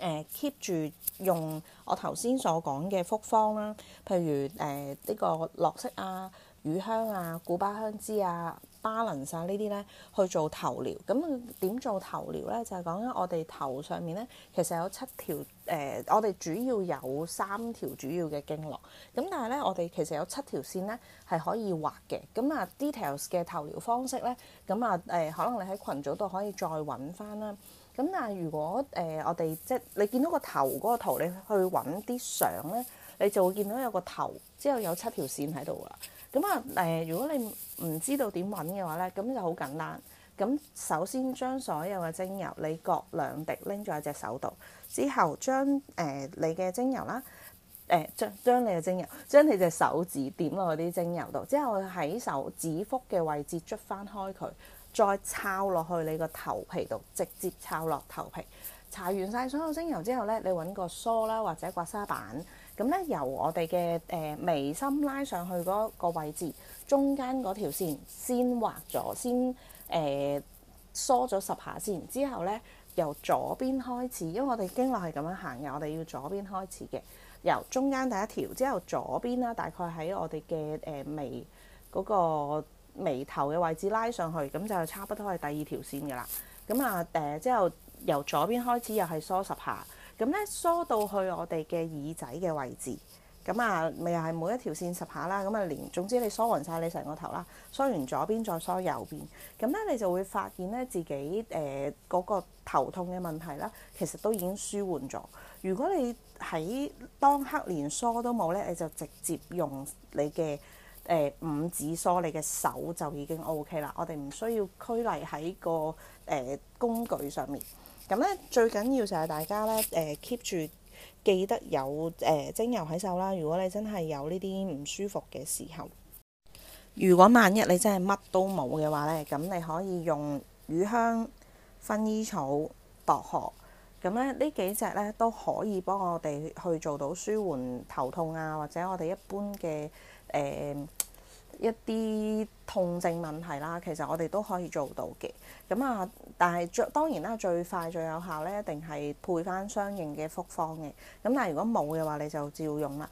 誒 keep 住用我頭先所講嘅複方啦，譬如誒呢、呃這個樂色啊、乳香啊、古巴香脂啊。巴倫晒呢啲咧去做頭療，咁點做頭療咧？就係、是、講緊我哋頭上面咧，其實有七條誒、呃，我哋主要有三條主要嘅經絡，咁但係咧，我哋其實有七條線咧係可以畫嘅。咁啊，details 嘅頭療方式咧，咁啊誒、呃，可能你喺群組度可以再揾翻啦。咁但係如果誒、呃、我哋即係你見到個頭嗰個圖，你去揾啲相咧，你就會見到有個頭之後有七條線喺度啦。咁啊誒、呃，如果你唔知道點揾嘅話呢，咁就好簡單。咁首先將所有嘅精油，你各兩滴拎咗喺隻手度，之後將誒、呃、你嘅精油啦，誒將將你嘅精油，將、呃、你隻手指點落啲精油度，之後喺手指腹嘅位置捽翻開佢，再抄落去你個頭皮度，直接抄落頭皮。搽完晒所有精油之後呢，你揾個梳啦或者刮痧板，咁呢，由我哋嘅誒眉心拉上去嗰個位置。中間嗰條線先畫咗，先誒、呃、梳咗十下先，之後咧由左邊開始，因為我哋經絡係咁樣行嘅，我哋要左邊開始嘅。由中間第一條，之後左邊啦，大概喺我哋嘅誒眉嗰、嗰個眉頭嘅位置拉上去，咁就差唔多係第二條線㗎啦。咁啊誒，之後由左邊開始又係梳十下，咁咧梳到去我哋嘅耳仔嘅位置。咁啊，咪又係每一條線十下啦。咁啊，連總之你梳勻晒你成個頭啦，梳完左邊再梳右邊。咁咧，你就會發現咧自己誒嗰、呃那個頭痛嘅問題啦，其實都已經舒緩咗。如果你喺當刻連梳都冇咧，你就直接用你嘅誒五指梳，你嘅手就已經 O K 啦。我哋唔需要拘泥喺個誒、呃、工具上面。咁咧，最緊要就係大家咧誒 keep 住。記得有誒、呃、精油喺手啦。如果你真係有呢啲唔舒服嘅時候，如果萬一你真係乜都冇嘅話呢，咁你可以用乳香、薰衣草、薄荷，咁咧呢幾隻呢，都可以幫我哋去做到舒緩頭痛啊，或者我哋一般嘅誒。呃一啲痛症問題啦，其實我哋都可以做到嘅。咁啊，但係最當然啦，最快最有效咧，一定係配返相應嘅複方嘅。咁但係如果冇嘅話，你就照用啦。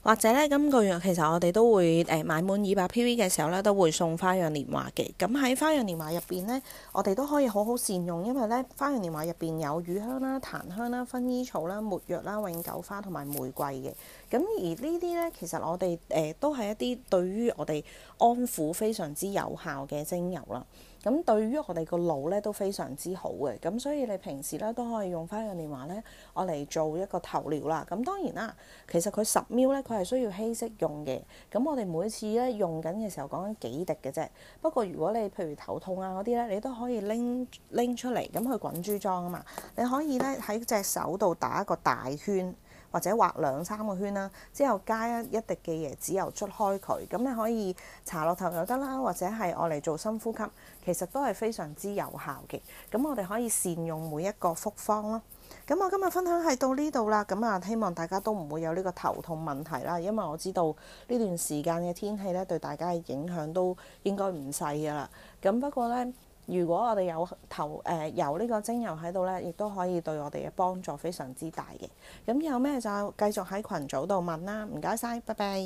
或者咧，咁、今個月其實我哋都會誒買滿二百 P.V. 嘅時候咧，都會送《花漾年華》嘅。咁喺《花漾年華》入邊咧，我哋都可以好好善用，因為咧《花漾年華》入邊有乳香啦、檀香啦、薰衣草啦、沒藥啦、永久花同埋玫瑰嘅。咁而呢啲咧，其實我哋誒、呃、都係一啲對於我哋安撫非常之有效嘅精油啦。咁對於我哋個腦咧都非常之好嘅，咁所以你平時咧都可以用翻個電話咧，我嚟做一個頭療啦。咁當然啦，其實佢 10ml 咧，佢係需要稀釋用嘅。咁我哋每次咧用緊嘅時候，講緊幾滴嘅啫。不過如果你譬如頭痛啊嗰啲咧，你都可以拎拎出嚟，咁去滾珠裝啊嘛，你可以咧喺隻手度打一個大圈。或者畫兩三個圈啦，之後加一一滴嘅椰子油捽開佢，咁你可以搽落頭又得啦，或者係我嚟做深呼吸，其實都係非常之有效嘅。咁我哋可以善用每一個複方啦。咁我今日分享係到呢度啦。咁啊，希望大家都唔會有呢個頭痛問題啦。因為我知道呢段時間嘅天氣咧對大家嘅影響都應該唔細噶啦。咁不過咧。如果我哋有頭誒有呢個精油喺度咧，亦都可以對我哋嘅幫助非常之大嘅。咁有咩就繼續喺群組度問啦。唔該晒，拜拜。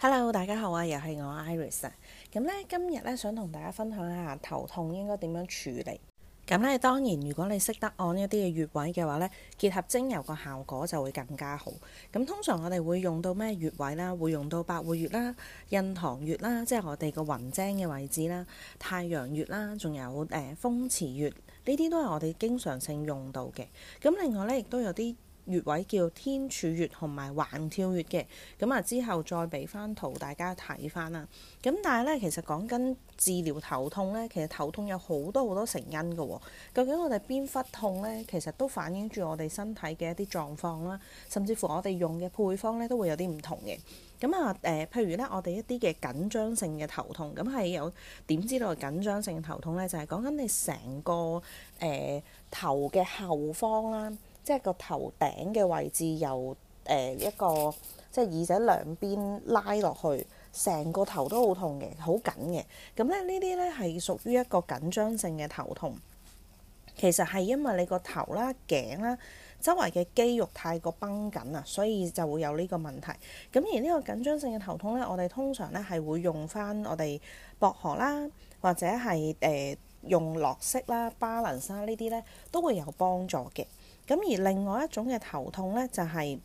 Hello，大家好啊，又係我 Iris 呀。咁咧，今日咧想同大家分享一下頭痛應該點樣處理。咁咧當然，如果你識得按一啲嘅穴位嘅話咧，結合精油個效果就會更加好。咁通常我哋會用到咩穴位啦？會用到百會穴啦、印堂穴啦，即、就、係、是、我哋個雲睛嘅位置啦、太陽穴啦，仲有誒、呃、風池穴，呢啲都係我哋經常性用到嘅。咁另外咧，亦都有啲。穴位叫天柱穴同埋橫跳穴嘅，咁啊之後再俾翻圖大家睇翻啦。咁但係咧，其實講緊治療頭痛咧，其實頭痛有好多好多成因嘅喎。究竟我哋邊忽痛咧，其實都反映住我哋身體嘅一啲狀況啦，甚至乎我哋用嘅配方咧都會有啲唔同嘅。咁啊誒，譬如咧，我哋一啲嘅緊張性嘅頭痛，咁係有點知道緊張性頭痛咧？就係講緊你成個誒、呃、頭嘅後方啦。即係個頭頂嘅位置，由誒一個即係耳仔兩邊拉落去，成個頭都好痛嘅，好緊嘅。咁咧呢啲咧係屬於一個緊張性嘅頭痛，其實係因為你個頭啦、頸啦周圍嘅肌肉太過繃緊啊，所以就會有呢個問題。咁而呢個緊張性嘅頭痛咧，我哋通常咧係會用翻我哋薄荷啦，或者係誒、呃、用落色啦、巴倫沙呢啲咧都會有幫助嘅。咁而另外一種嘅頭痛呢，就係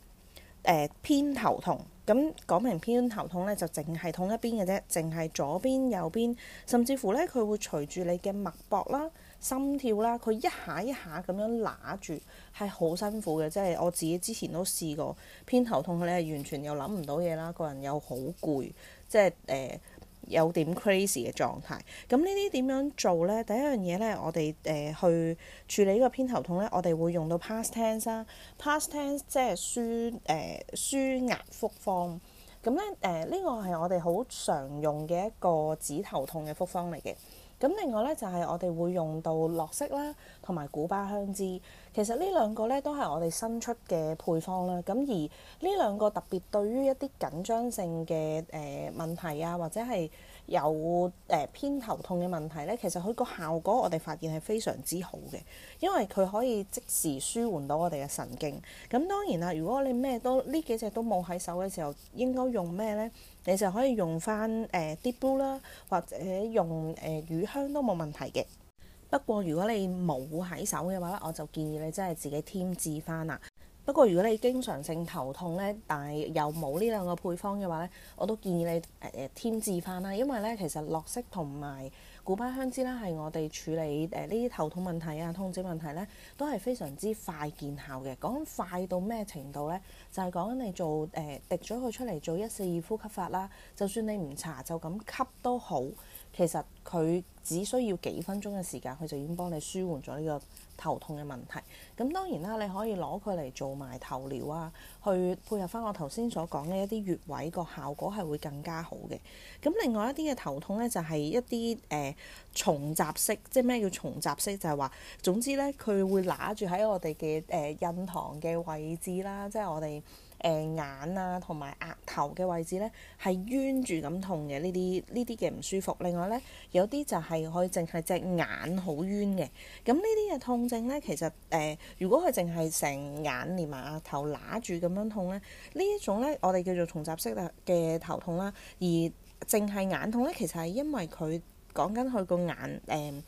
誒偏頭痛。咁講明偏頭痛呢，就淨係痛一邊嘅啫，淨係左邊、右邊，甚至乎呢，佢會隨住你嘅脈搏啦、心跳啦，佢一下一下咁樣拿住，係好辛苦嘅。即係我自己之前都試過偏頭痛，你係完全又諗唔到嘢啦，個人又好攰，即係誒。呃有點 crazy 嘅狀態，咁呢啲點樣做呢？第一樣嘢呢，我哋誒、呃、去處理個偏頭痛呢，我哋會用到 past tense 啦、啊，past tense 即係舒誒舒壓複方，咁咧誒呢、呃這個係我哋好常用嘅一個止頭痛嘅複方嚟嘅。咁另外呢，就係、是、我哋會用到樂色啦，同埋古巴香脂。其實呢兩個咧都係我哋新出嘅配方啦，咁而呢兩個特別對於一啲緊張性嘅誒問題啊，或者係有誒偏頭痛嘅問題咧，其實佢個效果我哋發現係非常之好嘅，因為佢可以即時舒緩到我哋嘅神經。咁當然啦，如果你咩都呢幾隻都冇喺手嘅時候，應該用咩咧？你就可以用返誒 Deep Blue 啦，或者用誒乳香都冇問題嘅。不過如果你冇喺手嘅話咧，我就建議你真係自己添置翻啦。不過如果你經常性頭痛咧，但係又冇呢兩個配方嘅話咧，我都建議你誒誒、呃、添置翻啦。因為咧，其實樂色同埋古巴香脂咧，係我哋處理誒呢啲頭痛問題啊、痛症問題咧，都係非常之快見效嘅。講快到咩程度咧？就係講緊你做誒、呃、滴咗佢出嚟做一四二呼吸法啦。就算你唔搽，就咁吸都好。其實佢只需要幾分鐘嘅時間，佢就已經幫你舒緩咗呢個頭痛嘅問題。咁當然啦，你可以攞佢嚟做埋頭療啊，去配合翻我頭先所講嘅一啲穴位，個效果係會更加好嘅。咁另外一啲嘅頭痛呢，就係、是、一啲誒、呃、叢集式，即係咩叫叢集式？就係、是、話總之呢，佢會拿住喺我哋嘅誒印堂嘅位置啦，即係我哋。誒眼啊，同埋額頭嘅位置咧，係冤住咁痛嘅呢啲呢啲嘅唔舒服。另外咧，有啲就係可以淨係隻眼好冤嘅。咁呢啲嘅痛症咧，其實誒、呃，如果佢淨係成眼連埋額頭乸住咁樣痛咧，呢一種咧，我哋叫做叢集式嘅頭痛啦。而淨係眼痛咧，其實係因為佢講緊佢個眼誒，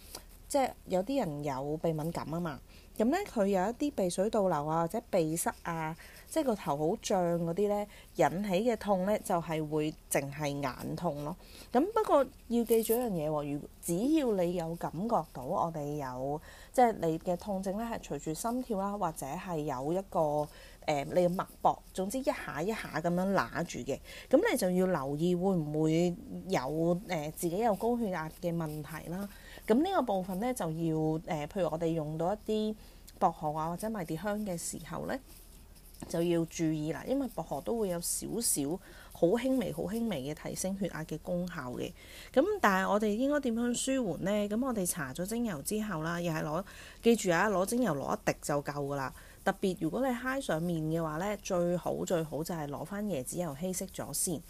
即、呃、係、就是、有啲人有鼻敏感啊嘛。咁咧，佢有一啲鼻水倒流啊，或者鼻塞啊。即係個頭好脹嗰啲咧，引起嘅痛咧就係會淨係眼痛咯。咁不過要記住一樣嘢喎，如只要你有感覺到我哋有即係、就是、你嘅痛症咧，係隨住心跳啦，或者係有一個誒、呃、你嘅脈搏，總之一下一下咁樣揦住嘅，咁你就要留意會唔會有誒、呃、自己有高血壓嘅問題啦。咁呢個部分咧就要誒、呃，譬如我哋用到一啲薄荷啊或者迷迭香嘅時候咧，就要注意啦，因為薄荷都會有少少好輕微、好輕微嘅提升血壓嘅功效嘅。咁但係我哋應該點樣舒緩呢？咁我哋搽咗精油之後啦，又係攞，記住啊，攞精油攞一滴就夠㗎啦。特別如果你揩上面嘅話呢，最好最好就係攞返椰子油稀釋咗先。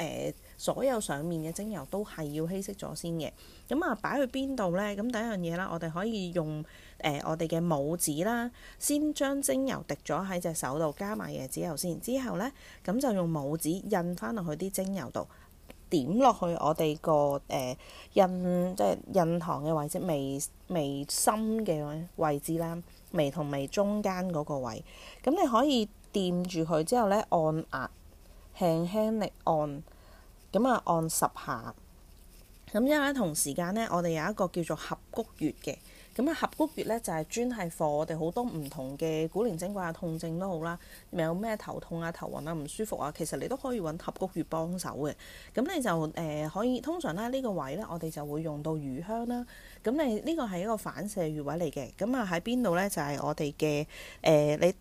誒、呃、所有上面嘅精油都係要稀釋咗先嘅，咁啊擺去邊度咧？咁第一樣嘢啦，我哋可以用誒、呃、我哋嘅拇指啦，先將精油滴咗喺隻手度，加埋椰子油先。之後咧，咁就用拇指印返落去啲精油度，點落去我哋個誒印，即係印堂嘅位置，眉眉心嘅位置啦，眉同眉中間嗰個位。咁你可以掂住佢之後咧，按壓。輕輕力按，咁啊按十下。咁因為同時間呢，我哋有一個叫做合谷穴嘅。咁啊合谷穴呢，就係專係火，我哋好多唔同嘅古靈精怪嘅痛症都好啦。有咩頭痛啊、頭暈啊、唔舒服啊，其實你都可以揾合谷穴幫手嘅。咁你就誒可以通常呢，呢個位呢，我哋就會用到乳香啦。咁你呢個係一個反射穴位嚟嘅。咁啊喺邊度呢？就係我哋嘅誒你。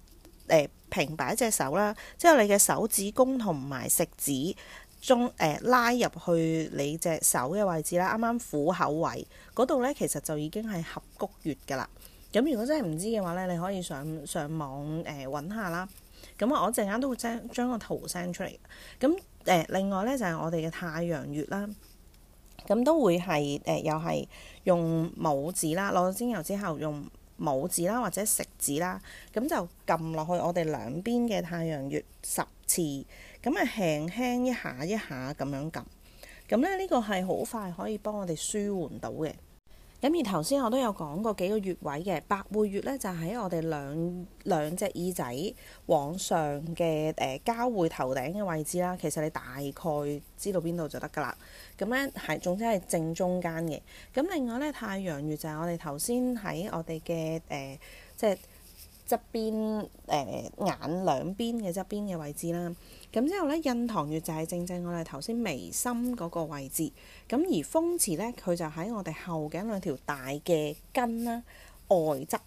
誒平擺隻手啦，之後你嘅手指公同埋食指中誒、呃、拉入去你隻手嘅位置啦，啱啱虎口位嗰度咧，其實就已經係合谷穴噶啦。咁如果真係唔知嘅話咧，你可以上上網誒揾、呃、下啦。咁我陣間、呃就係、都會將將個圖 send 出嚟。咁誒另外咧就係我哋嘅太陽穴啦，咁都會係誒又係用拇指啦，攞咗精油之後用。拇指啦，或者食指啦，咁就撳落去我哋兩邊嘅太陽穴十次，咁啊輕輕一下一下咁樣撳，咁咧呢個係好快可以幫我哋舒緩到嘅。咁而頭先我都有講過幾個穴位嘅，百會穴咧就喺、是、我哋兩兩隻耳仔往上嘅誒、呃、交匯頭頂嘅位置啦。其實你大概知道邊度就得㗎啦。咁咧係總之係正中間嘅。咁另外咧太陽穴就係我哋頭先喺我哋嘅誒即係。側邊誒、呃、眼兩邊嘅側邊嘅位置啦，咁之後咧印堂穴就係正正我哋頭先眉心嗰個位置，咁而風池咧佢就喺我哋後頸兩條大嘅筋啦外側。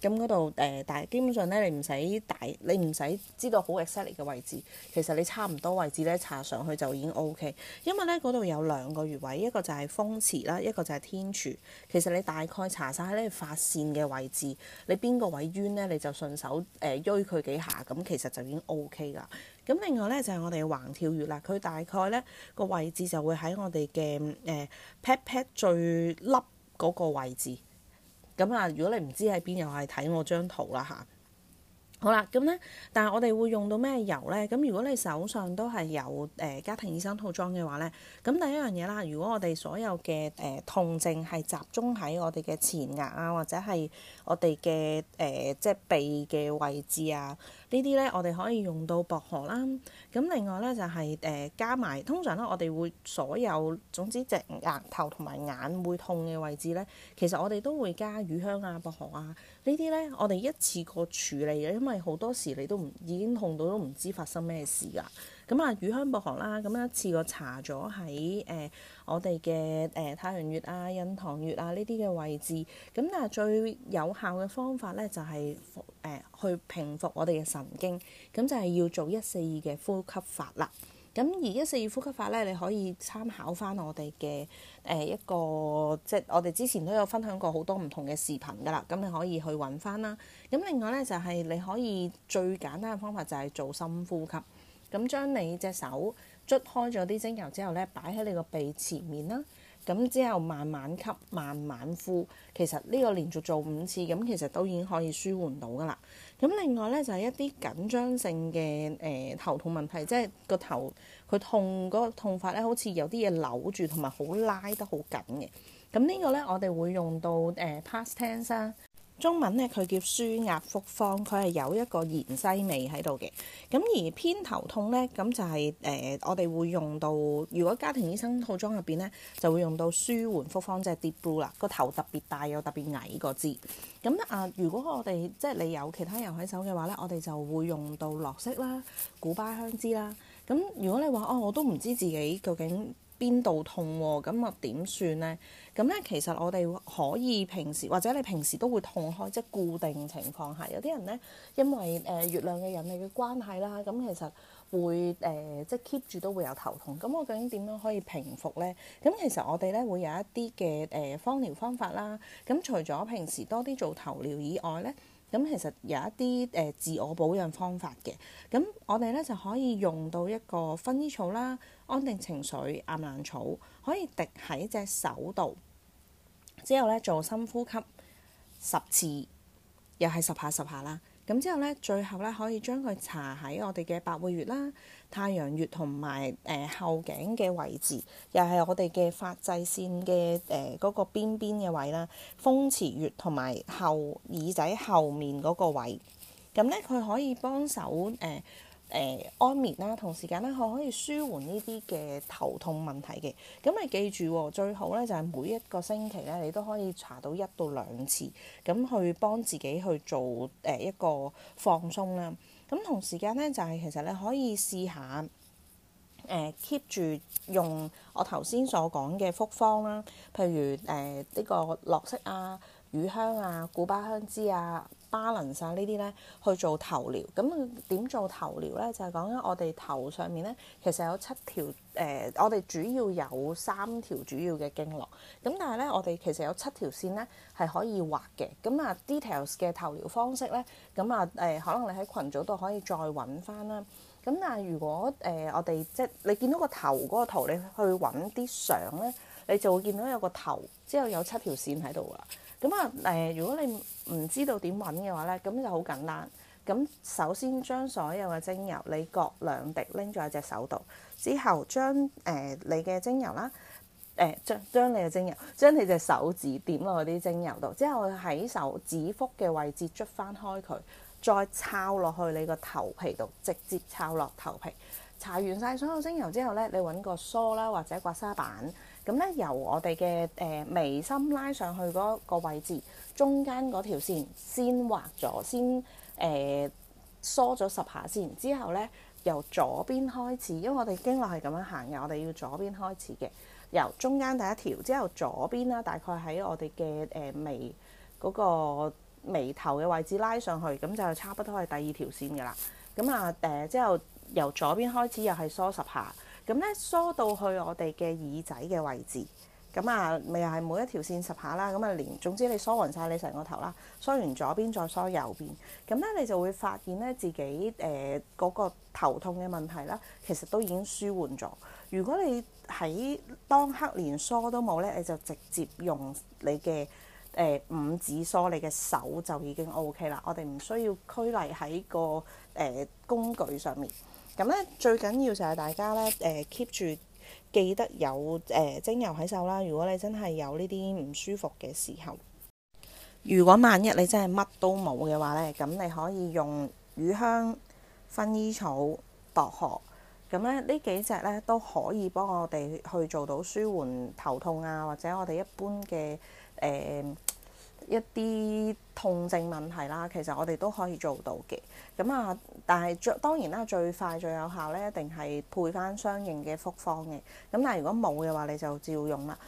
咁嗰度誒，但係、呃、基本上咧，你唔使大，你唔使知道好 exactly 嘅位置，其實你差唔多位置咧，搽上去就已經 O K。因為咧，嗰度有兩個穴位，一個就係風池啦，一個就係天柱。其實你大概搽晒喺你發線嘅位置，你邊個位冤咧，你就順手誒推佢幾下，咁其實就已經 O K 噶。咁另外咧就係、是、我哋嘅橫跳穴啦，佢大概咧個位置就會喺我哋嘅誒 pat pat 最凹嗰個位置。咁啊！如果你唔知喺邊，又係睇我張圖啦吓，好啦，咁咧，但係我哋會用到咩油咧？咁如果你手上都係有誒家庭醫生套裝嘅話咧，咁第一樣嘢啦，如果我哋所有嘅誒、呃、痛症係集中喺我哋嘅前額啊，或者係，我哋嘅誒，即係鼻嘅位置啊，呢啲咧我哋可以用到薄荷啦。咁另外咧就係、是、誒、呃、加埋，通常咧我哋會所有總之隻額頭同埋眼會痛嘅位置咧，其實我哋都會加乳香啊、薄荷啊呢啲咧，我哋一次過處理嘅，因為好多時你都唔已經痛到都唔知發生咩事㗎。咁啊，乳香薄荷啦，咁一次過搽咗喺誒我哋嘅誒太陽穴啊、印堂穴啊呢啲嘅位置。咁但係最有效嘅方法咧，就係、是、誒、呃、去平復我哋嘅神經。咁就係要做一四二嘅呼吸法啦。咁而一四二呼吸法咧，你可以參考翻我哋嘅誒一個即係、就是、我哋之前都有分享過好多唔同嘅視頻噶啦。咁你可以去揾翻啦。咁另外咧就係、是、你可以最簡單嘅方法就係做深呼吸。咁將你隻手捽開咗啲精油之後咧，擺喺你個鼻前面啦。咁之後慢慢吸，慢慢呼。其實呢個連續做五次，咁其實都已經可以舒緩到噶啦。咁另外咧就係、是、一啲緊張性嘅誒、呃、頭痛問題，即係個頭佢痛嗰、那個痛法咧，好似有啲嘢扭住同埋好拉得好緊嘅。咁、這個、呢個咧我哋會用到誒 past tense 啦。呃中文咧，佢叫舒壓復方，佢係有一個芫茜味喺度嘅。咁而偏頭痛咧，咁就係、是、誒、呃，我哋會用到，如果家庭醫生套裝入邊咧，就會用到舒緩復方，即係 Deep Blue 啦。個頭特別大又特別矮個字。咁咧啊，如果我哋即係你有其他人喺手嘅話咧，我哋就會用到樂色啦、古巴香脂啦。咁如果你話哦，我都唔知自己究竟，邊度痛喎、啊？咁啊點算呢？咁咧其實我哋可以平時或者你平時都會痛開，即係固定情況下，有啲人呢，因為誒、呃、月亮嘅引力嘅關係啦，咁其實會誒、呃、即係 keep 住都會有頭痛。咁我究竟點樣可以平復呢？咁其實我哋咧會有一啲嘅誒方療方法啦。咁除咗平時多啲做頭療以外呢，咁其實有一啲誒、呃、自我保養方法嘅。咁我哋咧就可以用到一個薰衣草啦。安定情緒，岩蘭草可以滴喺隻手度，之後咧做深呼吸十次，又係十下十下啦。咁之後咧，最後咧可以將佢搽喺我哋嘅百會穴啦、太陽穴同埋誒後頸嘅位置，又係我哋嘅發際線嘅誒嗰個邊邊嘅位啦、風池穴同埋後耳仔後面嗰個位。咁咧佢可以幫手誒。呃誒、呃、安眠啦，同時間咧佢可以舒緩呢啲嘅頭痛問題嘅。咁咪記住，最好咧就係、是、每一個星期咧，你都可以查到一到兩次，咁去幫自己去做誒、呃、一個放鬆啦。咁同時間咧就係、是、其實你可以試下誒 keep 住用我頭先所講嘅複方啦，譬如誒呢、呃這個落色啊。乳香啊、古巴香脂啊、Balance 呢啲咧，去做頭療。咁點做頭療咧？就係、是、講緊我哋頭上面咧，其實有七條誒、呃。我哋主要有三條主要嘅經絡。咁但係咧，我哋其實有七條線咧係可以畫嘅。咁啊，details 嘅頭療方式咧，咁啊誒、呃，可能你喺群組度可以再揾返啦。咁但係如果誒、呃，我哋即係你見到個頭嗰個圖，你去揾啲相咧，你就會見到有個頭之後有，有七條線喺度啦。咁啊誒，如果你唔知道點揾嘅話咧，咁就好簡單。咁首先將所有嘅精油，你各兩滴拎咗喺隻手度，之後將誒、呃、你嘅精油啦，誒將將你嘅精油，將、呃、你隻手指點落啲精油度，之後喺手指腹嘅位置捽翻開佢，再抄落去你個頭皮度，直接抄落頭皮。搽完晒所有精油之後咧，你揾個梳啦或者刮痧板。咁咧，由我哋嘅誒眉心拉上去嗰個位置，中間嗰條線先畫咗，先誒、呃、梳咗十下先。之後咧，由左邊開始，因為我哋經絡係咁樣行嘅，我哋要左邊開始嘅。由中間第一條，之後左邊啦，大概喺我哋嘅誒眉嗰、嗰個眉頭嘅位置拉上去，咁就差唔多係第二條線噶啦。咁啊誒，之後由左邊開始又係梳十下。咁咧梳到去我哋嘅耳仔嘅位置，咁啊咪又係每一條線十下啦，咁啊連總之你梳勻晒你成個頭啦，梳完左邊再梳右邊，咁咧你就會發現咧自己誒嗰個頭痛嘅問題啦，其實都已經舒緩咗。如果你喺當刻連梳都冇咧，你就直接用你嘅誒五指梳，你嘅手就已經 O K 啦。我哋唔需要拘泥喺個誒工具上面。咁咧最緊要就係大家咧誒 keep 住記得有誒精油喺手啦。如果你真係有呢啲唔舒服嘅時候，如果萬一你真係乜都冇嘅話咧，咁你可以用乳香、薰衣草、薄荷。咁咧呢幾隻咧都可以幫我哋去做到舒緩頭痛啊，或者我哋一般嘅誒，呃一啲痛症問題啦，其實我哋都可以做到嘅。咁啊，但係最當然啦，最快最有效咧，一定係配翻相應嘅複方嘅。咁但係如果冇嘅話，你就照用啦。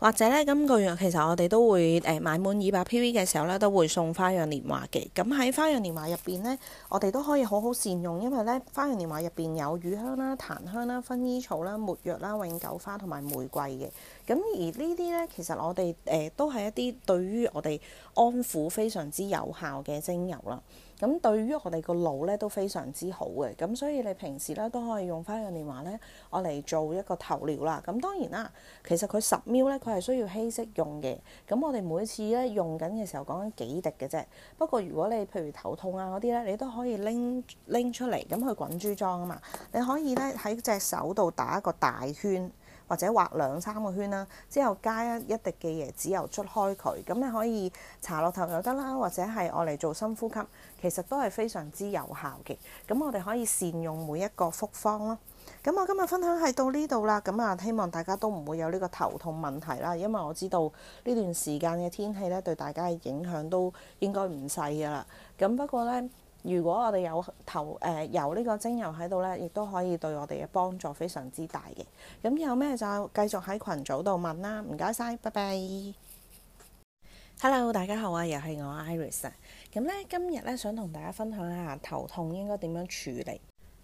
或者咧，今個月其實我哋都會誒買滿二百 PV 嘅時候咧，都會送《花漾年華》嘅。咁喺《花漾年華》入邊咧，我哋都可以好好善用，因為咧，《花漾年華》入邊有乳香啦、檀香啦、薰衣草啦、沒藥啦、永久花同埋玫瑰嘅。咁而呢啲咧，其實我哋誒、呃、都係一啲對於我哋安撫非常之有效嘅精油啦。咁對於我哋個腦咧都非常之好嘅，咁所以你平時咧都可以用翻個電話咧，我嚟做一個頭療啦。咁當然啦，其實佢十秒咧，佢係需要稀釋用嘅。咁我哋每次咧用緊嘅時候講緊幾滴嘅啫。不過如果你譬如頭痛啊嗰啲咧，你都可以拎拎出嚟，咁去滾珠裝啊嘛，你可以咧喺隻手度打一個大圈。或者畫兩三個圈啦，之後加一一滴嘅椰子油捽開佢，咁你可以搽落頭又得啦，或者係我嚟做深呼吸，其實都係非常之有效嘅。咁我哋可以善用每一個複方咯。咁我今日分享係到呢度啦。咁啊，希望大家都唔會有呢個頭痛問題啦。因為我知道呢段時間嘅天氣咧，對大家嘅影響都應該唔細㗎啦。咁不過咧。如果我哋有頭誒、呃、有呢個精油喺度咧，亦都可以對我哋嘅幫助非常之大嘅。咁有咩就繼續喺群組度問啦。唔該晒，拜拜。Hello，大家好啊，又係我 Iris。咁咧今日咧想同大家分享一下頭痛應該點樣處理。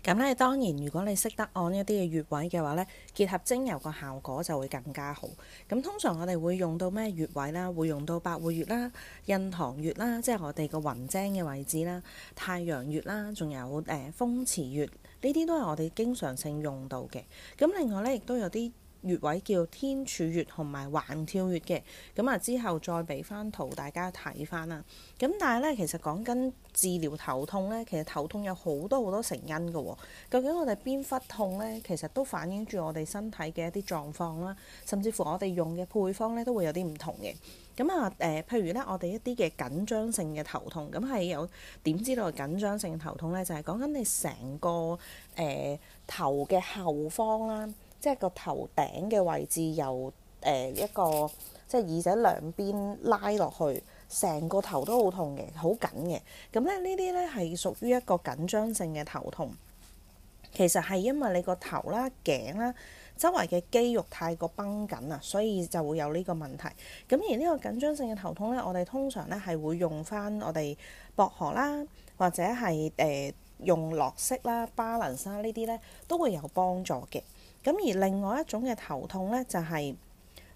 咁咧，當然如果你識得按一啲嘅穴位嘅話咧，結合精油個效果就會更加好。咁通常我哋會用到咩穴位啦？會用到百會穴啦、印堂穴啦，即係我哋個雲睛嘅位置啦、太陽穴啦，仲有誒風池穴，呢啲都係我哋經常性用到嘅。咁另外咧，亦都有啲。穴位叫天柱穴同埋橫跳穴嘅，咁啊之後再俾翻圖大家睇翻啦。咁但係咧，其實講緊治療頭痛咧，其實頭痛有好多好多成因嘅。究竟我哋邊忽痛咧，其實都反映住我哋身體嘅一啲狀況啦，甚至乎我哋用嘅配方咧都會有啲唔同嘅。咁啊誒，譬如咧我哋一啲嘅緊張性嘅頭痛，咁係有點知道緊張性頭痛咧？就係講緊你成個誒、呃、頭嘅後方啦。即係個頭頂嘅位置，由誒一個即係耳仔兩邊拉落去，成個頭都好痛嘅，好緊嘅。咁咧呢啲咧係屬於一個緊張性嘅頭痛，其實係因為你個頭啦、頸啦周圍嘅肌肉太過繃緊啊，所以就會有呢個問題。咁而呢個緊張性嘅頭痛咧，我哋通常咧係會用翻我哋薄荷啦，或者係誒、呃、用落色啦、巴倫沙呢啲咧都會有幫助嘅。咁而另外一種嘅頭痛呢，就係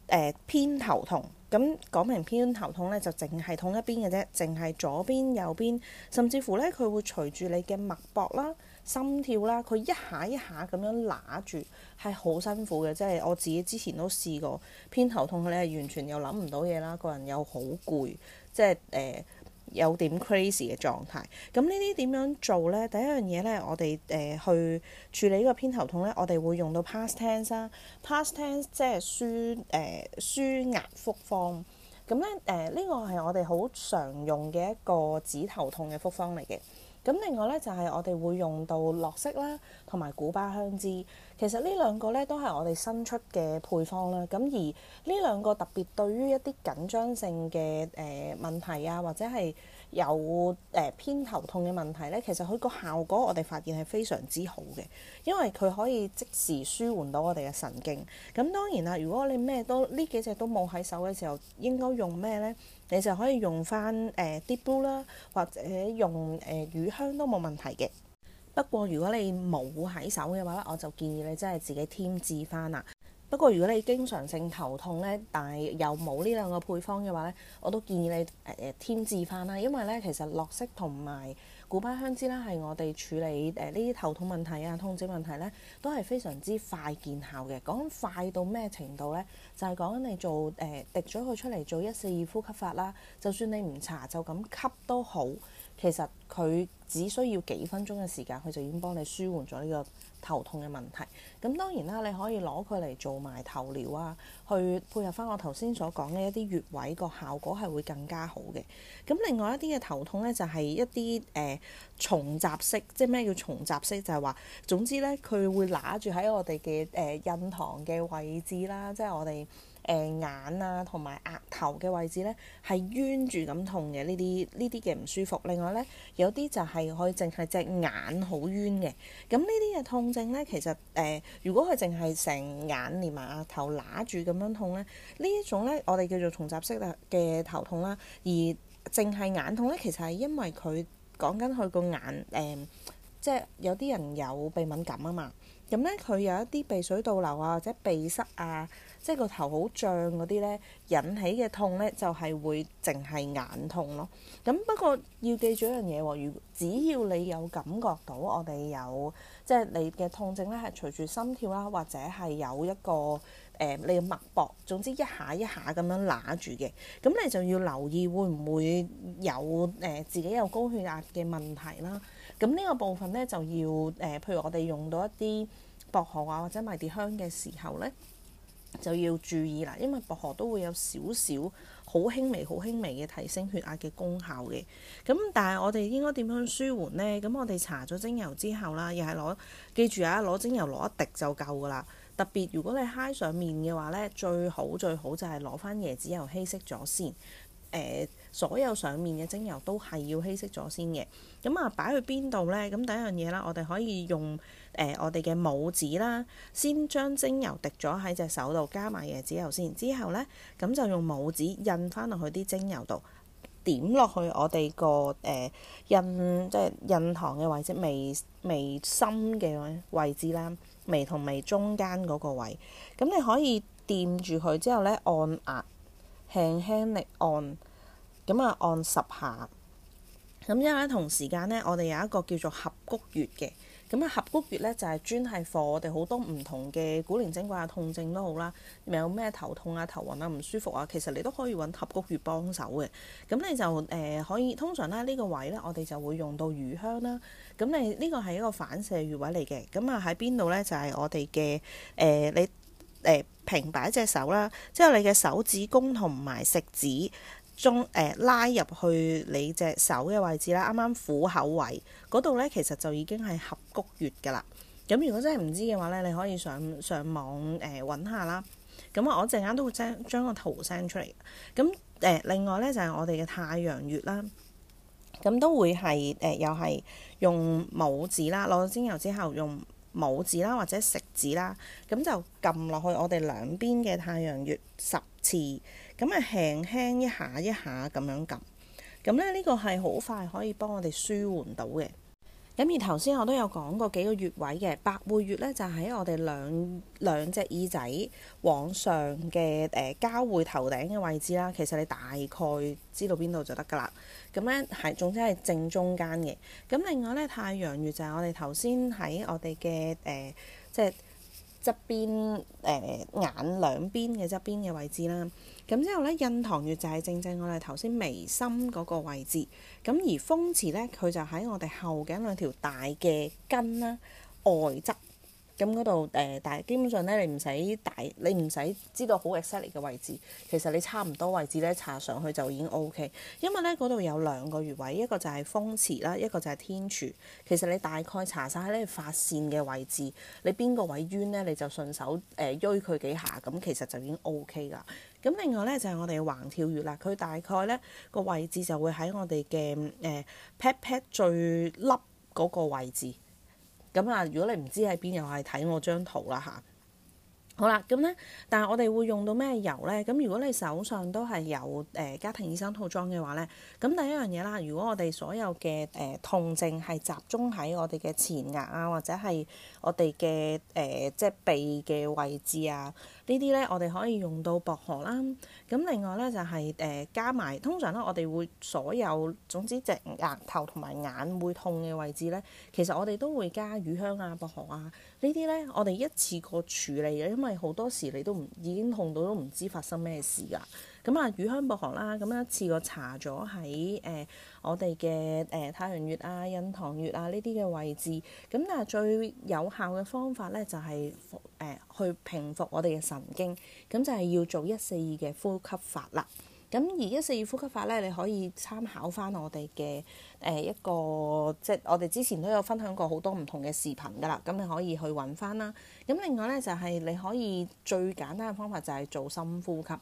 誒偏頭痛。咁講明偏頭痛呢，就淨係痛一邊嘅啫，淨係左邊、右邊，甚至乎呢，佢會隨住你嘅脈搏啦、心跳啦，佢一下一下咁樣拿住，係好辛苦嘅。即係我自己之前都試過偏頭痛，你係完全又諗唔到嘢啦，個人又好攰，即係誒。呃有點 crazy 嘅狀態，咁呢啲點樣做呢？第一樣嘢呢，我哋誒、呃、去處理呢個偏頭痛呢，我哋會用到 past tense 啦、啊，past tense 即係舒誒舒壓復方，咁咧誒呢個係我哋好常用嘅一個止頭痛嘅復方嚟嘅，咁另外呢，就係、是、我哋會用到落色啦。同埋古巴香脂，其實兩呢兩個咧都係我哋新出嘅配方啦。咁而呢兩個特別對於一啲緊張性嘅誒問題啊，或者係有誒、呃、偏頭痛嘅問題咧，其實佢個效果我哋發現係非常之好嘅，因為佢可以即時舒緩到我哋嘅神經。咁當然啦，如果你咩都呢幾隻都冇喺手嘅時候，應該用咩咧？你就可以用翻誒滴 b o 啦，呃、Blue, 或者用誒乳、呃、香都冇問題嘅。不過如果你冇喺手嘅話咧，我就建議你真係自己添置翻啦。不過如果你經常性頭痛咧，但係又冇呢兩個配方嘅話咧，我都建議你誒誒、呃、添置翻啦。因為咧其實樂色同埋古巴香脂啦，係我哋處理誒呢啲頭痛問題啊、痛症問題咧，都係非常之快見效嘅。講快到咩程度咧？就係講緊你做誒、呃、滴咗佢出嚟做一四二呼吸法啦，就算你唔搽就咁吸都好。其實佢只需要幾分鐘嘅時間，佢就已經幫你舒緩咗呢個頭痛嘅問題。咁當然啦，你可以攞佢嚟做埋頭療啊，去配合翻我頭先所講嘅一啲穴位，個效果係會更加好嘅。咁另外一啲嘅頭痛呢，就係、是、一啲誒、呃、重雜式，即係咩叫重雜式？就係、是、話總之呢，佢會拿住喺我哋嘅誒印堂嘅位置啦，即係我哋，眼啊，同埋額頭嘅位置呢，係冤住咁痛嘅呢啲呢啲嘅唔舒服。另外呢，有啲就係可以淨係隻眼好冤嘅。咁呢啲嘅痛症呢，其實誒、呃，如果佢淨係成眼連埋額頭揦住咁樣痛呢，呢一種呢，我哋叫做叢集式嘅嘅頭痛啦。而淨係眼痛呢，其實係因為佢講緊佢個眼誒，即、呃、係、就是、有啲人有鼻敏感啊嘛。咁咧，佢有一啲鼻水倒流啊，或者鼻塞啊，即係個頭好脹嗰啲咧，引起嘅痛咧，就係會淨係眼痛咯。咁不過要記住一樣嘢喎，如只要你有感覺到我哋有，即係你嘅痛症咧，係隨住心跳啦，或者係有一個誒你嘅脈搏，總之一下一下咁樣揦住嘅，咁你就要留意會唔會有誒自己有高血壓嘅問題啦。咁呢個部分咧就要誒、呃，譬如我哋用到一啲薄荷啊或者迷迭香嘅時候咧，就要注意啦，因為薄荷都會有少少好輕微、好輕微嘅提升血壓嘅功效嘅。咁但係我哋應該點樣舒緩咧？咁我哋搽咗精油之後啦，又係攞，記住啊，攞精油攞一滴就夠㗎啦。特別如果你揩上面嘅話咧，最好最好就係攞返椰子油稀釋咗先，誒、呃。所有上面嘅精油都係要稀釋咗先嘅。咁啊，擺去邊度呢？咁第一樣嘢啦，我哋可以用誒、呃、我哋嘅拇指啦，先將精油滴咗喺隻手度，加埋椰子油先。之後呢，咁就用拇指印翻落去啲精油度，點落去我哋個誒印即係、就是、印堂嘅位置，眉眉心嘅位置啦，眉同眉中間嗰個位。咁你可以掂住佢之後呢，按壓，輕輕力按。咁啊，按十下。咁因為同時間咧，我哋有一個叫做合谷穴嘅。咁啊，合谷穴咧就係專係課我哋好多唔同嘅古靈精怪嘅痛症都好啦。有咩頭痛啊、頭暈啊、唔舒服啊，其實你都可以揾合谷穴幫手嘅。咁你就誒可以通常咧呢個位咧，我哋就會用到乳香啦。咁你呢、這個係一個反射穴位嚟嘅。咁啊喺邊度咧？就係我哋嘅誒你誒、呃、平擺隻手啦，之後你嘅手指公同埋食指。中誒、呃、拉入去你隻手嘅位置啦，啱啱虎口位嗰度咧，其實就已經係合谷穴㗎啦。咁如果真係唔知嘅話咧，你可以上上網誒揾、呃、下啦。咁我陣間都會將將個圖 send 出嚟。咁誒、呃，另外咧就係、是、我哋嘅太陽穴啦。咁都會係誒、呃，又係用拇指啦，攞咗精油之後用拇指啦或者食指啦，咁就撳落去我哋兩邊嘅太陽穴十次。咁啊輕輕一下一下咁樣撳，咁咧呢個係好快可以幫我哋舒緩到嘅。咁而頭先我都有講過幾個穴位嘅，百會穴咧就喺、是、我哋兩兩隻耳仔往上嘅誒、呃、交匯頭頂嘅位置啦。其實你大概知道邊度就得㗎啦。咁咧係總之係正中間嘅。咁另外咧太陽穴就係我哋頭先喺我哋嘅誒即係。側邊誒、呃、眼兩邊嘅側邊嘅位置啦，咁之後咧印堂穴就係正正我哋頭先眉心嗰個位置，咁而風池咧佢就喺我哋後頸兩條大嘅筋啦外側。咁嗰度，誒、但係基本上咧，你唔使大，你唔使知道好 exactly 嘅位置，其實你差唔多位置咧，搽上去就已經 OK。因為咧，嗰度有兩個穴位，一個就係風池啦，一個就係天柱。其實你大概搽晒喺呢發線嘅位置，你邊個位冤咧，你就順手誒、推佢幾下，咁其實就已經 OK 噶。咁另外咧就係、是、我哋嘅橫跳穴啦，佢大概咧個位置就會喺我哋嘅誒 pat pat 最凹嗰個位置。咁啊，如果你唔知喺邊，又係睇我張圖啦吓，好啦，咁咧，但係我哋會用到咩油咧？咁如果你手上都係有誒家庭醫生套裝嘅話咧，咁第一樣嘢啦，如果我哋所有嘅誒痛症係集中喺我哋嘅前額啊，或者係我哋嘅誒即係鼻嘅位置啊。呢啲咧，我哋可以用到薄荷啦。咁另外咧、就係，就係誒加埋，通常咧，我哋會所有總之隻額頭同埋眼會痛嘅位置咧，其實我哋都會加乳香啊、薄荷啊呢啲咧，我哋一次過處理嘅，因為好多時你都唔已經痛到都唔知發生咩事㗎。咁啊，乳香薄荷啦。咁一次過、呃，我查搽咗喺誒我哋嘅誒太陽穴啊、印堂穴啊呢啲嘅位置。咁但係最有效嘅方法咧，就係、是、誒、呃、去平復我哋嘅神經。咁就係要做一四二嘅呼吸法啦。咁而一四二呼吸法咧，你可以參考翻我哋嘅誒一個，即、就、係、是、我哋之前都有分享過好多唔同嘅視頻噶啦。咁你可以去揾翻啦。咁另外咧，就係、是、你可以最簡單嘅方法就係做深呼吸。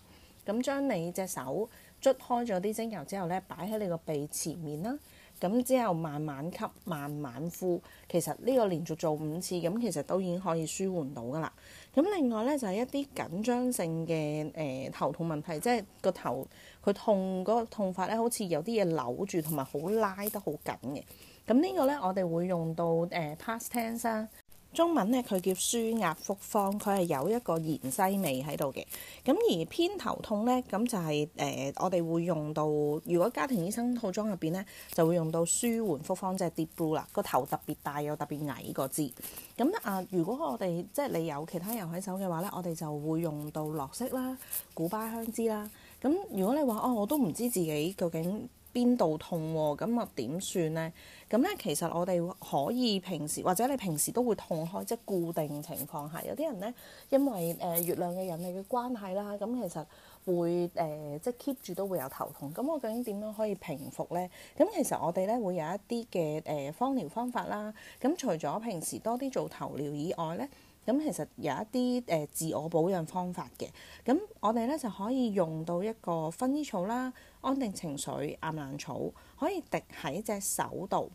咁將你隻手捽開咗啲精油之後咧，擺喺你個鼻前面啦。咁之後慢慢吸，慢慢呼。其實呢個連續做五次，咁其實都已經可以舒緩到噶啦。咁另外咧就係、是、一啲緊張性嘅誒、呃、頭痛問題，即係個頭佢痛嗰、那個痛法咧，好似有啲嘢扭住同埋好拉得好緊嘅。咁、這個、呢個咧，我哋會用到誒 past tense 啦。呃中文咧佢叫舒壓復方，佢係有一個芫茜味喺度嘅。咁而偏頭痛咧，咁就係、是、誒、呃、我哋會用到，如果家庭醫生套裝入邊咧，就會用到舒緩復方，即係 Deep Blue 啦。個頭特別大又特別矮個字。咁、嗯、咧啊，如果我哋即係你有其他人喺手嘅話咧，我哋就會用到樂色啦、古巴香脂啦、嗯。咁如果你話哦，我都唔知自己究竟。邊度痛喎？咁啊點算呢？咁咧其實我哋可以平時或者你平時都會痛開，即係固定情況下，有啲人呢，因為誒月亮嘅引力嘅關係啦，咁其實會誒、呃、即係 keep 住都會有頭痛。咁我究竟點樣可以平復呢？咁其實我哋咧會有一啲嘅誒芳療方法啦。咁除咗平時多啲做頭療以外呢。咁其實有一啲誒自我保養方法嘅，咁我哋咧就可以用到一個薰衣草啦，安定情緒，亞麻草可以滴喺隻手度，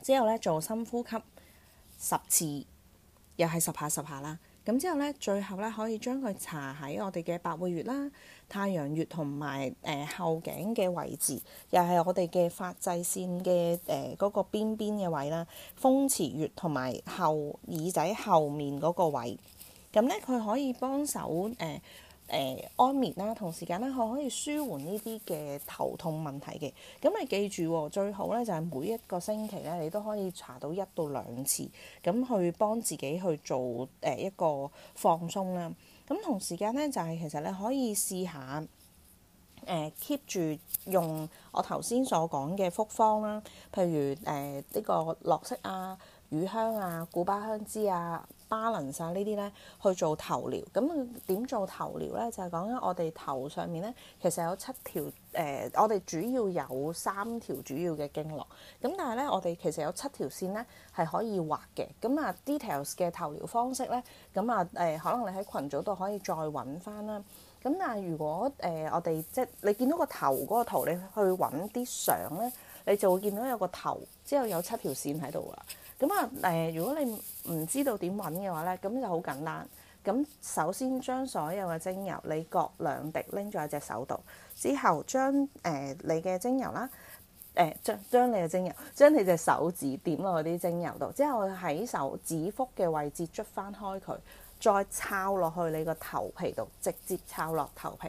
之後咧做深呼吸十次，又係十下十下啦。咁之後咧，最後咧可以將佢搽喺我哋嘅百會穴啦、太陽穴同埋誒後頸嘅位置，又係我哋嘅發際線嘅誒嗰個邊邊嘅位啦、風池穴同埋後耳仔後面嗰個位。咁咧，佢可以幫手誒。呃誒、呃、安眠啦，同時間咧，佢可以舒緩呢啲嘅頭痛問題嘅。咁你記住，最好咧就係、是、每一個星期咧，你都可以查到一到兩次，咁去幫自己去做誒、呃、一個放鬆啦。咁同時間咧，就係、是、其實你可以試下誒 keep 住用我頭先所講嘅複方啦，譬如誒呢、呃這個樂色啊、乳香啊、古巴香脂啊。巴倫晒呢啲咧去做頭療，咁點做頭療咧？就係、是、講緊我哋頭上面咧，其實有七條誒、呃，我哋主要有三條主要嘅經絡，咁但係咧，我哋其實有七條線咧係可以畫嘅，咁啊 details 嘅頭療方式咧，咁啊誒，可能你喺群組度可以再揾翻啦。咁但係如果誒、呃、我哋即係你見到個頭嗰個圖，你去揾啲相咧。你就會見到有個頭，之後有七條線喺度啦。咁啊，誒，如果你唔知道點揾嘅話咧，咁就好簡單。咁首先將所有嘅精油，你各兩滴拎咗喺隻手度，之後將誒、呃、你嘅精油啦，誒將將你嘅精油，將、呃、你隻手指點落去啲精油度，之後喺手指腹嘅位置捽翻開佢，再抄落去你個頭皮度，直接抄落頭皮。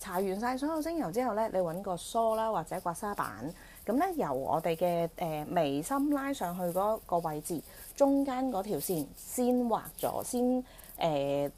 搽完晒所有精油之後咧，你揾個梳啦或者刮痧板。咁咧，由我哋嘅誒眉心拉上去嗰個位置，中間嗰條線先畫咗，先誒、呃、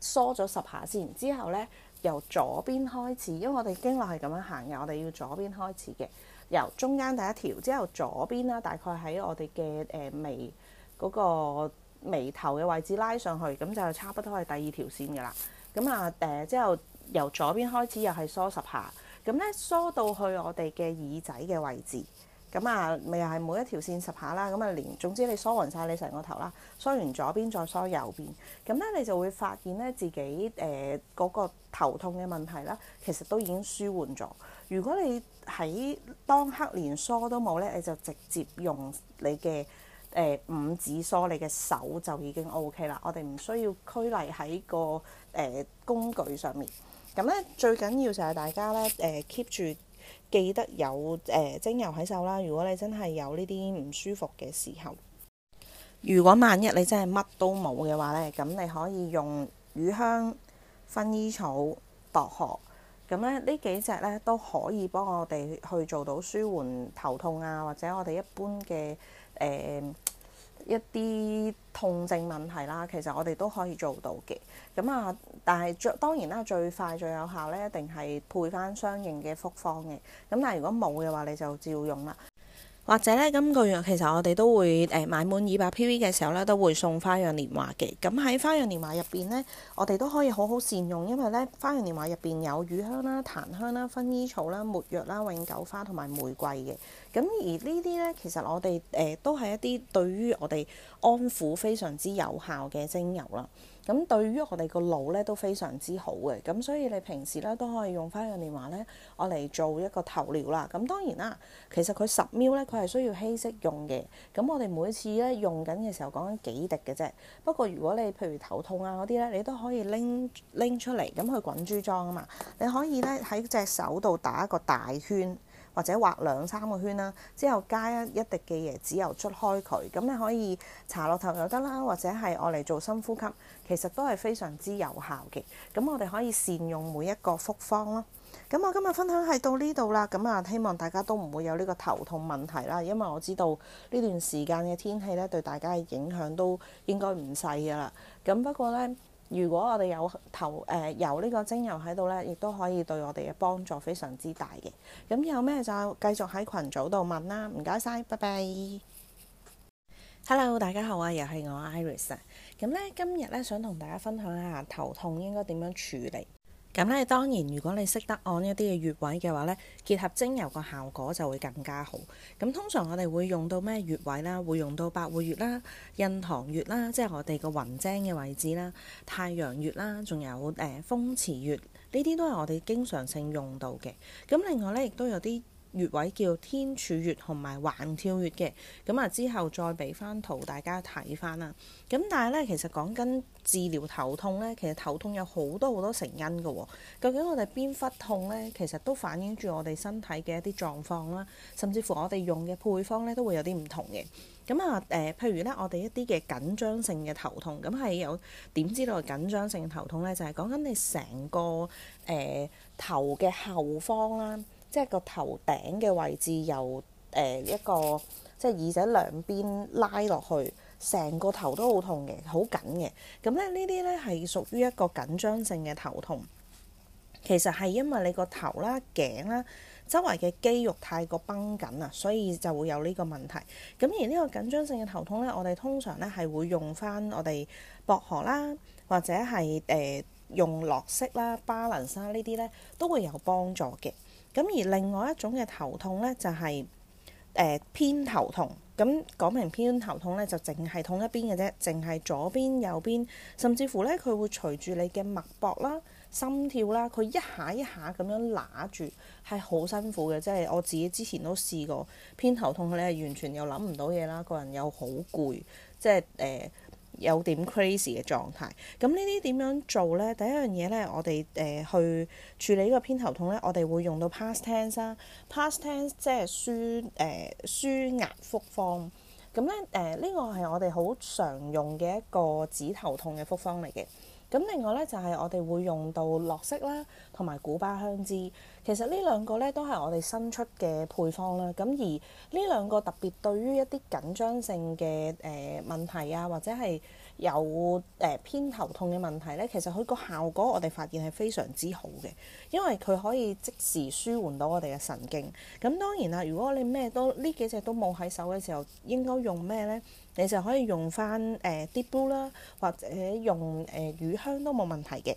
梳咗十下先。之後咧，由左邊開始，因為我哋經絡係咁樣行嘅，我哋要左邊開始嘅。由中間第一條之後左邊啦，大概喺我哋嘅誒眉嗰、那個眉頭嘅位置拉上去，咁就差不多係第二條線㗎啦。咁啊誒，之後由左邊開始又係梳十下。咁咧梳到去我哋嘅耳仔嘅位置，咁啊咪又係每一條線十下啦，咁啊連總之你梳勻晒你成個頭啦，梳完左邊再梳右邊，咁咧你就會發現咧自己誒嗰、呃那個頭痛嘅問題啦，其實都已經舒緩咗。如果你喺當刻連梳都冇咧，你就直接用你嘅誒、呃、五指梳，你嘅手就已經 O K 啦。我哋唔需要拘泥喺個誒、呃、工具上面。咁咧最緊要就係大家咧誒 keep 住記得有誒精、呃、油喺手啦。如果你真係有呢啲唔舒服嘅時候，如果萬一你真係乜都冇嘅話咧，咁你可以用乳香、薰衣草、薄荷，咁咧呢幾隻咧都可以幫我哋去做到舒緩頭痛啊，或者我哋一般嘅誒、呃一啲痛症問題啦，其實我哋都可以做到嘅。咁啊，但係最當然啦，最快最有效咧，一定係配返相應嘅複方嘅。咁但係如果冇嘅話，你就照用啦。或者咧，今個月其實我哋都會誒買滿二百 PV 嘅時候咧，都會送《花漾年華》嘅。咁喺《花漾年華》入邊咧，我哋都可以好好善用，因為咧，《花漾年華》入邊有乳香啦、檀香啦、薰衣草啦、沒藥啦、永久花同埋玫瑰嘅。咁而呢啲咧，其實我哋誒、呃、都係一啲對於我哋安撫非常之有效嘅精油啦。咁對於我哋個腦咧都非常之好嘅，咁所以你平時咧都可以用翻個電話咧，我嚟做一個頭療啦。咁當然啦，其實佢十秒咧，佢係需要稀釋用嘅。咁我哋每次咧用緊嘅時候，講緊幾滴嘅啫。不過如果你譬如頭痛啊嗰啲咧，你都可以拎拎出嚟，咁去滾珠裝啊嘛，你可以咧喺隻手度打一個大圈。或者畫兩三個圈啦，之後加一一滴嘅椰子油捽開佢，咁你可以搽落頭又得啦，或者係我嚟做深呼吸，其實都係非常之有效嘅。咁我哋可以善用每一個複方咯。咁我今日分享係到呢度啦。咁啊，希望大家都唔會有呢個頭痛問題啦。因為我知道呢段時間嘅天氣咧對大家嘅影響都應該唔細㗎啦。咁不過咧。如果我哋有頭誒油呢個精油喺度咧，亦都可以對我哋嘅幫助非常之大嘅。咁有咩就繼續喺群組度問啦。唔該晒，拜拜。Hello，大家好啊，又係我 Iris。咁咧今日咧想同大家分享一下頭痛應該點樣處理。咁咧當然，如果你識得按一啲嘅穴位嘅話咧，結合精油個效果就會更加好。咁通常我哋會用到咩穴位啦？會用到百會穴啦、印堂穴啦，即係我哋個雲睛嘅位置啦、太陽穴啦，仲有誒、呃、風池穴，呢啲都係我哋經常性用到嘅。咁另外咧，亦都有啲穴位叫天柱穴同埋環跳穴嘅，咁啊之後再俾翻圖大家睇翻啦。咁但係咧，其實講緊治療頭痛咧，其實頭痛有好多好多成因嘅喎。究竟我哋邊忽痛咧，其實都反映住我哋身體嘅一啲狀況啦，甚至乎我哋用嘅配方咧都會有啲唔同嘅。咁啊誒，譬如咧，我哋一啲嘅緊張性嘅頭痛，咁係有點知道緊張性頭痛咧，就係講緊你成個誒、呃、頭嘅後方啦。即係個頭頂嘅位置，由誒一個即係耳仔兩邊拉落去，成個頭都好痛嘅，好緊嘅。咁咧呢啲咧係屬於一個緊張性嘅頭痛，其實係因為你個頭啦、頸啦周圍嘅肌肉太過繃緊啦，所以就會有呢個問題。咁而呢個緊張性嘅頭痛咧，我哋通常咧係會用返我哋薄荷啦，或者係誒、呃、用落色啦、巴倫沙呢啲咧都會有幫助嘅。咁而另外一種嘅頭痛呢，就係、是、誒、呃、偏頭痛。咁講明偏頭痛呢，就淨係痛一邊嘅啫，淨係左邊、右邊，甚至乎呢，佢會隨住你嘅脈搏啦、心跳啦，佢一下一下咁樣揦住，係好辛苦嘅。即、就、係、是、我自己之前都試過偏頭痛，你係完全又諗唔到嘢啦，個人又好攰，即係誒。呃有點 crazy 嘅狀態，咁呢啲點樣做呢？第一樣嘢呢，我哋誒、呃、去處理個偏頭痛呢，我哋會用到 past tense 啦、啊、past tense 即係舒誒舒壓複方，咁咧誒呢個係我哋好常用嘅一個止頭痛嘅複方嚟嘅，咁另外呢，就係、是、我哋會用到樂色啦，同埋古巴香脂。其實呢兩個咧都係我哋新出嘅配方啦，咁而呢兩個特別對於一啲緊張性嘅誒問題啊，或者係有誒偏頭痛嘅問題咧，其實佢個效果我哋發現係非常之好嘅，因為佢可以即時舒緩到我哋嘅神經。咁當然啦，如果你咩都呢幾隻都冇喺手嘅時候，應該用咩咧？你就可以用翻誒 Deep Blue 啦，或者用誒乳香都冇問題嘅。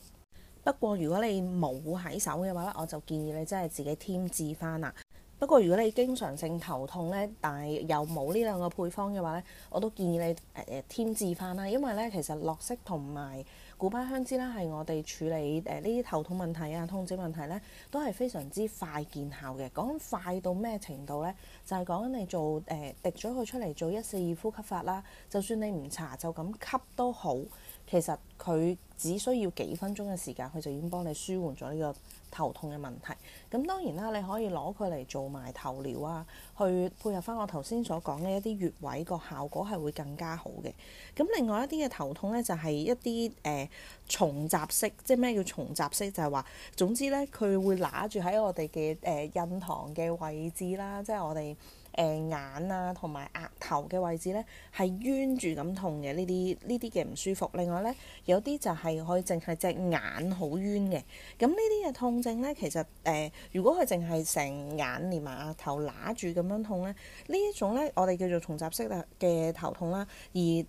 不過如果你冇喺手嘅話咧，我就建議你真係自己添置翻啦。不過如果你經常性頭痛咧，但係又冇呢兩個配方嘅話咧，我都建議你誒誒、呃、添置翻啦。因為咧，其實樂色同埋古巴香脂啦，係我哋處理誒呢啲頭痛問題啊、痛症問題咧，都係非常之快見效嘅。講快到咩程度咧？就係講緊你做誒、呃、滴咗佢出嚟做一四二呼吸法啦。就算你唔搽，就咁吸都好。其實佢只需要幾分鐘嘅時間，佢就已經幫你舒緩咗呢個頭痛嘅問題。咁當然啦，你可以攞佢嚟做埋頭療啊，去配合返我頭先所講嘅一啲穴位，個效果係會更加好嘅。咁另外一啲嘅頭痛呢，就係、是、一啲誒、呃、重雜式，即係咩叫重雜式？就係、是、話總之呢，佢會拿住喺我哋嘅誒印堂嘅位置啦，即係我哋。誒眼啊，同埋額頭嘅位置咧，係冤住咁痛嘅呢啲呢啲嘅唔舒服。另外咧，有啲就係可以淨係隻眼好冤嘅。咁呢啲嘅痛症咧，其實誒、呃，如果佢淨係成眼連埋額頭乸住咁樣痛咧，呢一種咧，我哋叫做叢集式嘅頭痛啦。而淨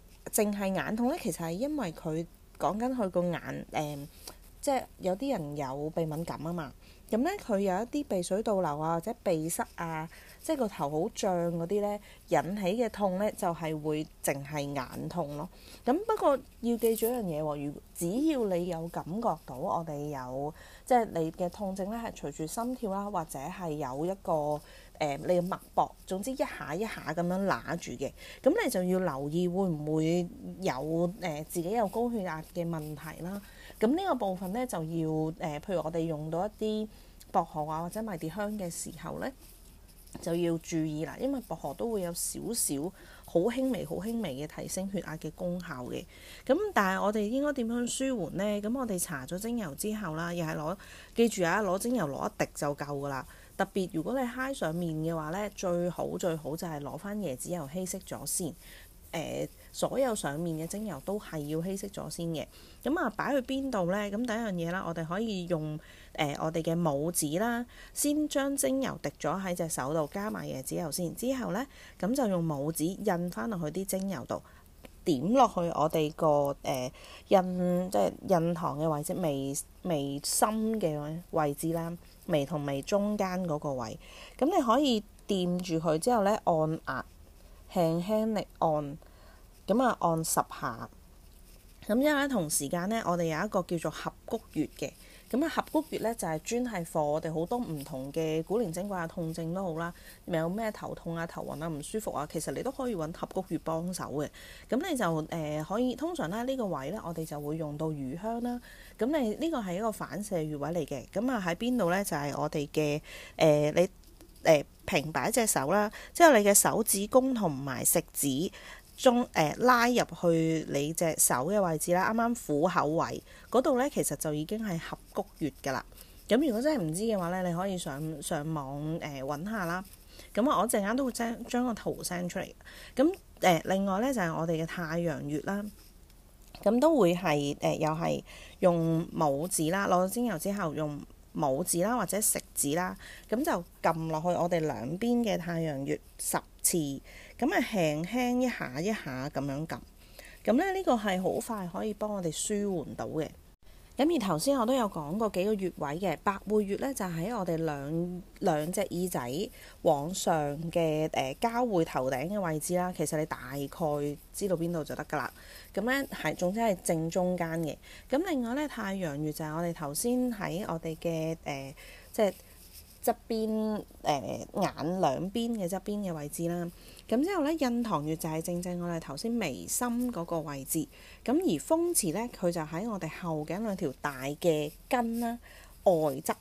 係眼痛咧，其實係因為佢講緊佢個眼誒、呃，即係有啲人有鼻敏感啊嘛。咁咧，佢有一啲鼻水倒流啊，或者鼻塞啊。即係個頭好脹嗰啲咧，引起嘅痛咧就係會淨係眼痛咯。咁不過要記住一樣嘢喎，如只要你有感覺到我哋有即係、就是、你嘅痛症咧，係隨住心跳啦，或者係有一個誒、呃、你嘅脈搏，總之一下一下咁樣揦住嘅，咁你就要留意會唔會有誒、呃、自己有高血壓嘅問題啦。咁呢個部分咧就要誒、呃，譬如我哋用到一啲薄荷啊或者迷迭香嘅時候咧。就要注意啦，因為薄荷都會有少少好輕微、好輕微嘅提升血壓嘅功效嘅。咁但係我哋應該點樣舒緩呢？咁我哋搽咗精油之後啦，又係攞，記住啊，攞精油攞一滴就夠噶啦。特別如果你揩上面嘅話呢，最好最好就係攞返椰子油稀釋咗先。誒、呃，所有上面嘅精油都係要稀釋咗先嘅。咁啊，擺去邊度咧？咁第一樣嘢啦，我哋可以用誒、呃、我哋嘅拇指啦，先將精油滴咗喺隻手度，加埋椰子油先。之後咧，咁就用拇指印翻落去啲精油度，點落去我哋個誒印，即係印堂嘅位置，眉眉心嘅位置啦，眉同眉中間嗰個位。咁你可以掂住佢之後咧，按壓。輕輕力按，咁啊按十下。咁因為咧同時間呢，我哋有一個叫做合谷穴嘅。咁啊合谷穴呢，就係專係 for 我哋好多唔同嘅古靈精怪嘅痛症都好啦。有咩頭痛啊、頭暈啊、唔舒服啊，其實你都可以揾合谷穴幫手嘅。咁你就誒可以通常呢，呢個位呢，我哋就會用到乳香啦。咁你呢個係一個反射穴位嚟嘅。咁啊喺邊度呢？就係我哋嘅誒你誒。呃平擺一隻手啦，之後你嘅手指公同埋食指中誒、呃、拉入去你隻手嘅位置啦，啱啱虎口位嗰度咧，其實就已經係合谷穴噶啦。咁如果真係唔知嘅話咧，你可以上上網誒揾、呃、下啦。咁我陣間都會將將個圖 send 出嚟。咁誒、呃，另外咧就係、是、我哋嘅太陽穴啦，咁都會係誒、呃、又係用拇指啦，攞咗精油之後用。拇指啦，或者食指啦，咁就撳落去我哋兩邊嘅太陽穴十次，咁啊輕輕一下一下咁樣撳，咁咧呢個係好快可以幫我哋舒緩到嘅。咁而頭先我都有講過幾個穴位嘅，百會穴咧就喺、是、我哋兩兩隻耳仔往上嘅誒、呃、交匯頭頂嘅位置啦。其實你大概知道邊度就得㗎啦。咁咧係總之係正中間嘅。咁另外咧太陽穴就係我哋頭先喺我哋嘅誒即係。側邊誒、呃、眼兩邊嘅側邊嘅位置啦，咁之後咧印堂穴就係正正我哋頭先眉心嗰個位置，咁而風池咧佢就喺我哋後頸兩條大嘅筋啦外側。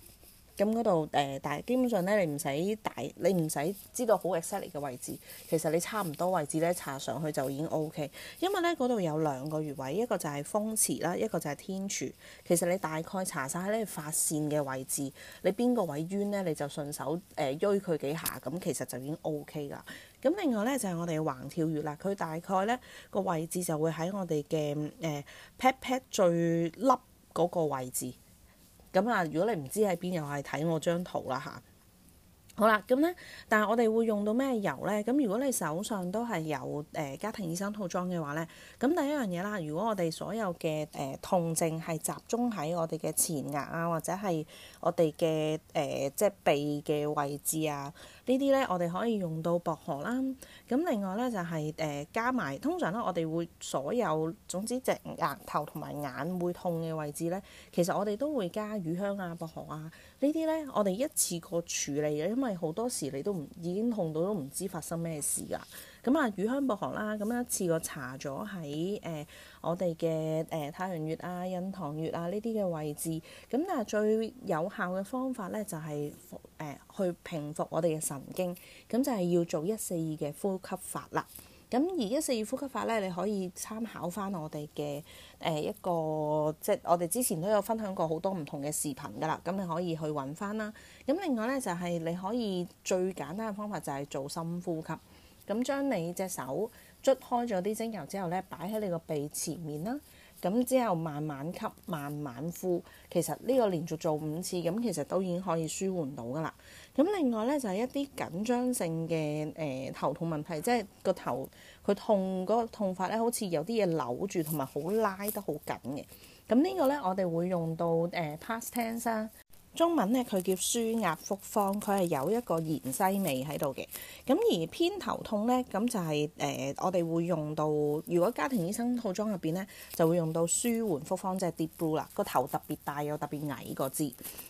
咁嗰度誒，但係、呃、基本上咧，你唔使大，你唔使知道好 exactly 嘅位置，其實你差唔多位置咧，搽上去就已經 OK。因為咧，嗰度有兩個穴位，一個就係風池啦，一個就係天柱。其實你大概搽曬咧發線嘅位置，你邊個位冤咧，你就順手誒推佢幾下，咁其實就已經 OK 啦。咁另外咧就係、是、我哋嘅橫跳穴啦，佢大概咧個位置就會喺我哋嘅誒 pat pat 最凹嗰個位置。咁啊，如果你唔知喺邊，又係睇我張圖啦嚇。好啦，咁咧，但係我哋會用到咩油咧？咁如果你手上都係有誒、呃、家庭醫生套裝嘅話咧，咁第一樣嘢啦，如果我哋所有嘅誒、呃、痛症係集中喺我哋嘅前額啊，或者係我哋嘅誒即係鼻嘅位置啊。呢啲咧，我哋可以用到薄荷啦。咁另外咧，就係、是、誒、呃、加埋。通常咧，我哋會所有總之隻額頭同埋眼會痛嘅位置咧，其實我哋都會加乳香啊、薄荷啊呢啲咧，我哋一次過處理嘅，因為好多時你都唔已經痛到都唔知發生咩事㗎。咁啊，乳香薄荷啦，咁樣一次過搽咗喺誒我哋嘅誒太陽穴啊、印堂穴啊呢啲嘅位置。咁但係最有效嘅方法咧，就係、是、誒、呃、去平復我哋嘅神經。咁就係要做一四二嘅呼吸法啦。咁而一四二呼吸法咧，你可以參考翻我哋嘅誒一個即係、就是、我哋之前都有分享過好多唔同嘅視頻噶啦。咁你可以去揾翻啦。咁另外咧就係、是、你可以最簡單嘅方法就係做深呼吸。咁將你隻手捽開咗啲精油之後咧，擺喺你個鼻前面啦。咁之後慢慢吸，慢慢呼。其實呢個連續做五次，咁其實都已經可以舒緩到噶啦。咁另外咧就係、是、一啲緊張性嘅誒、呃、頭痛問題，即係個頭佢痛嗰、那個痛法咧，好似有啲嘢扭住同埋好拉得好緊嘅。咁、這個、呢個咧我哋會用到誒 past tense 啦。呃中文咧，佢叫舒壓復方，佢係有一個芫茜味喺度嘅。咁而偏頭痛咧，咁就係、是、誒、呃，我哋會用到，如果家庭醫生套裝入邊咧，就會用到舒緩復方，即係 Deep Blue 啦。個頭特別大又特別矮個字。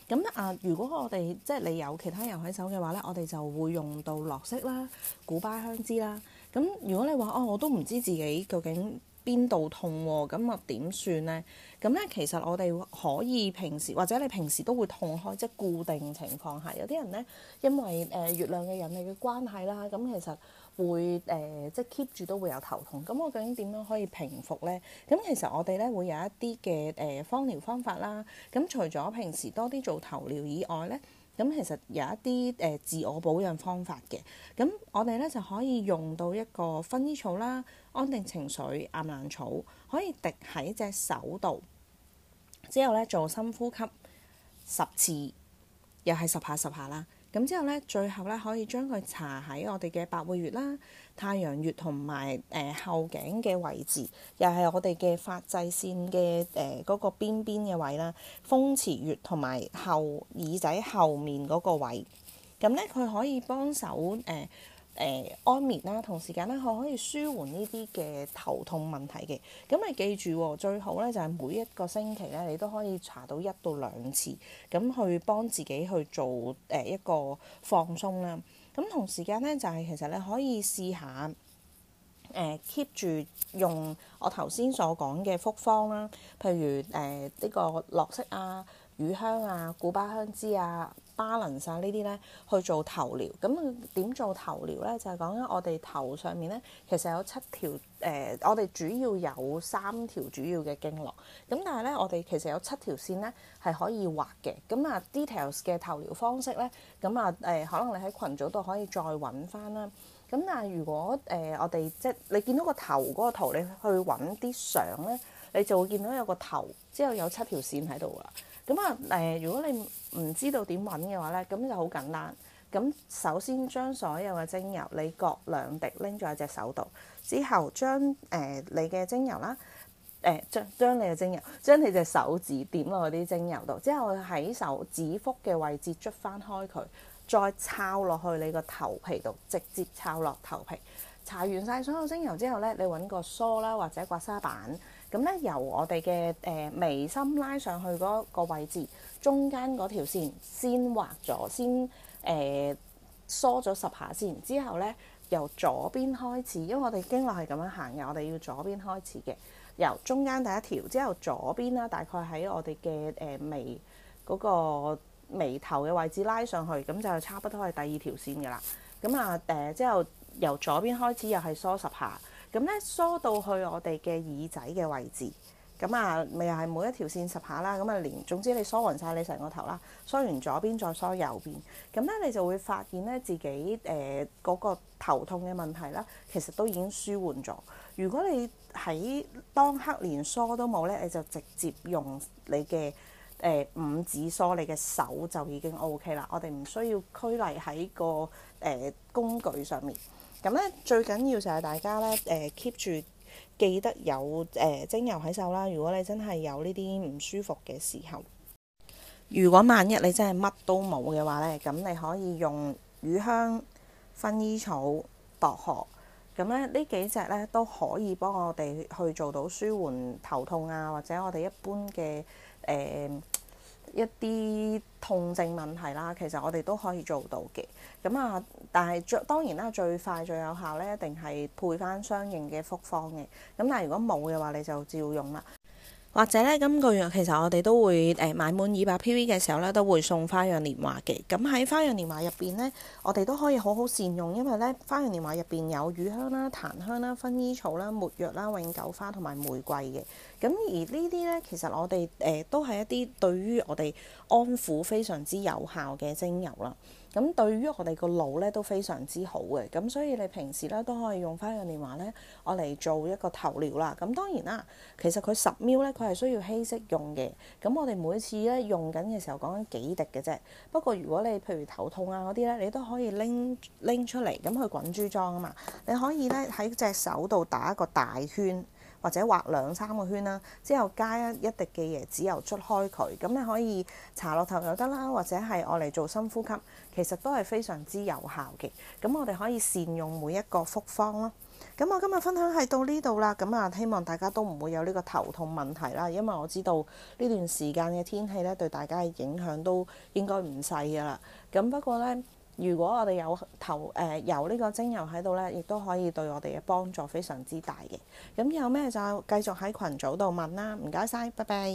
咁咧啊，如果我哋即係你有其他人喺手嘅話咧，我哋就會用到樂色啦、古巴香脂啦。咁如果你話哦，我都唔知自己究竟，邊度痛喎、啊？咁啊點算呢？咁咧其實我哋可以平時或者你平時都會痛開，即係固定情況下有啲人呢，因為誒月亮嘅引力嘅關係啦，咁其實會誒、呃、即係 keep 住都會有頭痛。咁我究竟點樣可以平復呢？咁其實我哋咧會有一啲嘅誒芳療方法啦。咁除咗平時多啲做頭療以外呢，咁其實有一啲誒、呃、自我保養方法嘅。咁我哋咧就可以用到一個薰衣草啦。安定情緒，亞麻草可以滴喺隻手度，之後咧做深呼吸十次，又係十下十下啦。咁之後咧，最後咧可以將佢搽喺我哋嘅百會穴啦、太陽穴同埋誒後頸嘅位置，又係我哋嘅發際線嘅誒嗰個邊邊嘅位啦、風池穴同埋後耳仔後面嗰個位。咁咧佢可以幫手誒。呃誒、呃、安眠啦，同時間咧佢可以舒緩呢啲嘅頭痛問題嘅。咁咪記住喎、哦，最好咧就係、是、每一個星期咧，你都可以查到一到兩次，咁去幫自己去做誒、呃、一個放鬆啦。咁同時間咧就係、是、其實你可以試下誒 keep 住用我頭先所講嘅複方啦，譬如誒呢、呃這個樂色啊、乳香啊、古巴香脂啊。巴倫晒呢啲咧去做頭療，咁點做頭療咧？就係、是、講緊我哋頭上面咧，其實有七條誒、呃，我哋主要有三條主要嘅經絡，咁但係咧，我哋其實有七條線咧係可以畫嘅。咁啊，details 嘅頭療方式咧，咁啊誒、呃，可能你喺群組度可以再揾返啦。咁但係如果誒、呃、我哋即係你見到個頭嗰個圖，你去揾啲相咧，你就會見到有個頭之後有七條線喺度啦。咁啊，誒，如果你唔知道點揾嘅話咧，咁就好簡單。咁首先將所有嘅精油，你各兩滴拎咗喺隻手度，之後將誒、呃、你嘅精油啦，誒將將你嘅精油，將、呃、你隻手指點落啲精油度，之後喺手指腹嘅位置捽翻開佢，再抄落去你個頭皮度，直接抄落頭皮。搽完晒所有精油之後咧，你揾個梳啦或者刮痧板。咁咧，由我哋嘅誒眉心拉上去嗰個位置，中間嗰條線先畫咗，先誒、呃、梳咗十下先。之後咧，由左邊開始，因為我哋經絡係咁樣行嘅，我哋要左邊開始嘅。由中間第一條，之後左邊啦，大概喺我哋嘅誒眉嗰、嗰個眉頭嘅位置拉上去，咁就差唔多係第二條線噶啦。咁啊誒，之後由左邊開始又係梳十下。咁咧梳到去我哋嘅耳仔嘅位置，咁啊咪又係每一條線十下啦，咁啊連總之你梳勻晒你成個頭啦，梳完左邊再梳右邊，咁咧你就會發現咧自己誒嗰、呃那個頭痛嘅問題啦，其實都已經舒緩咗。如果你喺當刻連梳都冇咧，你就直接用你嘅誒五指梳，你嘅手就已經 OK 啦。我哋唔需要拘泥喺個誒、呃、工具上面。咁咧最緊要就係大家咧誒 keep 住記得有誒精油喺手啦。如果你真係有呢啲唔舒服嘅時候，如果萬一你真係乜都冇嘅話咧，咁你可以用乳香、薰衣草、薄荷。咁咧呢幾隻咧都可以幫我哋去做到舒緩頭痛啊，或者我哋一般嘅誒。呃一啲痛症問題啦，其實我哋都可以做到嘅。咁啊，但係最當然啦，最快最有效咧，一定係配翻相應嘅複方嘅。咁但係如果冇嘅話，你就照用啦。或者咧，今、那個月其實我哋都會誒、呃、買滿二百 PV 嘅時候咧，都會送花漾年華嘅。咁喺花漾年華入邊咧，我哋都可以好好善用，因為咧花漾年華入邊有乳香啦、檀香啦、薰衣草啦、沒藥啦、永久花同埋玫瑰嘅。咁而呢啲咧，其實我哋誒、呃、都係一啲對於我哋安撫非常之有效嘅精油啦。咁對於我哋個腦咧都非常之好嘅。咁所以你平時咧都可以用翻一樣話咧，我嚟做一個頭療啦。咁當然啦，其實佢 10ml 咧，佢係需要稀釋用嘅。咁我哋每次咧用緊嘅時候，講緊幾滴嘅啫。不過如果你譬如頭痛啊嗰啲咧，你都可以拎拎出嚟。咁去滾珠裝啊嘛，你可以咧喺隻手度打一個大圈。或者畫兩三個圈啦，之後加一一滴嘅椰子油捽開佢，咁你可以搽落頭又得啦，或者係我嚟做深呼吸，其實都係非常之有效嘅。咁我哋可以善用每一個複方啦。咁我今日分享係到呢度啦。咁啊，希望大家都唔會有呢個頭痛問題啦。因為我知道呢段時間嘅天氣咧，對大家嘅影響都應該唔細噶啦。咁不過咧。如果我哋有頭誒油呢個精油喺度咧，亦都可以對我哋嘅幫助非常之大嘅。咁有咩就繼續喺群組度問啦。唔該晒，拜拜。